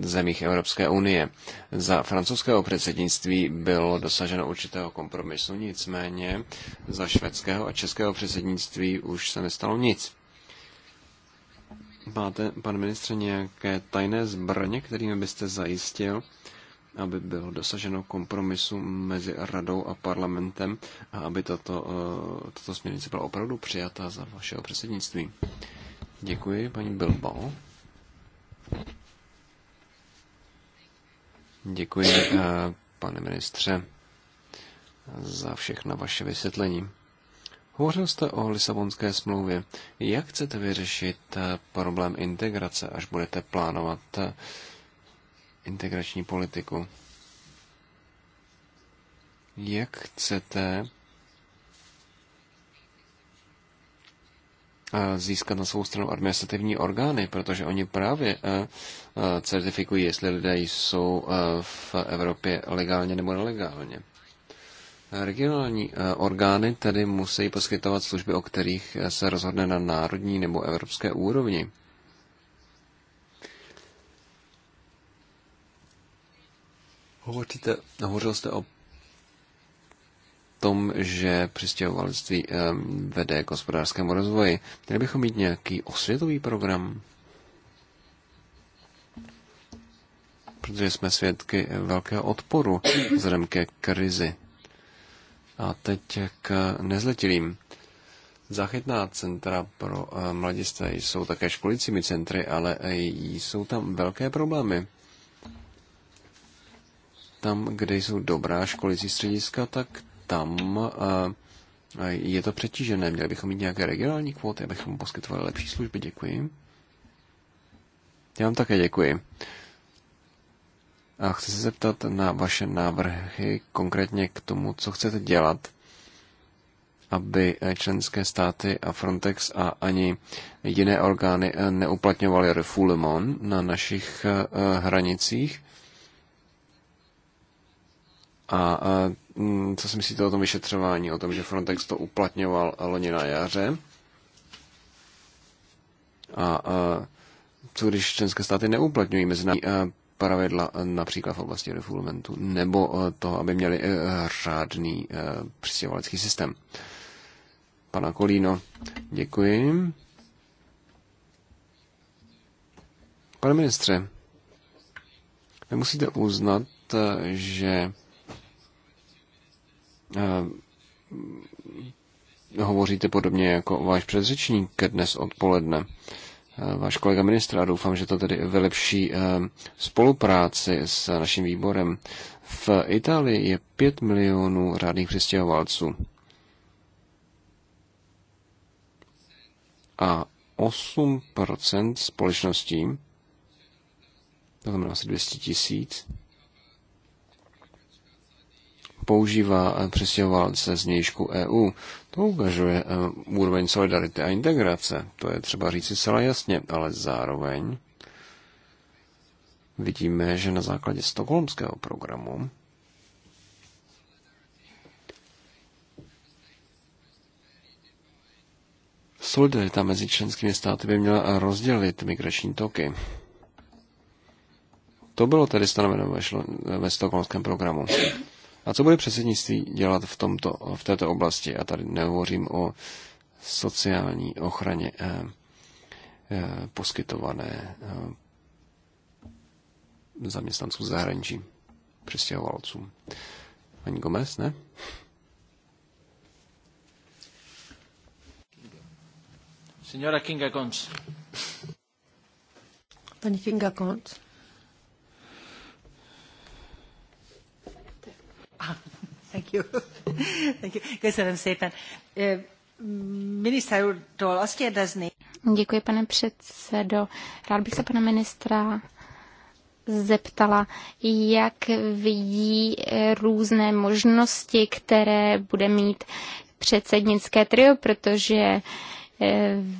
zemích Evropské unie. Za francouzského předsednictví bylo dosaženo určitého kompromisu, nicméně za švédského a českého předsednictví už se nestalo nic. Máte, pan ministře, nějaké tajné zbraně, kterými byste zajistil, aby bylo dosaženo kompromisu mezi radou a parlamentem a aby tato, eh, tato směrnice byla opravdu přijata za vašeho předsednictví? Děkuji, paní Bilbao. Děkuji, eh, pane ministře, za všechna vaše vysvětlení. Hovořil jste o Lisabonské smlouvě. Jak chcete vyřešit eh, problém integrace, až budete plánovat eh, integrační politiku? Jak chcete eh, získat na svou stranu administrativní orgány, protože oni právě certifikují, jestli lidé jsou v Evropě legálně nebo nelegálně. Regionální eh, orgány tedy musí poskytovat služby, o kterých eh, se rozhodne na národní nebo evropské úrovni. Hovoříte, hovořil jste o tom, že přistěhovalství eh, vede k hospodářskému rozvoji. Měli bychom mít nějaký osvětový program? Protože jsme svědky velkého odporu vzhledem ke krizi. A teď k nezletilým. Záchytná centra pro eh, mladistvé jsou také školicími centry, ale eh, jsou tam velké problémy. Tam, kde jsou dobrá školicí střediska, tak tam eh, je to přetížené. Měli bychom mít nějaké regionální kvóty, abychom poskytovali lepší služby. Děkuji. Já vám také děkuji. A chci se zeptat na vaše návrhy konkrétně k tomu, co chcete dělat, aby členské státy a Frontex a ani jiné orgány neuplatňovaly refoulement na našich eh, hranicích. A eh, mm, co si myslíte o tom vyšetřování, o tom, že Frontex to uplatňoval loni na jaře? A, a eh, co když členské státy neuplatňují mezinárodní pravidla eh, například v oblasti refoulementu nebo eh, to, aby měli eh, řádný přistěhovalecký systém. Pana Kolíno, děkuji. Pane ministře, vy musíte uznat, že hovoříte podobně jako váš předřečník dnes odpoledne váš kolega ministr a doufám, že to tedy vylepší eh, spolupráci s naším výborem. V Itálii je 5 milionů řádných přistěhovalců. A 8% společností, to znamená asi 200 tisíc, používá eh, přistěhovalce z nějšku EU. To uh, úroveň solidarity a integrace, to je třeba říci zcela jasně, ale zároveň vidíme, že na základě stokholmského programu Solidarita mezi členskými státy by měla rozdělit migrační toky. To bylo tedy stanoveno ve, šlo, ve stokholmském programu. A co bude předsednictví dělat v, tomto, v této oblasti? A tady nehovořím o sociální ochraně eh, eh, poskytované eh, zahraničí, přistěhovalcům. Ani Gomez, ne? Signora Kinga Konc. Pani Kinga Konc. Ah, Köszönöm szépen. Eh, Miniszter úrtól azt kérdezni. Děkuji, pane předsedo. Rád bych se pana ministra zeptala, jak vidí eh, různé možnosti, které bude mít předsednické trio, protože eh,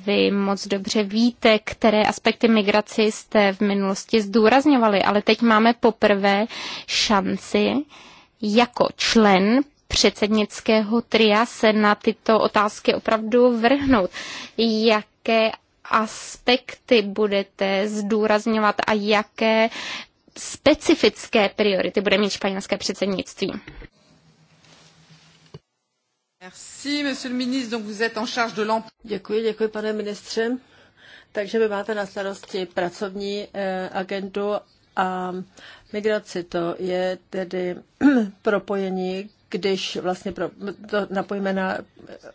vy moc dobře víte, které aspekty migraci jste v minulosti zdůrazňovali, ale teď máme poprvé šanci jako člen předsednického tria se na tyto otázky opravdu vrhnout. Jaké aspekty budete zdůrazňovat a jaké specifické priority bude mít španělské předsednictví? Merci, monsieur le ministre. Donc vous êtes en charge de Děkuji, děkuji, pane ministře. Takže vy máte na starosti pracovní eh, agendu a eh, migraci. To je tedy propojení, když vlastně pro, to napojíme na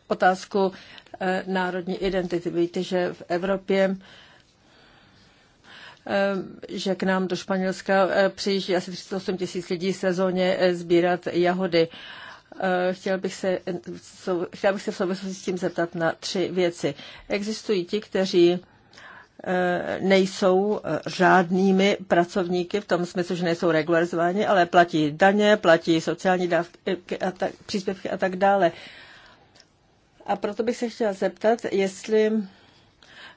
otázku eh, národní identity. Víte, že v Evropě eh, že k nám do Španělska eh, přijíždí asi 38 tisíc lidí sezóně sbírat jahody. Chtěl bych, se, chtěl bych se v souvislosti s tím zeptat na tři věci. Existují ti, kteří Eh, nejsou řádnými eh, pracovníky v tom smyslu, že nejsou regularizováni, ale platí daně, platí sociální dávky a tak, příspěvky a tak dále. A proto bych se chtěla zeptat, jestli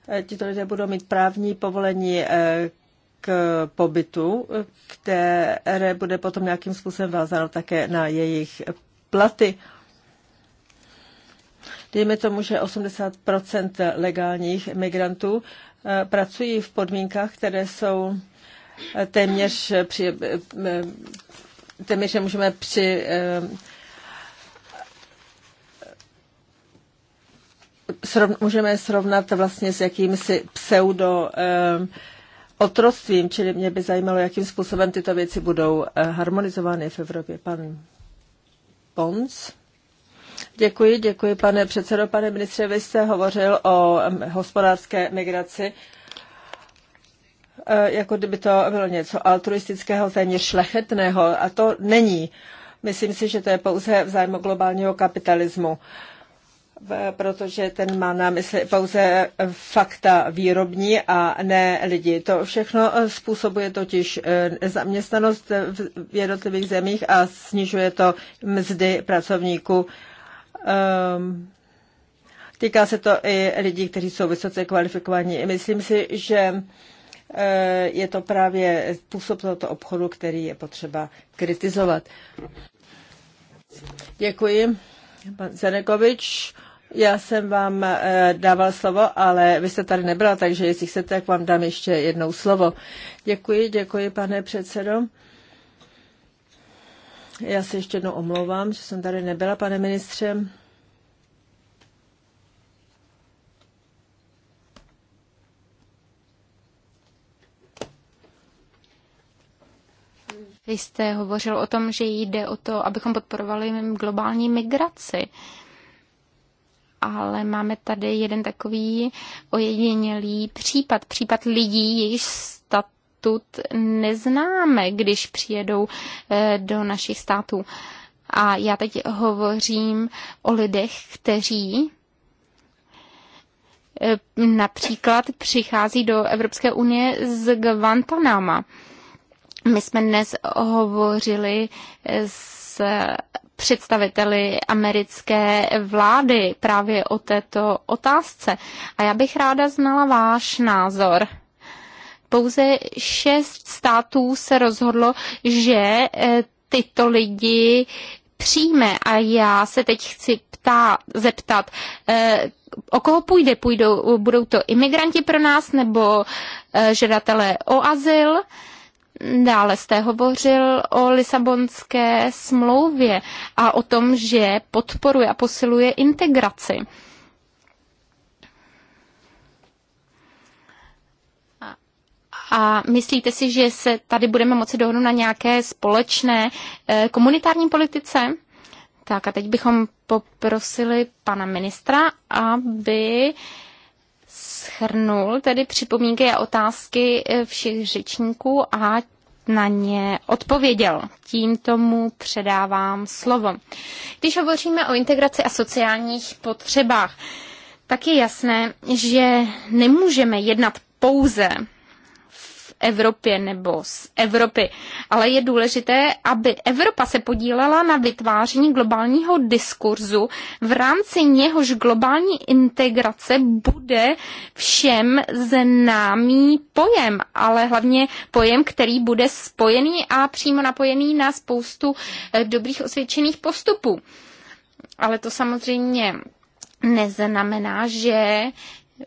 eh, tito lidé budou mít právní povolení k pobytu, které bude potom nějakým způsobem vázáno také na jejich platy. Dejme tomu, že 80 legálních migrantů pracují v podmínkách, které jsou téměř, při, téměř můžeme při eh, srov, můžeme srovnat vlastně s jakýmsi pseudo eh, otrostvím, čili mě by zajímalo, jakým způsobem tyto věci budou eh, harmonizovány v Evropě. Pan Pons. Děkuji, děkuji pane předsedo, pane ministře, vy jste hovořil o hospodářské migraci e, jako kdyby to bylo něco altruistického, téměř šlechetného a to není. Myslím si, že to je pouze v zájmu globálního kapitalismu protože ten má na mysli pouze fakta výrobní a ne lidi. To všechno způsobuje totiž e, zaměstnanost v jednotlivých zemích a snižuje to mzdy pracovníků Ehm, týká se to i lidí, kteří jsou vysoce kvalifikovaní. Myslím si, že eh, je to právě působ tohoto obchodu, který je potřeba kritizovat. Děkuji. Pan Zenekovič, já jsem vám eh, dával slovo, ale vy jste tady nebyla, takže jestli chcete, tak vám dám ještě jednou slovo. Děkuji, děkuji, pane předsedo. Já se ještě jednou omlouvám, že jsem tady nebyla, pane ministře. Vy jste hovořil o tom, že jde o to, abychom podporovali globální migraci. Ale máme tady jeden takový ojedinělý případ, případ lidí, jejichž odtud neznáme, když přijedou eh, do našich států. A já teď hovořím o lidech, kteří eh, například přichází do Evropské unie z Guantanama. My jsme dnes hovořili eh, s představiteli americké vlády právě o této otázce. A já bych ráda znala váš názor pouze šest států se rozhodlo, že e, tyto lidi přijme. A já se teď chci ptá, zeptat, e, o koho půjde? Půjdou, budou to imigranti pro nás nebo e, žadatelé o azyl? Dále jste hovořil o Lisabonské smlouvě a o tom, že podporuje a posiluje integraci. A myslíte si, že se tady budeme moci dohodnout na nějaké společné eh, komunitární politice? Tak a teď bychom poprosili pana ministra, aby schrnul tedy připomínky a otázky eh, všech řečníků a na ně odpověděl. Tím tomu předávám slovo. Když hovoříme o integraci a sociálních potřebách, tak je jasné, že nemůžeme jednat pouze Evropě nebo z Evropy, ale je důležité, aby Evropa se podílela na vytváření globálního diskurzu, v rámci něhož globální integrace bude všem známý pojem, ale hlavně pojem, který bude spojený a přímo napojený na spoustu eh, dobrých osvědčených postupů. Ale to samozřejmě neznamená, že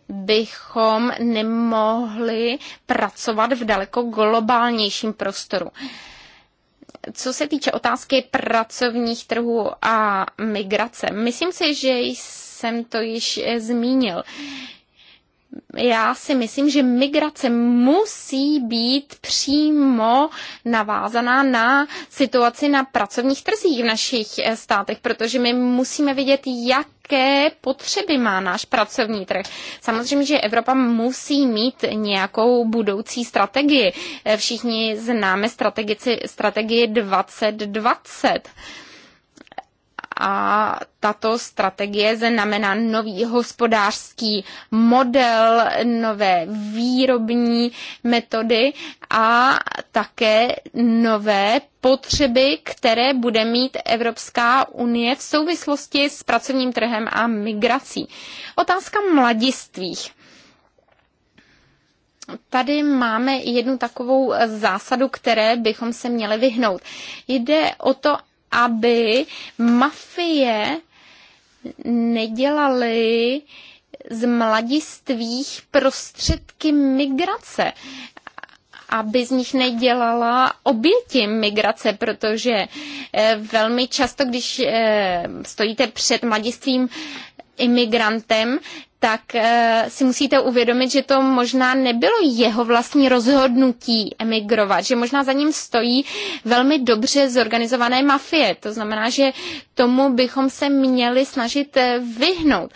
bychom nemohli pracovat v daleko globálnějším prostoru. Co se týče otázky pracovních trhů a migrace, myslím si, že jsem to již eh, zmínil. Já si myslím, že migrace musí být přímo navázaná na situaci na pracovních trzích v našich eh, státech, protože my musíme vidět, jak jaké potřeby má náš pracovní trh. Samozřejmě, že Evropa musí mít nějakou budoucí strategii. Všichni známe strategii 2020 a tato strategie znamená nový hospodářský model, nové výrobní metody a také nové potřeby, které bude mít Evropská unie v souvislosti s pracovním trhem a migrací. Otázka mladistvých. Tady máme jednu takovou zásadu, které bychom se měli vyhnout. Jde o to, aby mafie nedělaly z mladistvých prostředky migrace aby z nich nedělala oběti migrace, protože eh, velmi často, když eh, stojíte před mladistvým imigrantem, tak eh, si musíte uvědomit, že to možná nebylo jeho vlastní rozhodnutí emigrovat, že možná za ním stojí velmi dobře zorganizované mafie. To znamená, že tomu bychom se měli snažit eh, vyhnout.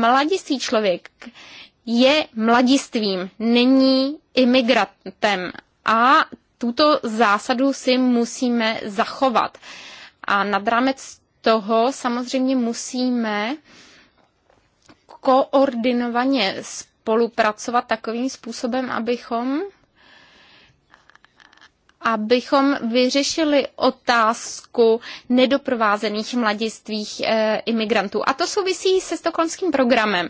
Mladistý člověk je mladistvím, není imigrantem a tuto zásadu si musíme zachovat. A nad rámec toho samozřejmě musíme uh, koordinovaně spolupracovat takovým způsobem, abychom abychom vyřešili otázku nedoprovázených mladistvých e, imigrantů. A to souvisí se stokholmským programem.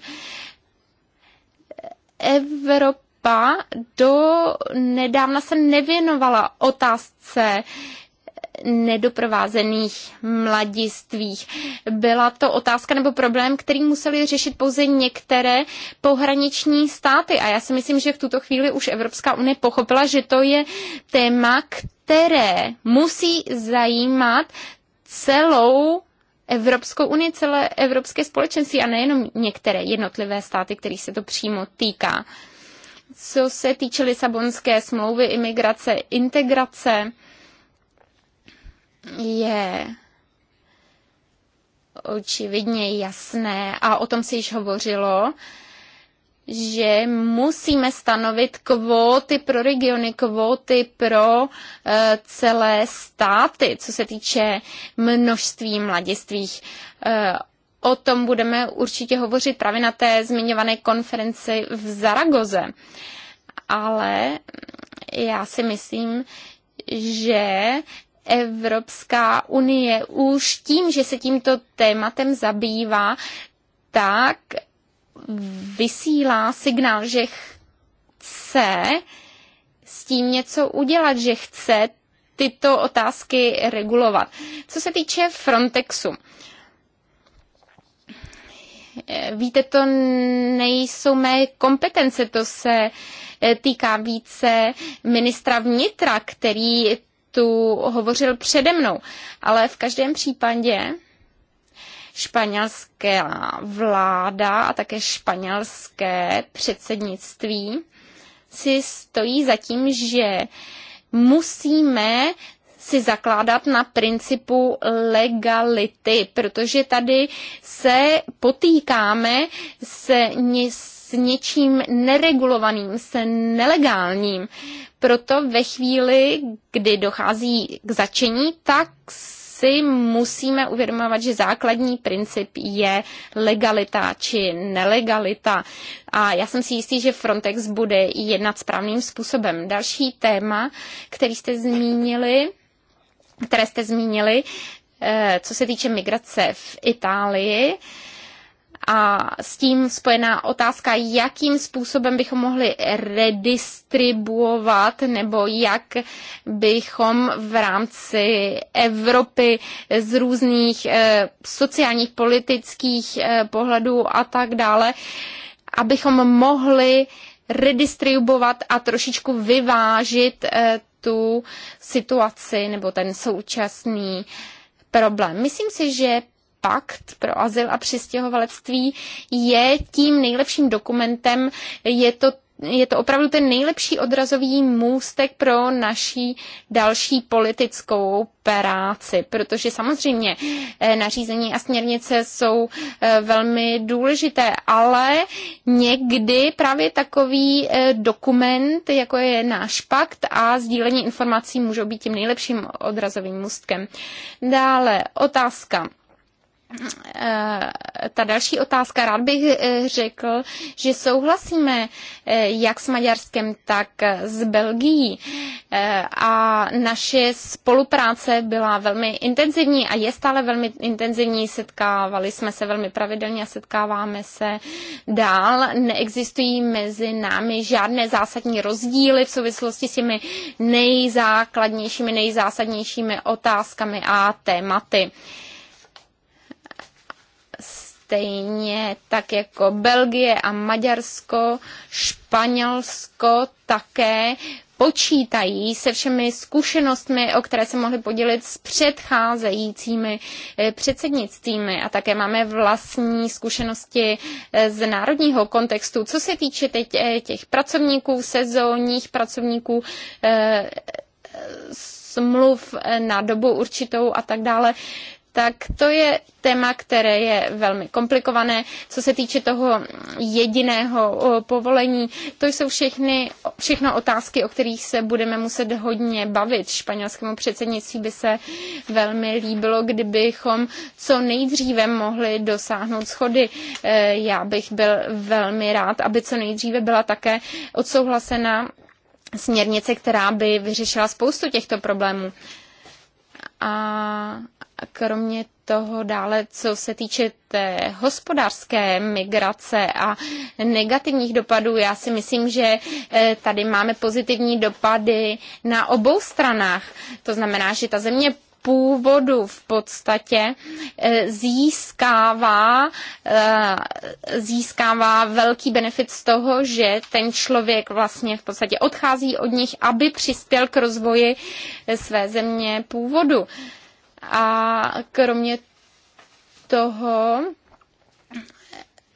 Evropa do nedávna se nevěnovala otázce nedoprovázených mladistvích. Byla to otázka nebo problém, který museli řešit pouze některé pohraniční státy. A já si myslím, že v tuto chvíli už Evropská unie pochopila, že to je téma, které musí zajímat celou Evropskou unii, celé evropské společenství a nejenom některé jednotlivé státy, kterých se to přímo týká. Co se týče Lisabonské smlouvy, imigrace, integrace, je očividně jasné a o tom se již hovořilo, že musíme stanovit kvóty pro regiony, kvóty pro e, celé státy, co se týče množství mladistvých. E, o tom budeme určitě hovořit právě na té zmiňované konferenci v Zaragoze. Ale já si myslím, že Evropská unie už tím, že se tímto tématem zabývá, tak vysílá signál, že chce s tím něco udělat, že chce tyto otázky regulovat. Co se týče Frontexu, víte, to nejsou mé kompetence, to se týká více ministra vnitra, který tu hovořil přede mnou. Ale v každém případě španělská vláda a také španělské předsednictví si stojí za tím, že musíme si zakládat na principu legality, protože tady se potýkáme se s něčím neregulovaným, se nelegálním. Proto ve chvíli, kdy dochází k začení, tak si musíme uvědomovat, že základní princip je legalita či nelegalita. A já jsem si jistý, že Frontex bude jednat správným způsobem. Další téma, který jste zmínili, které jste zmínili, eh, co se týče migrace v Itálii, a s tím spojená otázka, jakým způsobem bychom mohli redistribuovat nebo jak bychom v rámci Evropy z různých eh, sociálních, politických eh, pohledů a tak dále, abychom mohli redistribuovat a trošičku vyvážit eh, tu situaci nebo ten současný problém. Myslím si, že pakt pro azyl a přistěhovalectví je tím nejlepším dokumentem, je to je to opravdu ten nejlepší odrazový můstek pro naší další politickou práci, protože samozřejmě eh, nařízení a směrnice jsou eh, velmi důležité, ale někdy právě takový eh, dokument, jako je náš pakt a sdílení informací můžou být tím nejlepším odrazovým můstkem. Dále otázka Eh, ta další otázka. Rád bych eh, řekl, že souhlasíme eh, jak s Maďarskem, tak s Belgií. A naše spolupráce byla velmi intenzivní a je stále velmi intenzivní. Setkávali jsme se velmi pravidelně a setkáváme se dál. Neexistují mezi námi žádné zásadní rozdíly v souvislosti s těmi nejzákladnějšími, nejzásadnějšími otázkami a tématy stejně tak jako Belgie a Maďarsko, Španělsko také počítají se všemi zkušenostmi, o které se mohli podělit s předcházejícími eh, předsednictvími a také máme vlastní zkušenosti eh, z národního kontextu. Co se týče teď eh, těch pracovníků, sezónních pracovníků, smluv na dobu určitou a tak dále tak to je téma, které je velmi komplikované. Co se týče toho jediného povolení, to jsou všechny, všechno otázky, o kterých se budeme muset hodně bavit. Španělskému předsednictví by se velmi líbilo, kdybychom co nejdříve mohli dosáhnout schody. E, já bych byl velmi rád, aby co nejdříve byla také odsouhlasena směrnice, která by vyřešila spoustu těchto problémů. A kromě toho dále, co se týče té hospodářské migrace a negativních dopadů, já si myslím, že eh, tady máme pozitivní dopady na obou stranách. To znamená, že ta země původu v podstatě eh, získává, eh, získává velký benefit z toho, že ten člověk vlastně v podstatě odchází od nich, aby přispěl k rozvoji své země původu. A kromě toho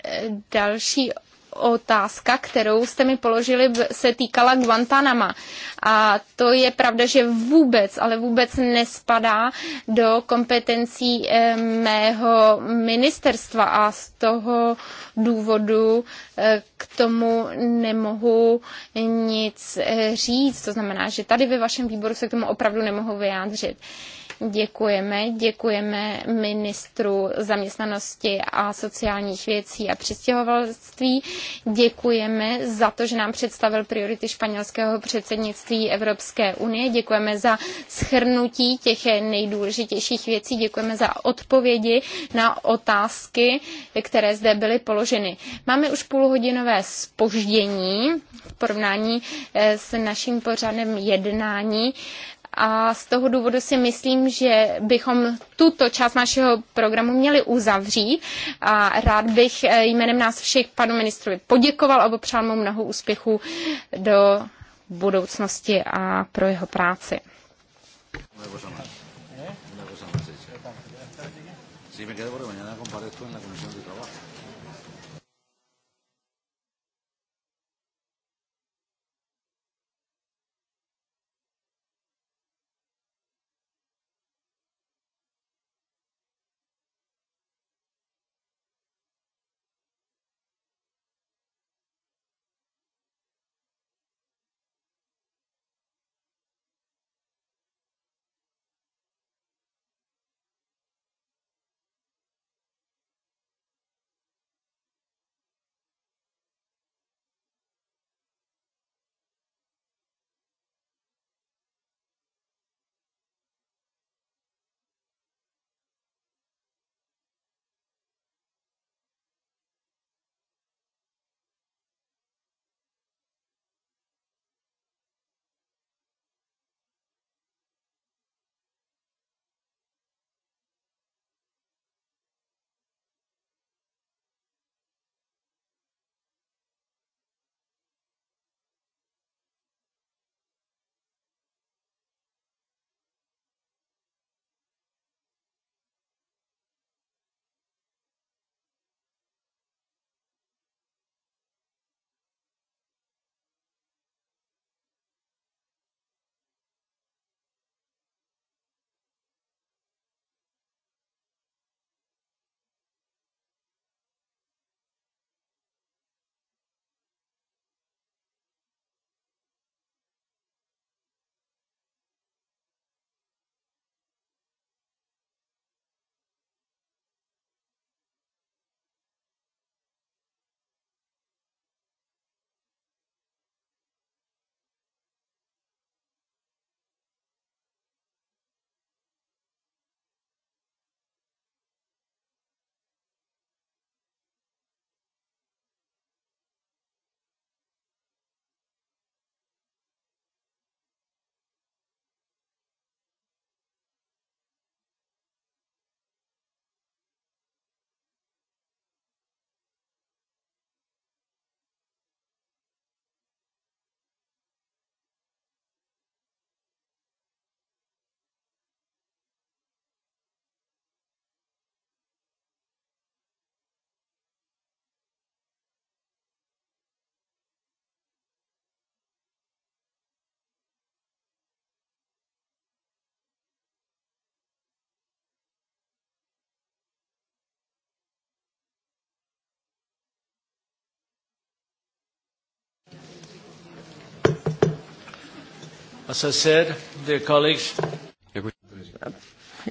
eh, další otázka, kterou jste mi položili, se týkala Guantanama. A to je pravda, že vůbec, ale vůbec nespadá do kompetencí eh, mého ministerstva a z toho důvodu eh, k tomu nemohu nic říct. To znamená, že tady ve vašem výboru se k tomu opravdu nemohu vyjádřit. Děkujeme, děkujeme ministru zaměstnanosti a sociálních věcí a přistěhovalství. Děkujeme za to, že nám představil priority španělského předsednictví Evropské unie. Děkujeme za schrnutí těch nejdůležitějších věcí. Děkujeme za odpovědi na otázky, které zde byly položeny. Máme už půlhodinové spoždění v porovnání eh, s naším pořadem jednání. A z toho důvodu si myslím, že bychom tuto část našeho programu měli uzavřít a rád bych jménem nás všech panu ministrovi poděkoval a popřál mu mnoho úspěchů do budoucnosti a pro jeho práci. Sí, me quedo porque mañana comparezco en la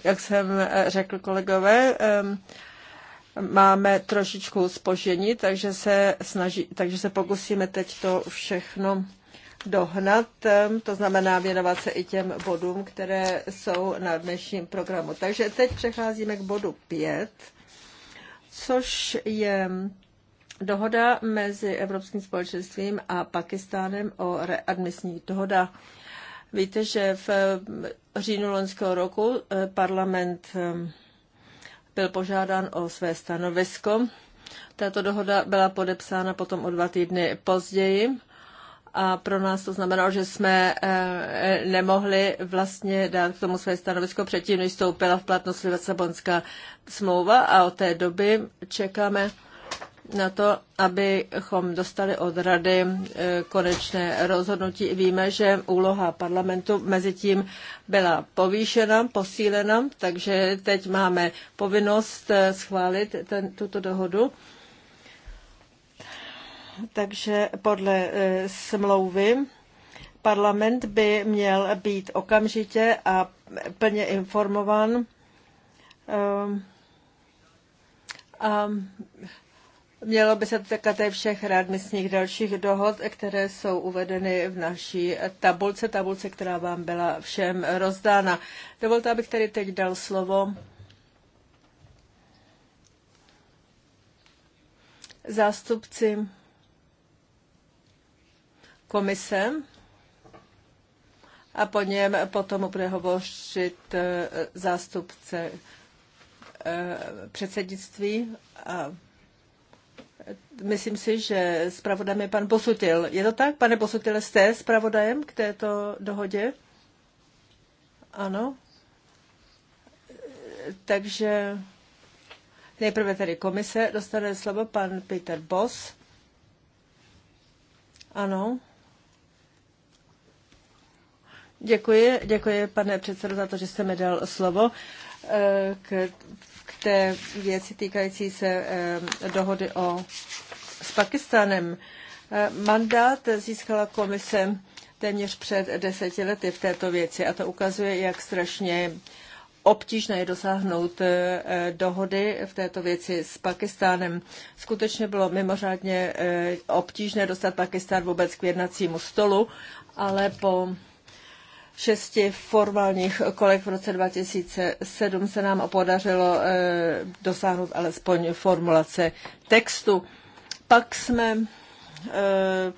jak jsem eh, řekl kolegové, máme trošičku spožení, takže se, snaží, takže se pokusíme teď to všechno dohnat, to znamená věnovat se i těm bodům, které jsou na dnešním programu. Takže teď přecházíme k bodu 5, což je dohoda mezi Evropským společenstvím a Pakistánem o readmisních dohodách. Víte, že v eh, říjnu loňského roku eh, parlament eh, byl požádán o své stanovisko. Tato dohoda byla podepsána potom o dva týdny později a pro nás to znamenalo, že jsme nemohli vlastně dát k tomu své stanovisko předtím, než vstoupila v platnost Lisabonská smlouva a od té doby čekáme na to, abychom dostali od rady e, konečné rozhodnutí. Víme, že úloha parlamentu mezi tím byla povýšena, posílena, takže teď máme povinnost e, schválit ten, tuto dohodu. Takže podle e, smlouvy parlament by měl být okamžitě a plně informován. Um, um, Mělo by se to týkat všech readmisních dalších dohod, které jsou uvedeny v naší tabulce, tabulce, která vám byla všem rozdána. Dovolte, abych tady teď dal slovo zástupci komise a po něm potom bude hovořit eh, zástupce eh, předsednictví a myslím si, že zpravodajem je pan Posutil. Je to tak? Pane Posutile, jste zpravodajem k této dohodě? Ano. Takže nejprve tedy komise dostane slovo pan Peter Boss. Ano. Děkuji, děkuji pane předsedo za to, že jste mi dal slovo eh, k k té věci týkající se eh, dohody o, s Pakistanem. Eh, mandát získala komise téměř před deseti lety v této věci a to ukazuje, jak strašně obtížné je dosáhnout eh, dohody v této věci s Pakistánem. Skutečně bylo mimořádně obtížné dostat Pakistán vůbec k jednacímu stolu, ale po šesti formálních kolek v roce 2007 se nám podařilo eh, dosáhnout alespoň formulace textu. Pak jsme eh,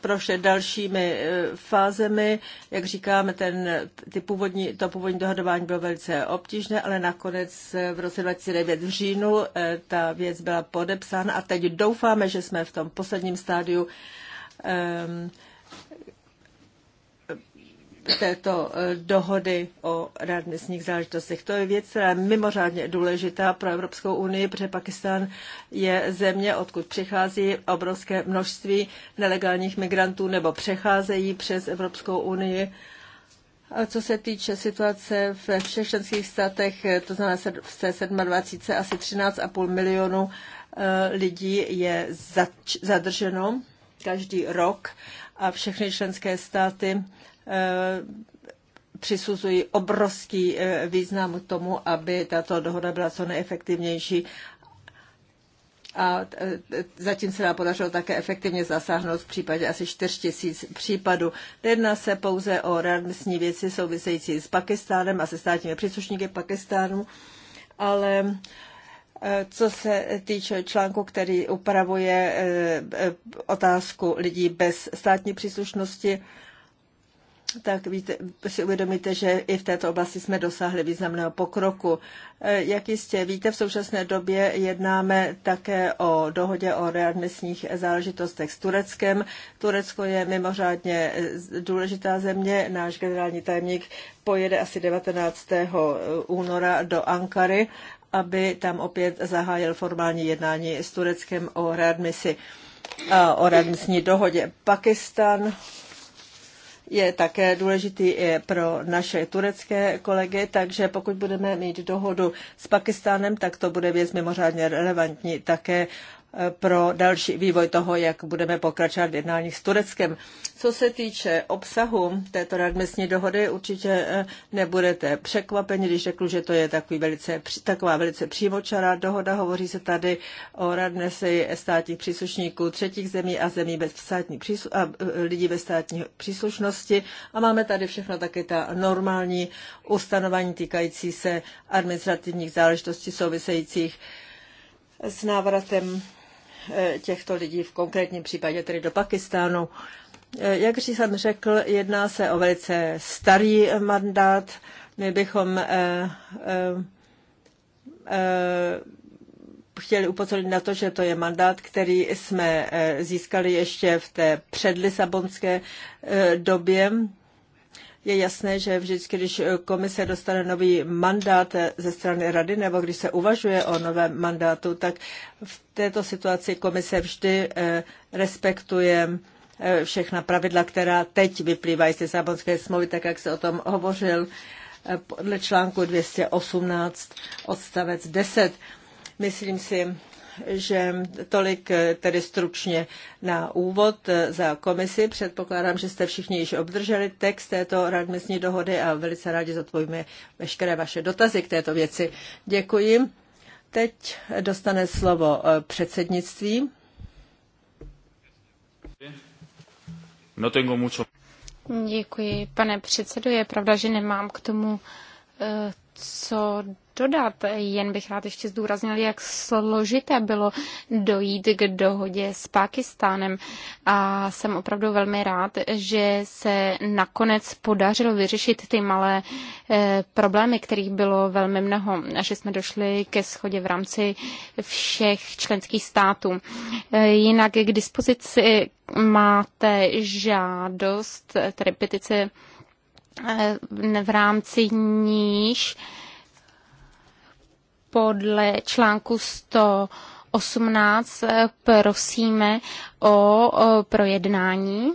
prošli dalšími eh, fázemi. Jak říkáme, ten, ty původní, to původní dohadování bylo velice obtížné, ale nakonec v roce 2009 v říjnu ta věc byla podepsána a teď doufáme, že jsme v tom posledním stádiu této eh, dohody o readmisních záležitostech. To je věc, která je mimořádně důležitá pro Evropskou unii, protože Pakistan je země, odkud přichází obrovské množství nelegálních migrantů nebo přecházejí přes Evropskou unii. A co se týče situace ve všech členských státech, to znamená v 27 asi 13,5 milionu eh, lidí je zadrženo každý rok a všechny členské státy Eh, přisuzují obrovský eh, význam tomu, aby tato dohoda byla co neefektivnější a eh, zatím se nám podařilo také efektivně zasáhnout v případě asi 4 tisíc případů. Jedná se pouze o realistní věci související s Pakistánem a se státními příslušníky Pakistánu, ale co se týče článku, který upravuje otázku lidí bez státní příslušnosti, tak víte, si uvědomíte, že i v této oblasti jsme dosáhli významného pokroku. E, jak jistě víte, v současné době jednáme také o dohodě o readmisních záležitostech s Tureckem. Turecko je mimořádně e, důležitá země. Náš generální tajemník pojede asi 19. E, února do Ankary, aby tam opět zahájil formální jednání s Tureckem o readmisi a o readmisní dohodě. Pakistan je také důležitý i pro naše turecké kolegy, takže pokud budeme mít dohodu s Pakistánem, tak to bude věc mimořádně relevantní také pro další vývoj toho, jak budeme pokračovat v jednáních s Tureckem. Co se týče obsahu této readmisní dohody, určitě eh, nebudete překvapeni, když řeknu, že to je takový velice, taková velice přímočará dohoda. Hovoří se tady o radnesi státních příslušníků třetích zemí a zemí bez státní a eh, lidí bez státní příslušnosti. A máme tady všechno taky ta normální ustanovení týkající se administrativních záležitostí souvisejících s návratem Eh, těchto lidí, v konkrétním případě tedy do Pakistánu. Eh, jak jsem řekl, jedná se o velice starý mandát. My bychom eh, chtěli upozornit na to, že to je mandát, který jsme získali ještě v té předlisabonské době. Je jasné, že vždycky, když eh, komise dostane nový mandát eh, ze strany rady nebo když se uvažuje o novém mandátu, tak v této situaci komise vždy eh, respektuje všechna pravidla, která teď vyplývají z Lisabonské smlouvy, tak jak se o tom hovořil podle článku 218 odstavec 10. Myslím si, že tolik eh, tedy stručně na úvod eh, za komisi. Předpokládám, že jste všichni již obdrželi text této radmistní dohody a velice rádi zodpovíme veškeré vaše dotazy k této věci. Děkuji. Teď dostane slovo eh, předsednictví. No Děkuji, pane předsedo. Je pravda, že nemám k tomu co dodat. Jen bych rád ještě zdůraznil, jak složité bylo dojít k dohodě s Pákistánem. A jsem opravdu velmi rád, že se nakonec podařilo vyřešit ty malé e, problémy, kterých bylo velmi mnoho, a že jsme došli ke schodě v rámci všech členských států. E, jinak k dispozici máte žádost, tedy petice Eh, v rámci níž podle článku 118 eh, prosíme o projednání.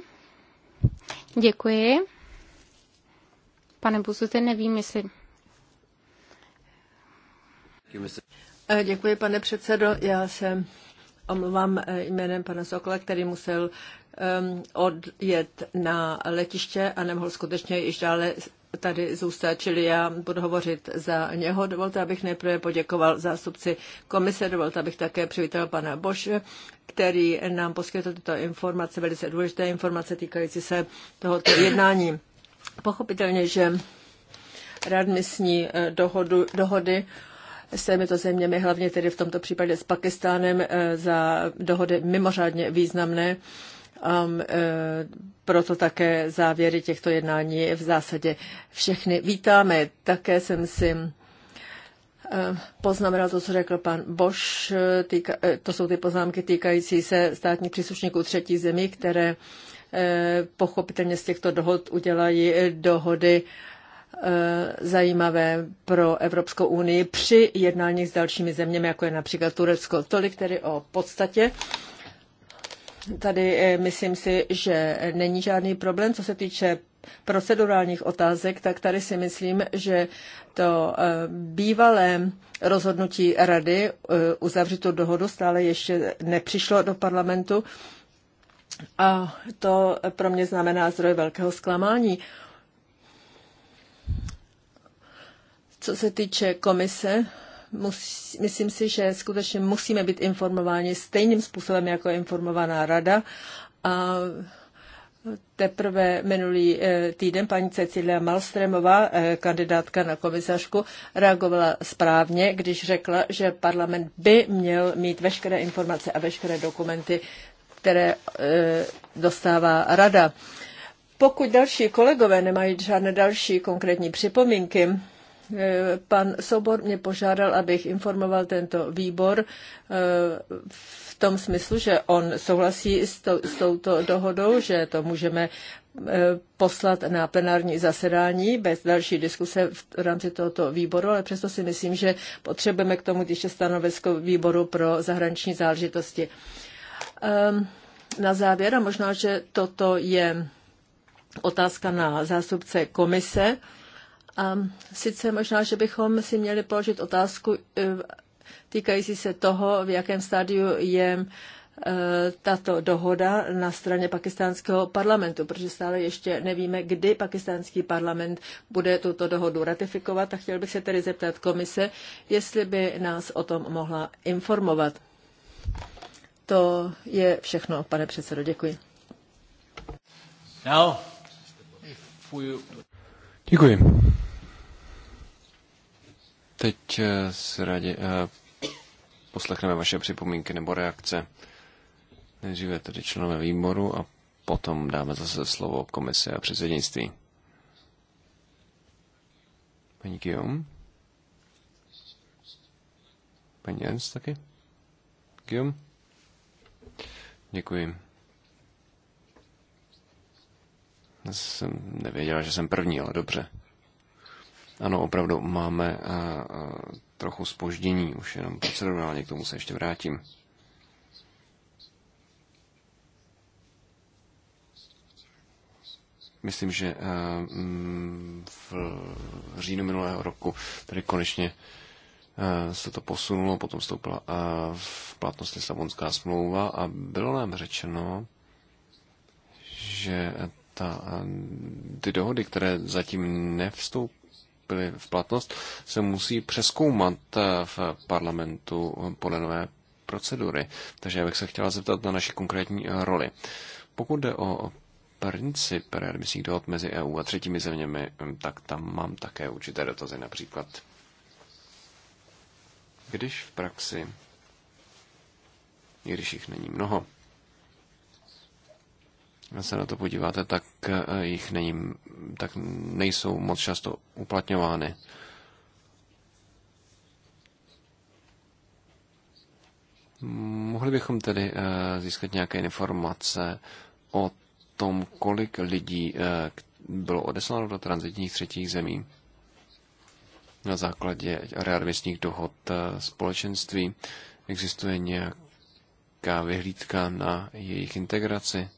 Děkuji. Pane Buzute, nevím, jestli... Eh, děkuji, pane předsedo. Já se omluvám jménem pana Sokla, který musel Um, odjet na letiště a nemohl skutečně již dále tady zůstat, čili já budu hovořit za něho. Dovolte, abych nejprve poděkoval zástupci komise, dovolte, abych také přivítal pana Boše, který nám poskytl tyto informace, velice důležité informace týkající se tohoto jednání. Pochopitelně, že readmisní eh, dohodu, dohody s těmito zeměmi, hlavně tedy v tomto případě s Pakistánem, eh, za dohody mimořádně významné a e, proto také závěry těchto jednání v zásadě všechny vítáme. Také jsem si e, poznamenal to, co řekl pan Boš, týka, e, to jsou ty poznámky týkající se státních příslušníků třetí zemí, které pochopitelně z těchto dohod udělají dohody zajímavé pro Evropskou unii při jednání s dalšími zeměmi, jako je například Turecko. Tolik tedy o podstatě. Tady eh, myslím si, že není žádný problém, co se týče procedurálních otázek, tak tady si myslím, že to eh, bývalé rozhodnutí rady eh, uzavřít tu dohodu stále ještě nepřišlo do parlamentu a to pro mě znamená zdroj velkého zklamání. Co se týče komise, myslím si, že skutečně musíme být informováni stejným způsobem, jako je informovaná rada. A Teprve minulý eh, týden paní Cecilia Malstremová, eh, kandidátka na komisařku, reagovala správně, když řekla, že parlament by měl mít veškeré informace a veškeré dokumenty, které eh, dostává rada. Pokud další kolegové nemají žádné další konkrétní připomínky, Eh, pan Sobor mě požádal, abych informoval tento výbor eh, v tom smyslu, že on souhlasí s, to, s touto dohodou, že to můžeme eh, poslat na plenární zasedání bez další diskuse v rámci tohoto výboru, ale přesto si myslím, že potřebujeme k tomu ještě stanovisko výboru pro zahraniční záležitosti. Ehm, na závěr, a možná, že toto je otázka na zástupce komise, a sice možná, že bychom si měli položit otázku eh, týkající se toho, v jakém stádiu je eh, tato dohoda na straně pakistánského parlamentu, protože stále ještě nevíme, kdy pakistánský parlament bude tuto dohodu ratifikovat a chtěl bych se tedy zeptat komise, jestli by nás o tom mohla informovat. To je všechno, pane předsedo, děkuji. Děkuji. Teď eh, si rádi eh, poslechneme vaše připomínky nebo reakce. Nejdříve tedy členové výboru a potom dáme zase slovo komise a předsednictví. Paní Kijom? Paní Jens taky? Kijom? Děkuji. Já jsem nevěděla, že jsem první, ale dobře. Ano, opravdu máme eh, eh, trochu spoždění, už jenom procedurálně k tomu se ještě vrátím. Myslím, že eh, mm, v říjnu minulého roku tady konečně se to posunulo, potom vstoupila v platnost Lisabonská smlouva a bylo nám řečeno, že ta, ty dohody, které zatím nevstoupily, vstoupily v platnost, se musí přeskoumat eh, v parlamentu eh, podle nové procedury. Takže já bych se chtěla zeptat na naši konkrétní eh, roli. Pokud jde o princip readmisních dohod mezi EU a třetími zeměmi, hm, tak tam mám také určité dotazy. Například, když v praxi, i když jich není mnoho, se na to podíváte, tak eh, jich není, tak nejsou moc často uplatňovány. Mohli bychom tedy eh, získat nějaké informace o tom, kolik lidí eh, bylo odesláno do transitních třetích zemí na základě readmisních dohod společenství. Existuje nějaká vyhlídka na jejich integraci?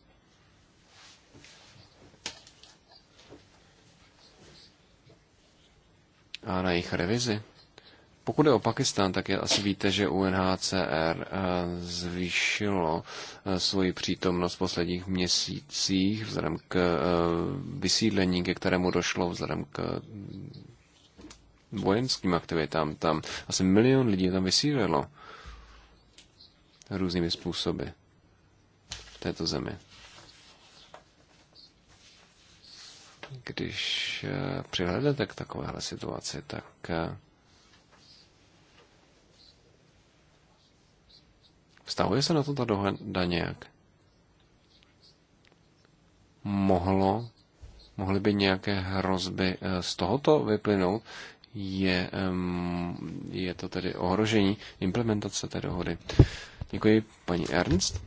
a na jejich revizi. Pokud je o Pakistán, tak je, asi víte, že UNHCR eh, zvýšilo eh, svoji přítomnost v posledních měsících vzhledem k eh, vysídlení, ke kterému došlo vzhledem k mm, vojenským aktivitám tam. Asi milion lidí tam vysílilo různými způsoby v této zemi. Když eh, přihledete k takovéhle situaci, tak eh, vztahuje se na to ta dohoda nějak? Mohlo, mohly by nějaké hrozby eh, z tohoto vyplynout? Je, je to tedy ohrožení implementace té dohody. Děkuji, paní Ernst.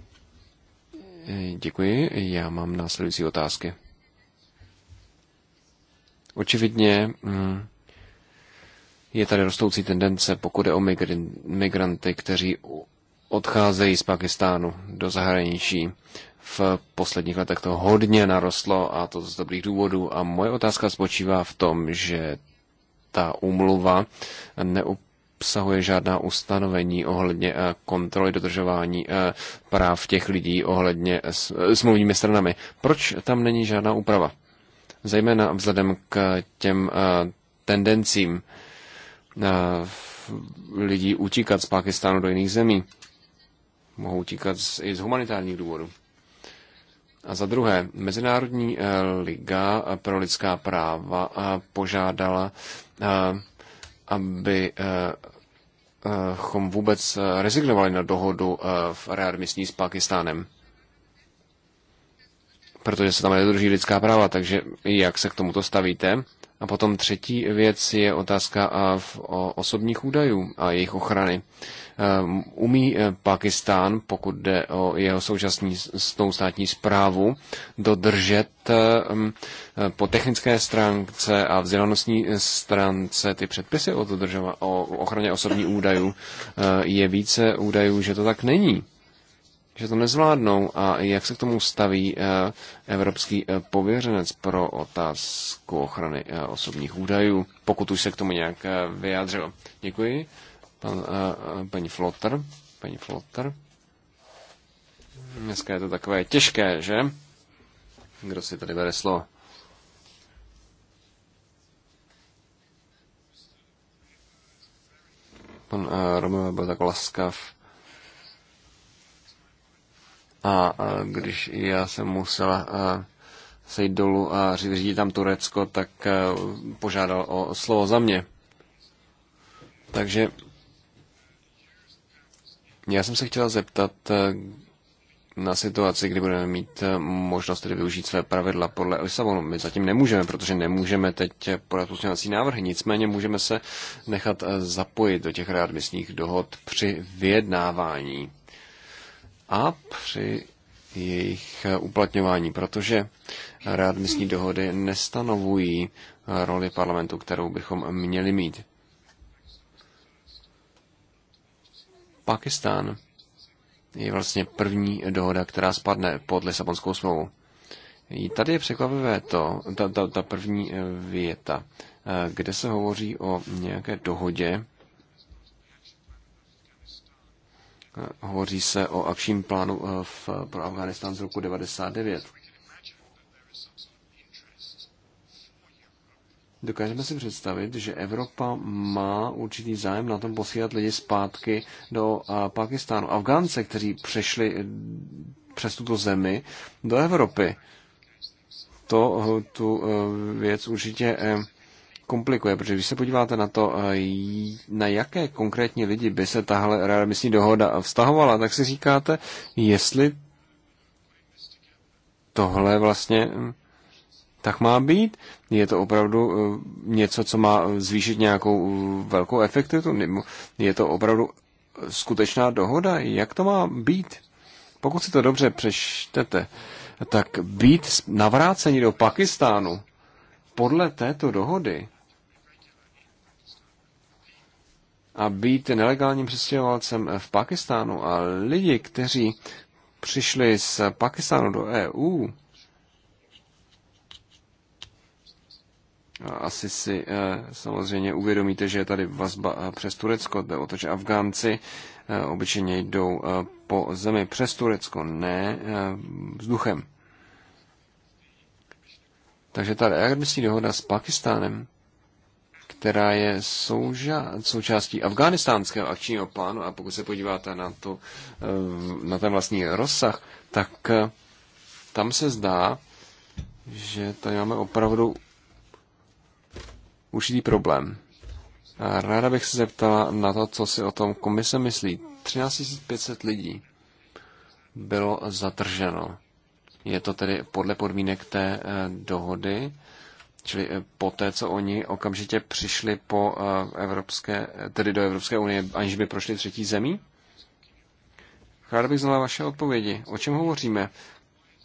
Děkuji, já mám následující otázky. Očividně mm, je tady rostoucí tendence, pokud je o migranty, kteří odcházejí z Pakistánu do zahraničí. V posledních letech to hodně narostlo a to z dobrých důvodů. A moje otázka spočívá v tom, že ta úmluva neobsahuje žádná ustanovení ohledně eh, kontroly dodržování eh, práv těch lidí ohledně eh, smluvními stranami. Proč tam není žádná úprava? zejména vzhledem k těm eh, tendencím eh, lidí utíkat z Pakistánu do jiných zemí. Mohou utíkat i z humanitárních důvodů. A za druhé, Mezinárodní eh, liga pro lidská práva požádala, aby chom vůbec rezignovali na dohodu v readmisní s Pakistánem protože se tam nedodrží lidská práva, takže jak se k tomuto stavíte? A potom třetí věc je otázka v, o osobních údajů a jejich ochrany. E, umí e, Pakistán, pokud jde o jeho současnou státní zprávu, dodržet e, po technické stránce a vzdělanostní stránce ty předpisy o, dodržova, o ochraně osobních údajů? Je více údajů, že to tak není že to nezvládnou a jak se k tomu staví eh, evropský eh, pověřenec pro otázku ochrany eh, osobních údajů, pokud už se k tomu nějak vyjádřil. Děkuji. Pan, paní Flotter. Paní Flotter. Dneska je to takové těžké, že? Kdo si tady bere slovo? Pan uh, Romeo byl tak laskav a když já jsem musela sejít dolů a řídit tam Turecko, tak požádal o slovo za mě. Takže já jsem se chtěla zeptat na situaci, kdy budeme mít možnost tedy využít své pravidla podle Lisabonu. My zatím nemůžeme, protože nemůžeme teď podat pozměňovací návrhy, nicméně můžeme se nechat zapojit do těch readmisních dohod při vyjednávání a při jejich uplatňování, protože readmisní dohody nestanovují roli parlamentu, kterou bychom měli mít. Pakistán je vlastně první dohoda, která spadne pod Lisabonskou smlouvu. Tady je překvapivé to, ta, ta, ta první věta, eh, kde se hovoří o nějaké dohodě, Eh, hovoří se o akčním plánu eh, v, pro Afganistán z roku 99. Dokážeme si představit, že Evropa má určitý zájem na tom posílat lidi zpátky do eh, Pakistánu. Afgánce, kteří přešli přes tuto zemi do Evropy. To tu věc určitě komplikuje, protože když se podíváte na to, eh, na jaké konkrétní lidi by se tahle readmisní dohoda vztahovala, tak si říkáte, jestli tohle vlastně hm, tak má být. Je to opravdu eh, něco, co má zvýšit nějakou eh, velkou efektivitu? Je to opravdu skutečná dohoda? Jak to má být? Pokud si to dobře přečtete, tak být navrácení do Pakistánu podle této dohody a být nelegálním přestěhovalcem v Pakistánu a lidi, kteří přišli z Pakistánu do EU, asi si eh, samozřejmě uvědomíte, že je tady vazba eh, přes Turecko, jde o to, že Afgánci eh, obyčejně jdou po zemi přes Turecko, ne vzduchem. Takže ta readmisní dohoda s Pakistánem která je souža- součástí afganistánského akčního plánu a pokud se podíváte na, to, eh, na ten vlastní rozsah, tak eh, tam se zdá, že tady máme opravdu určitý problém. A ráda bych se zeptala na to, co si o tom komise myslí. 13 500 lidí bylo zatrženo. Je to tedy podle podmínek té eh, dohody Čili eh, po té, co oni okamžitě přišli po eh, Evropské, tedy do Evropské unie, aniž by prošli třetí zemí? Rád bych znala vaše odpovědi. O čem hovoříme?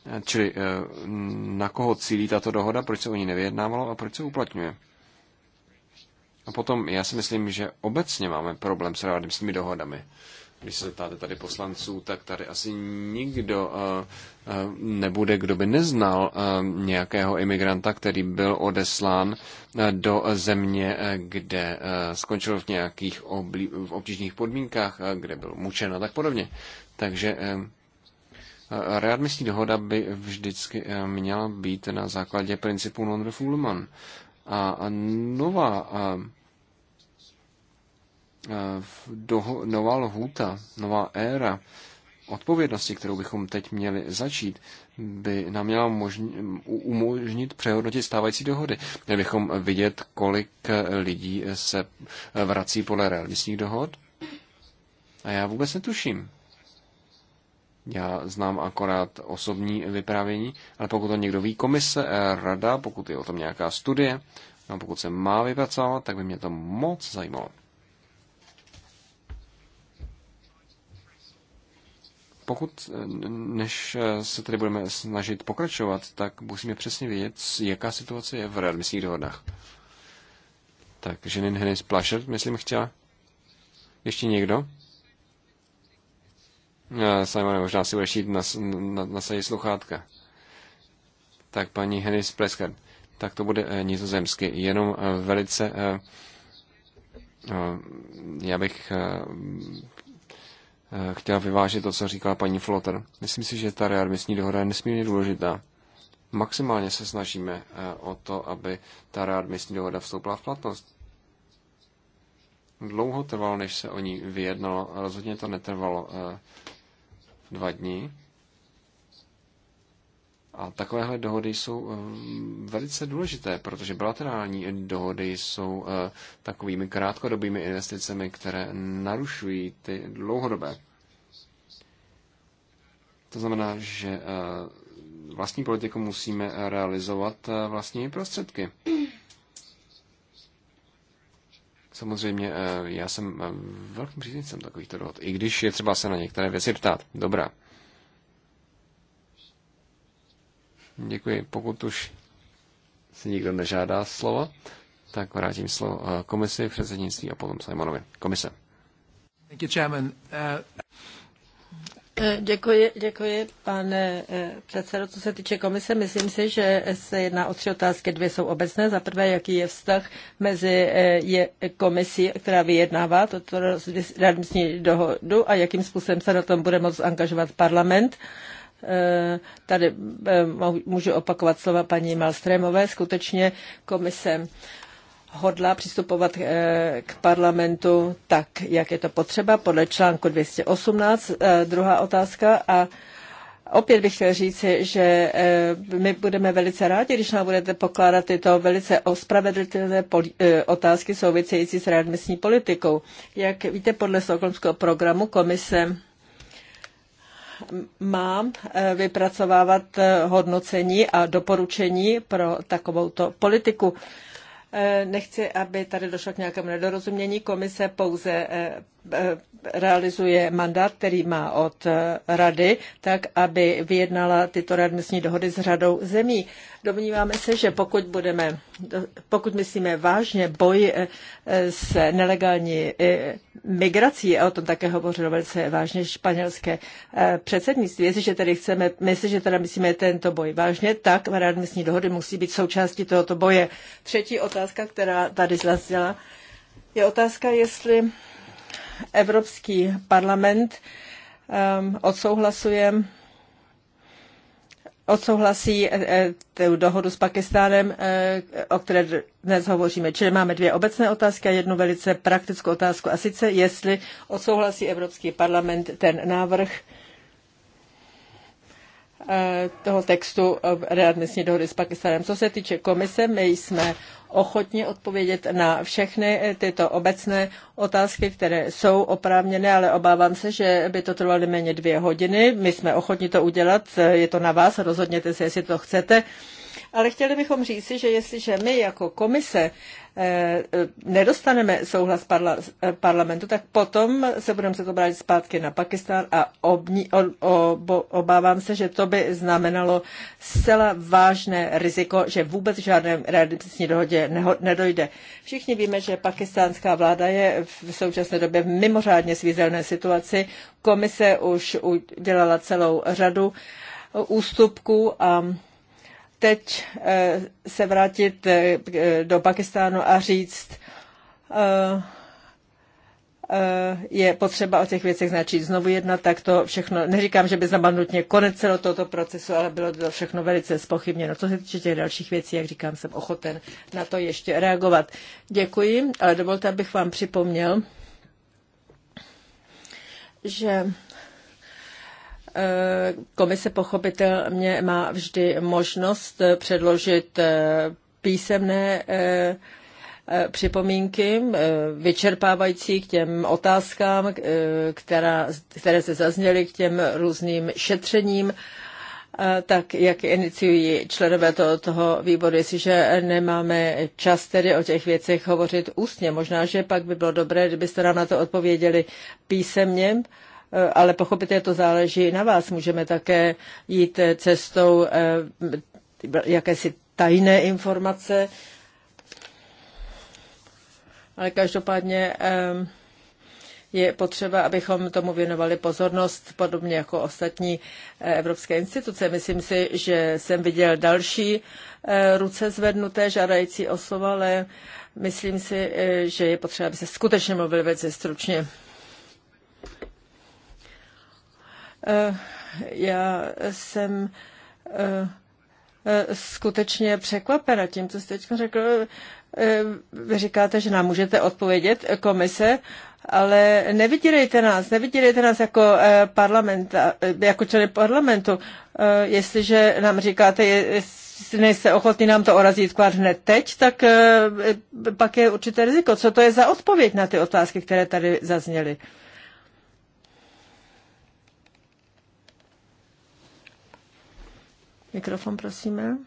Eh, čili na koho cílí tato dohoda, proč se o ní nevyjednávalo a proč se uplatňuje? A potom já si myslím, že obecně máme problém s relevantními dohodami. Když se ptáte tady poslanců, tak tady asi nikdo eh, eh, nebude, kdo by neznal eh, nějakého imigranta, který byl odeslán do země, kde skončil v nějakých oblí- v obtížných podmínkách, kde byl mučen a tak podobně. Takže readmisní dohoda by vždycky měla být na základě principu non-refoulement. A nová Eh, doho, nová lhůta, nová éra odpovědnosti, kterou bychom teď měli začít, by nám měla možn- umožnit přehodnotit stávající dohody. Měli bychom vidět, kolik eh, lidí eh, se vrací podle realistických dohod. A já vůbec netuším. Já znám akorát osobní vyprávění, ale pokud to někdo ví, komise, rada, pokud je o tom nějaká studie, a no, pokud se má vypracovat, tak by mě to moc zajímalo. Pokud eh, než eh, se tedy budeme snažit pokračovat, tak musíme přesně vědět, jaká situace je v readmisních dohodách. Tak, Ženin Hennis Plašert, myslím, chtěla. Ještě někdo? Eh, Simon, možná si budeš jít na, na, na sluchátka. Tak paní Hennis Plesker. Tak to bude e, nizozemsky. Jenom e, velice... E, já bych Eh, chtěla vyvážit to, co říkala paní Flotter. Myslím si, že ta readmisní dohoda je nesmírně důležitá. Maximálně se snažíme eh, o to, aby ta readmisní dohoda vstoupila v platnost. Dlouho trvalo, než se o ní vyjednalo. Rozhodně to netrvalo eh, dva dní. A takovéhle dohody jsou eh, velice důležité, protože bilaterální dohody jsou eh, takovými krátkodobými investicemi, které narušují ty dlouhodobé. To znamená, že eh, vlastní politiku musíme realizovat vlastními prostředky. Samozřejmě já jsem velkým příznivcem takovýchto dohod, i když je třeba se na některé věci ptát. Dobrá. Děkuji. Pokud už si nikdo nežádá slovo, tak vrátím slovo eh, komisi, předsednictví a potom Simonovi. Komise. Thank you, Chairman. Eh, eh, děkuji, děkuji, pane předsedo. Co se týče komise, myslím si, že se jedná o tři otázky. Dvě jsou obecné. Za prvé, jaký je vztah mezi je komisí, která vyjednává toto radniční dohodu a jakým způsobem se na tom bude moct angažovat parlament. Eh, tady eh, můžu opakovat slova paní Malstrémové. Skutečně komise hodlá přistupovat eh, k parlamentu tak, jak je to potřeba, podle článku 218. Druhá otázka a Opět bych chtěl říci, že my budeme velice rádi, když nám budete pokládat tyto velice ospravedlitelné otázky související s readmisní politikou. Jak víte, podle stokholmského programu komise má eh, vypracovávat eh, hodnocení a doporučení pro takovouto politiku. Eh, nechci, aby tady došlo k nějakému nedorozumění. Komise pouze Eh, realizuje mandát, který má od eh, rady, tak aby vyjednala tyto readmisní dohody s řadou zemí. Domníváme se, že pokud, budeme, pokud myslíme vážně boj eh, s nelegální migrací, a o tom také hovořilo velice vážně španělské předsednictví, jestliže tedy chceme, teda myslíme tento boj vážně, tak readmisní dohody musí být součástí tohoto boje. Třetí otázka, která tady zazněla, je otázka, jestli Evropský parlament ehm, odsouhlasuje odsouhlasí e, e, tu dohodu s Pakistánem, e, o které dnes hovoříme. Čili máme dvě obecné otázky a jednu velice praktickou otázku. A sice, jestli odsouhlasí Evropský parlament ten návrh Eh, toho textu eh, readmisní dohody s Pakistanem. Co se týče komise, my jsme ochotně odpovědět na všechny eh, tyto obecné otázky, které jsou oprávněné, ale obávám se, že by to trvalo méně dvě hodiny. My jsme ochotni to udělat, je to na vás, rozhodněte se, jestli to chcete ale chtěli bychom říci, že jestliže my jako komise eh, eh, nedostaneme souhlas parla, eh, parlamentu, tak potom se budeme se to brát zpátky na Pakistán a obní, obo, obávám se, že to by znamenalo zcela vážné riziko, že vůbec žádné realitní dohodě neho, nedojde. Všichni víme, že pakistánská vláda je v současné době v mimořádně svízelné situaci. Komise už udělala celou řadu ústupků a teď eh, se vrátit eh, eh, do Pakistánu a říct, je potřeba o těch věcech začít znovu jednat, tak to všechno, neříkám, že by znamenal nutně konec celého tohoto procesu, ale bylo to všechno velice spochybněno. Co se týče těch dalších věcí, jak říkám, jsem ochoten na to ještě reagovat. Děkuji, ale dovolte, abych vám připomněl, že Eh, komise pochopitelně má vždy možnost eh, předložit eh, písemné připomínky vyčerpávající k těm otázkám, která, které se zazněly k těm různým šetřením, tak jak iniciují členové toho, toho výboru, jestliže nemáme čas tedy o těch věcech hovořit ústně. Možná, že pak by bylo dobré, kdybyste nám na to odpověděli písemně. Eh, ale pochopitelně to záleží na vás. Můžeme také jít eh, cestou eh, jakési tajné informace, ale každopádně je potřeba, abychom tomu věnovali pozornost, podobně jako ostatní evropské instituce. Myslím si, že jsem viděl další ruce zvednuté, žádající o slovo, ale myslím si, že je potřeba, aby se skutečně mluvili velice stručně. Eh, já jsem eh, skutečně překvapena tím, co jste teď řekl. Eh, vy říkáte, že nám můžete odpovědět, komise, ale nevydírejte nás, nevydírejte nás jako parlament, jako členy parlamentu, jestliže nám říkáte, jestli nejste ochotní nám to orazit vklad hned teď, tak pak je určité riziko. Co to je za odpověď na ty otázky, které tady zazněly? Mikrofon, prosíme.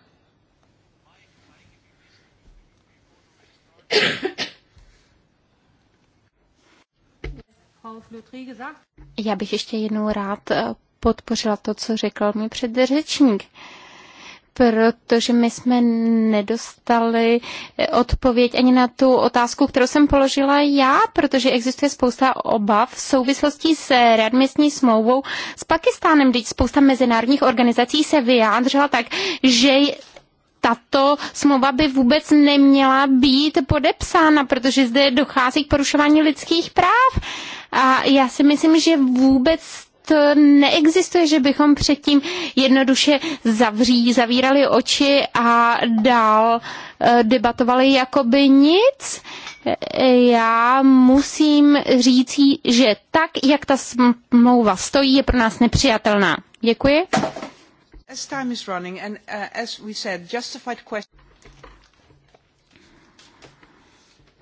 Já bych ještě jednou rád eh, podpořila to, co řekl můj předřečník protože my jsme nedostali eh, odpověď ani na tu otázku, kterou jsem položila já, protože existuje spousta obav v souvislosti s readmisní smlouvou s Pakistánem, když spousta mezinárodních organizací se vyjádřila tak, že tato smlouva by vůbec neměla být podepsána, protože zde dochází k porušování lidských práv. A já si myslím, že vůbec to eh, neexistuje, že bychom předtím jednoduše zavří, zavírali oči a dál eh, debatovali jako by nic. Eh, já musím říct, že tak, jak ta smlouva stojí, je pro nás nepřijatelná. Děkuji. As time is running and uh, as we said, justified question.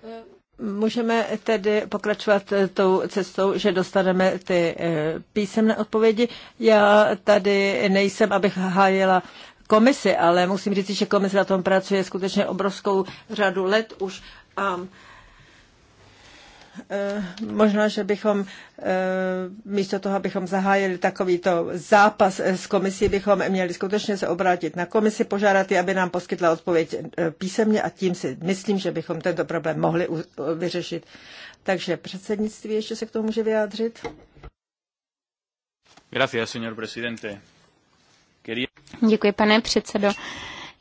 Uh Můžeme tedy pokračovat tou cestou, že dostaneme ty eh, písemné odpovědi. Já tady nejsem, abych hájila komisi, ale musím říct, že komise na tom pracuje skutečně obrovskou řadu let už. A Eh, možná, že bychom eh, místo toho, abychom zahájili takovýto zápas eh, s komisí, bychom měli skutečně se obrátit na komisi, požádat ji, aby nám poskytla odpověď písemně a tím si myslím, že bychom tento problém mohli vyřešit. Takže předsednictví ještě se k tomu může vyjádřit. Gracias, señor presidente. Děkuji, pane předsedo.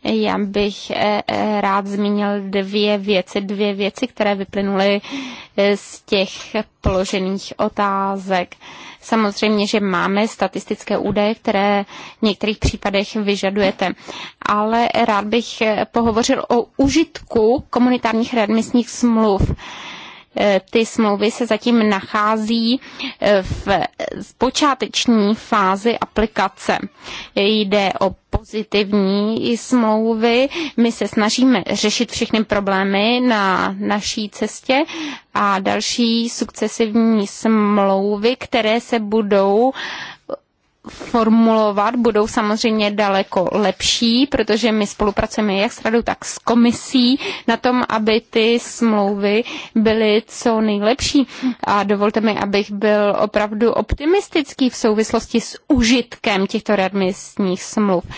Já bych eh, eh, rád zmínil dvě věci, dvě věci, které vyplynuly eh, z těch položených otázek. Samozřejmě, že máme statistické údaje, které v některých případech vyžadujete. Ale rád bych pohovořil o užitku komunitárních readmisních smluv ty smlouvy se zatím nachází v počáteční fázi aplikace. Jde o pozitivní smlouvy. My se snažíme řešit všechny problémy na naší cestě a další sukcesivní smlouvy, které se budou uh, formulovat, budou samozřejmě daleko lepší, protože my spolupracujeme jak s radou, tak s komisí na tom, aby ty smlouvy byly co nejlepší. A dovolte mi, abych byl opravdu optimistický v souvislosti s užitkem těchto readmisních smluv. Uh,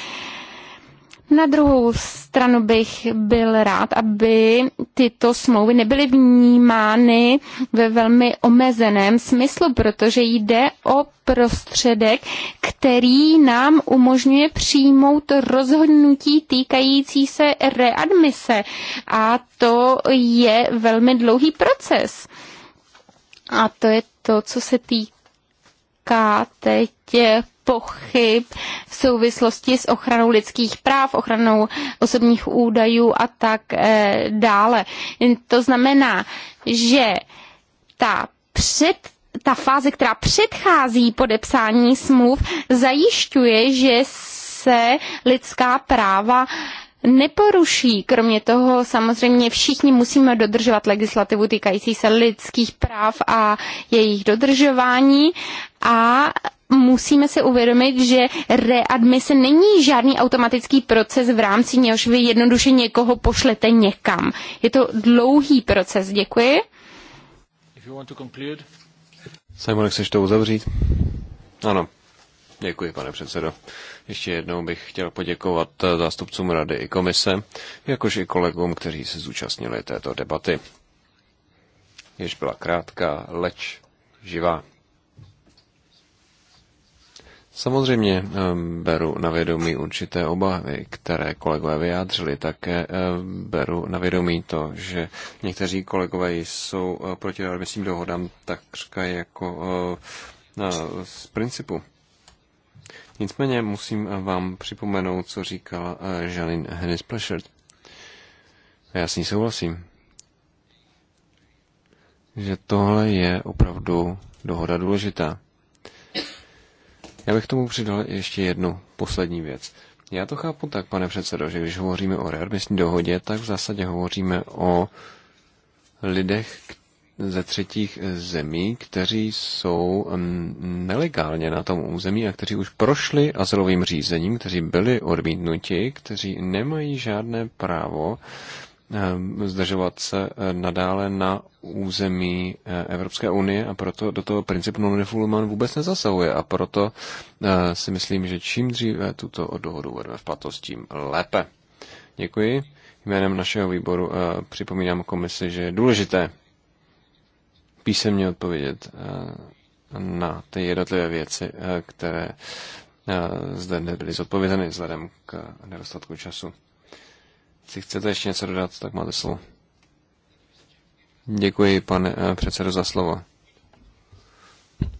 na druhou stranu bych byl rád, aby tyto smlouvy nebyly vnímány ve velmi omezeném smyslu, protože jde o prostředek, který nám umožňuje přijmout rozhodnutí týkající se readmise. A to je velmi dlouhý proces. A to je to, co se týká teď pochyb v souvislosti s ochranou lidských práv, ochranou osobních údajů a tak eh, dále. To znamená, že ta před ta fáze, která předchází podepsání smluv, zajišťuje, že se lidská práva neporuší. Kromě toho samozřejmě všichni musíme dodržovat legislativu týkající se lidských práv a jejich dodržování a musíme si uvědomit, že readmise není žádný automatický proces, v rámci něhož vy jednoduše někoho pošlete někam. Je to dlouhý proces. Děkuji. Simon, chceš to uzavřít? Ano. Děkuji, pane předsedo. Ještě jednou bych chtěl poděkovat zástupcům Rady i komise, jakož i kolegům, kteří se zúčastnili této debaty. Jež byla krátká, leč živá. Samozřejmě eh, beru na vědomí určité obavy, které kolegové vyjádřili. Také eh, beru na vědomí to, že někteří kolegové jsou eh, proti readmisním dohodám takřka jako z principu. Nicméně musím vám připomenout, co říkala Janine Hennis Plešert. Já s ní souhlasím. Že tohle je opravdu dohoda důležitá. Já bych tomu přidal ještě jednu poslední věc. Já to chápu tak, pane předsedo, že když hovoříme o readmisní dohodě, tak v zásadě hovoříme o lidech ze třetích zemí, kteří jsou mm, nelegálně na tom území a kteří už prošli asilovým řízením, kteří byli odmítnuti, kteří nemají žádné právo Eh, zdržovat se eh, nadále na území eh, Evropské unie a proto do toho principu non-refoulement vůbec nezasahuje a proto si myslím, že čím dříve tuto dohodu budeme v platnost, tím lépe. Děkuji. Jménem našeho výboru připomínám komisi, že je důležité písemně odpovědět na ty jednotlivé věci, které zde nebyly zodpovězeny vzhledem k nedostatku času. Jestli chcete ještě něco dodat, tak máte slovo. Děkuji, pane eh, předsedo, za slovo.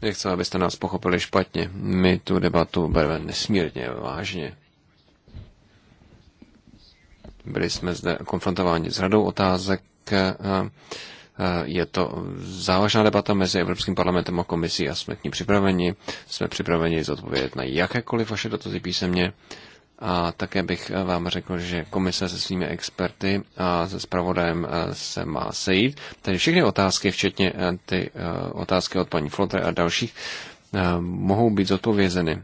Nechci, abyste nás pochopili špatně. My tu debatu bereme nesmírně vážně. Byli jsme zde konfrontováni s radou otázek. Eh, eh, je to závažná debata mezi Evropským parlamentem a komisí a jsme k ní připraveni. Jsme připraveni zodpovědět na jakékoliv vaše dotazy písemně. A také bych eh, vám řekl, že komise se svými experty a se zpravodajem eh, se má sejít. Takže všechny otázky, včetně eh, ty otázky od paní Flotre a dalších, mohou být zodpovězeny.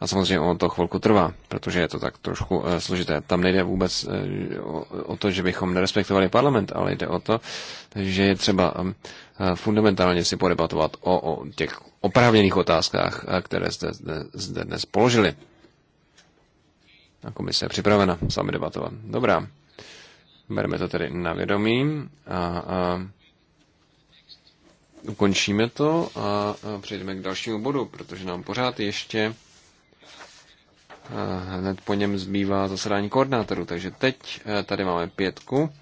A samozřejmě ono to chvilku trvá, protože je to tak trošku složité. Tam nejde vůbec o to, že bychom nerespektovali parlament, ale jde o to, že je třeba fundamentálně si podebatovat o, o těch oprávněných otázkách, které jste zde dnes položili. A komise je připravena s vámi debatovat. Dobrá. Bereme to tedy na vědomí a, a ukončíme to a, a přejdeme k dalšímu bodu, protože nám pořád ještě hned po něm zbývá zasedání koordinátorů. Takže teď tady máme pětku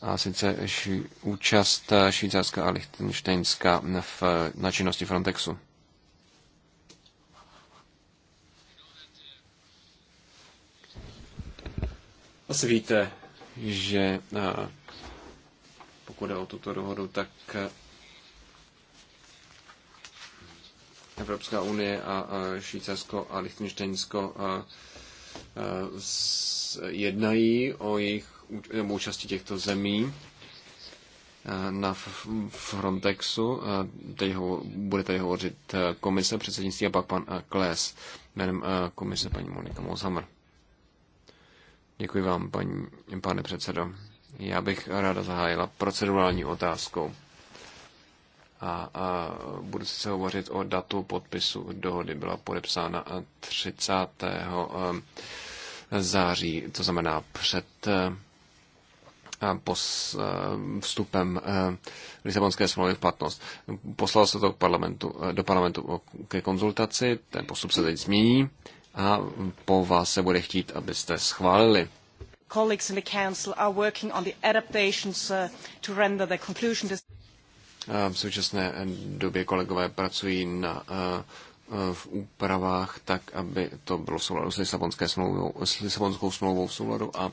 a sice š- účast švýcarská a lichtenštejnská v, na činnosti Frontexu. Asi víte, že pokud jde o tuto dohodu, tak Evropská unie a Švýcarsko a Lichtensteinsko jednají o jejich účasti těchto zemí na Frontexu. Teď ho, bude tady hovořit komise předsednictví a pak pan Kles jménem komise paní Monika Mozhammer. Děkuji vám, paní, pane předsedo. Já bych ráda zahájila procedurální otázkou. A, a budu se hovořit o datu podpisu dohody. Byla podepsána 30. září, to znamená před eh, a eh, vstupem eh, Lisabonské smlouvy v platnost. Poslal se to k parlamentu, do parlamentu ke konzultaci, ten postup se teď změní a po vás se bude chtít, abyste schválili. Uh, v současné eh, době kolegové pracují na eh, v úpravách tak, aby to bylo v souladu s, Lisabonskou smlouvou, s Lisabonskou smlouvou v souladu a e,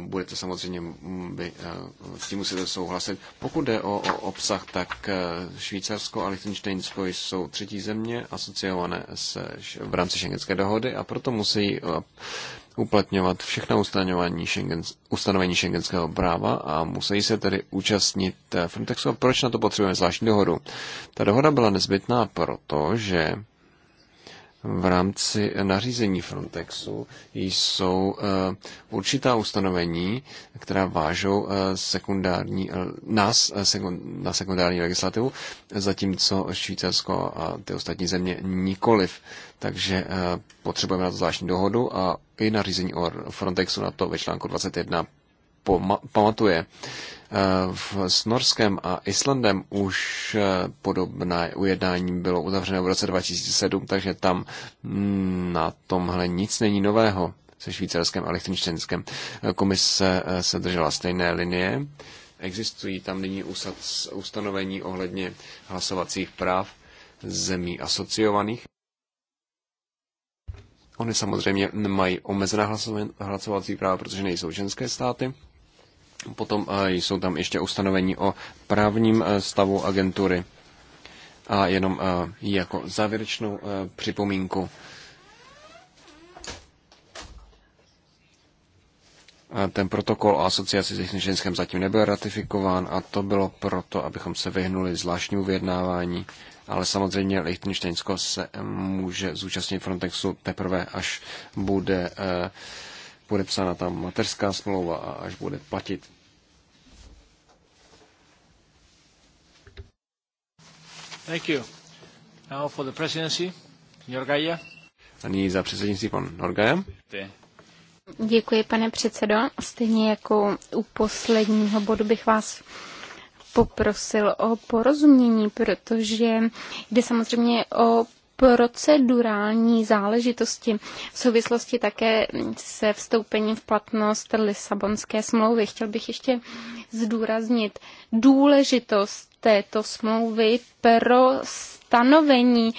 budete samozřejmě by, mm, e, eh, s tím musíte souhlasit. Pokud jde o, o obsah, tak eh, Švýcarsko a Liechtensteinsko jsou třetí země asociované se, v rámci šengenské dohody a proto musí uplatňovat všechna ustanovení, Schengen, ustanovení šengenského práva a musí se tedy účastnit eh, Frontexu. A proč na to potřebujeme zvláštní dohodu? Ta dohoda byla nezbytná proto, že v rámci nařízení Frontexu jsou eh, určitá ustanovení, která vážou eh, sekundární, eh, nás na sekundární legislativu, zatímco Švýcarsko a ty ostatní země nikoliv. Takže potřebujeme na to zvláštní dohodu a i nařízení o Frontexu na to ve článku 21 pamatuje. Eh, s Norskem a Islandem už eh, podobné ujednání bylo uzavřeno v roce 2007, takže tam mm, na tomhle nic není nového se švýcarském a Lichtenštejnskem. Eh, komise se držela stejné linie. Existují tam nyní ustanovení ohledně hlasovacích práv zemí asociovaných. Oni samozřejmě mají omezená hlasovací práva, protože nejsou ženské státy, Potom jsou tam ještě ustanovení o právním stavu agentury. A jenom jako závěrečnou připomínku. Ten protokol o asociaci s Lichtensteinskem zatím nebyl ratifikován a to bylo proto, abychom se vyhnuli zvláštnímu vyjednávání, ale samozřejmě Lichtensteinsko se může zúčastnit Frontexu teprve, až bude eh, podepsána ta materská smlouva a až bude platit. Thank you. Now for the presidency, Jorgaia. A nyní za předsednictví pan Norgaja. Děkuji, pane předsedo. Stejně jako u posledního bodu bych vás poprosil o porozumění, protože jde samozřejmě o procedurální záležitosti v souvislosti také se vstoupením v platnost Lisabonské smlouvy. Chtěl bych ještě zdůraznit důležitost této smlouvy pro stanovení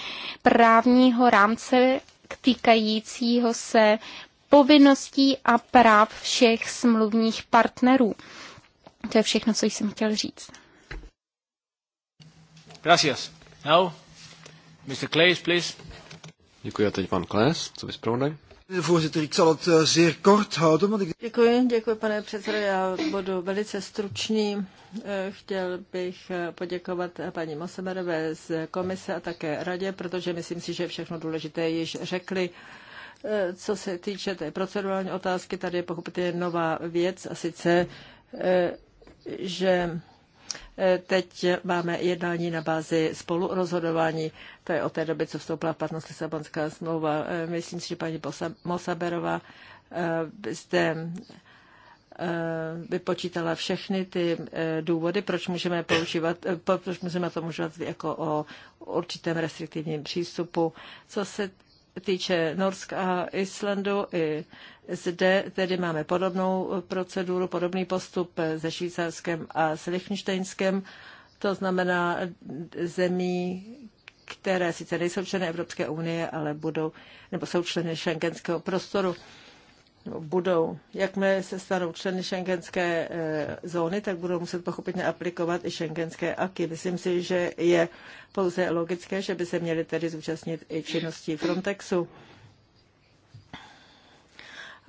právního rámce týkajícího se povinností a práv všech smluvních partnerů. To je všechno, co jsem chtěl říct. Gracias. Now. Mr. Claes, please. Děkuji a teď pan Kles, co by zpravodaj? Voorzitter, ik zal het eh, zeer kort houden, want ik... Děkuji, děkuji pane předsedo, já budu velice stručný. Eh, chtěl bych eh, poděkovat paní Mosemerové z komise a také radě, protože myslím si, že všechno důležité již řekli. Co se týče té procedurální otázky, tady je pochopitelně nová věc a sice, že Eh, teď máme jednání na bázi spolurozhodování. To je od té doby, co vstoupila v platnost Lisabonská smlouva. Eh, myslím si, že paní Mosaberová eh, byste vypočítala všechny ty důvody, proč můžeme používat, proč můžeme to používat jako o určitém restriktivním přístupu. Co se týče Norska a Islandu, i zde tedy máme podobnou proceduru, podobný postup se Švýcarskem a s Lichtensteinskem, to znamená zemí, které sice nejsou členy Evropské unie, ale budou, nebo jsou členy šengenského prostoru budou, jakmile se stanou členy šengenské eh, zóny, tak budou muset pochopitně aplikovat i šengenské aky. Myslím si, že je pouze logické, že by se měly tedy zúčastnit i činností Frontexu.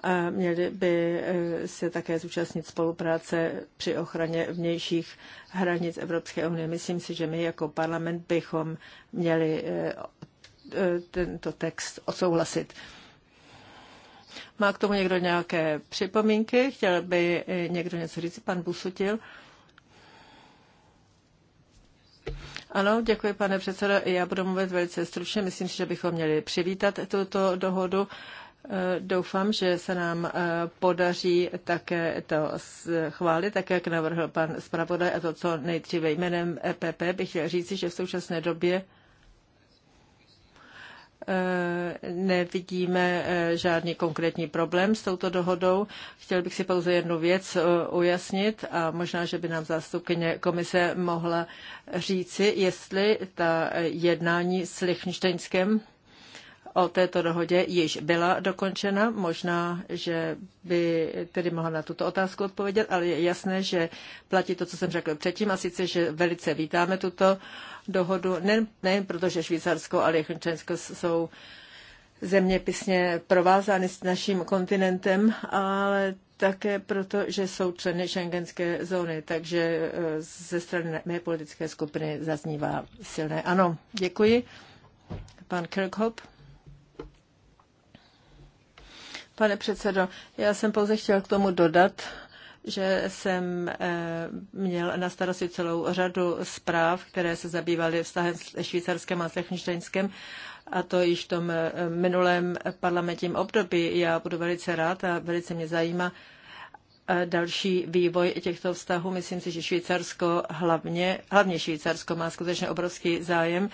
A měli by eh, se také zúčastnit spolupráce při ochraně vnějších hranic Evropské unie. Myslím si, že my jako parlament bychom měli eh, tento text odsouhlasit. Má k tomu někdo nějaké připomínky? Chtěl by eh, někdo něco říct? Pan Busutil? Ano, děkuji, pane předsedo. Já budu mluvit velice stručně. Myslím si, že bychom měli přivítat tuto dohodu. Eh, doufám, že se nám eh, podaří také to schválit, tak jak navrhl pan zpravodaj a to, co nejdříve jménem EPP bych chtěl říci, že v současné době nevidíme eh, žádný konkrétní problém s touto dohodou. Chtěl bych si pouze jednu věc eh, ujasnit a možná, že by nám zástupkyně komise mohla říci, jestli ta jednání s Lichtensteinskem o této dohodě již byla dokončena. Možná, že by tedy mohla na tuto otázku odpovědět, ale je jasné, že platí to, co jsem řekl předtím, a sice, že velice vítáme tuto dohodu, nejen, nejen proto, že Švýcarsko a Liechtensteinsko jsou zeměpisně provázány s naším kontinentem, ale také proto, že jsou členy šengenské zóny, takže eh, ze strany mé politické skupiny zaznívá silné ano. Děkuji. Pan Kirkhope. Pane předsedo, já jsem pouze chtěl k tomu dodat, že jsem eh, měl na starosti celou řadu zpráv, které se zabývaly vztahem s švýcarském a s a to již v tom eh, minulém parlamentním období. Já budu velice rád a velice mě zajímá eh, další vývoj těchto vztahů. Myslím si, že Švýcarsko hlavně, hlavně Švýcarsko má skutečně obrovský zájem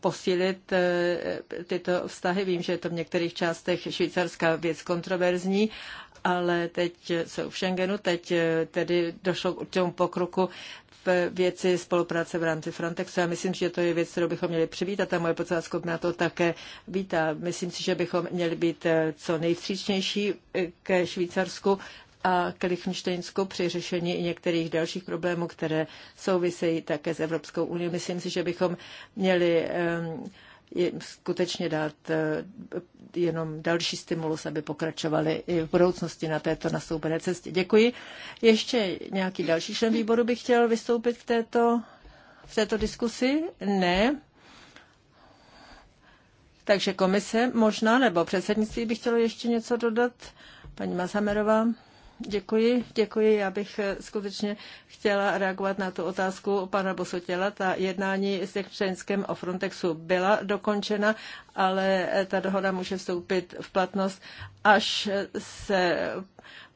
posílit eh, tyto vztahy. Vím, že je to v některých částech Švýcarska věc kontroverzní, ale teď jsou v Schengenu, teď eh, tedy došlo k určitému pokroku v věci spolupráce v rámci Frontexu. Já myslím, že to je věc, kterou bychom měli přivítat a moje podsázka na to také vítá. Myslím si, že bychom měli být eh, co nejvstřícnější ke Švýcarsku a k Lichtensteinsku při řešení i některých dalších problémů, které souvisejí také s Evropskou unii. Myslím si, že bychom měli skutečně dát e, jenom další stimulus, aby pokračovali i v budoucnosti na této nastoupené cestě. Děkuji. Ještě nějaký další člen výboru bych chtěl vystoupit v této, v této diskusi? Ne. Takže komise možná, nebo předsednictví by chtělo ještě něco dodat? Paní Mazamerová. Děkuji, děkuji. Já bych eh, skutečně chtěla reagovat na tu otázku pana Bosotěla. Ta jednání s Lichtensteinskem o Frontexu byla dokončena, ale eh, ta dohoda může vstoupit v platnost, až eh, se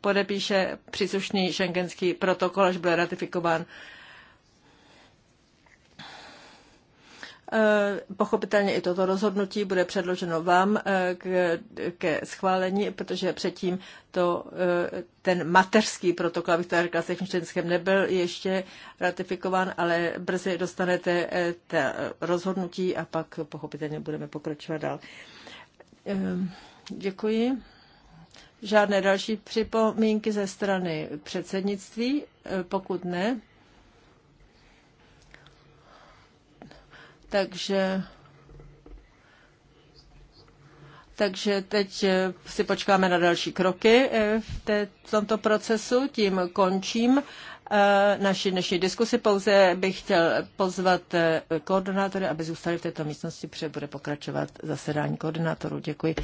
podepíše příslušný šengenský protokol, až bude ratifikován. Eh, pochopitelně i toto rozhodnutí bude předloženo vám eh, k, ke schválení, protože předtím to, eh, ten mateřský protokol, abych to řekla, s Lichtensteinskem nebyl ještě ratifikován, ale brzy dostanete ta rozhodnutí a pak pochopitelně budeme pokračovat dál. Děkuji. Žádné další připomínky ze strany předsednictví? Pokud ne, Takže takže teď eh, si počkáme na další kroky eh, v, té, v tomto procesu. Tím končím eh, naši dnešní diskusi. Pouze bych chtěl pozvat koordinátory, aby zůstali v této místnosti, protože bude pokračovat zasedání koordinátorů. Děkuji.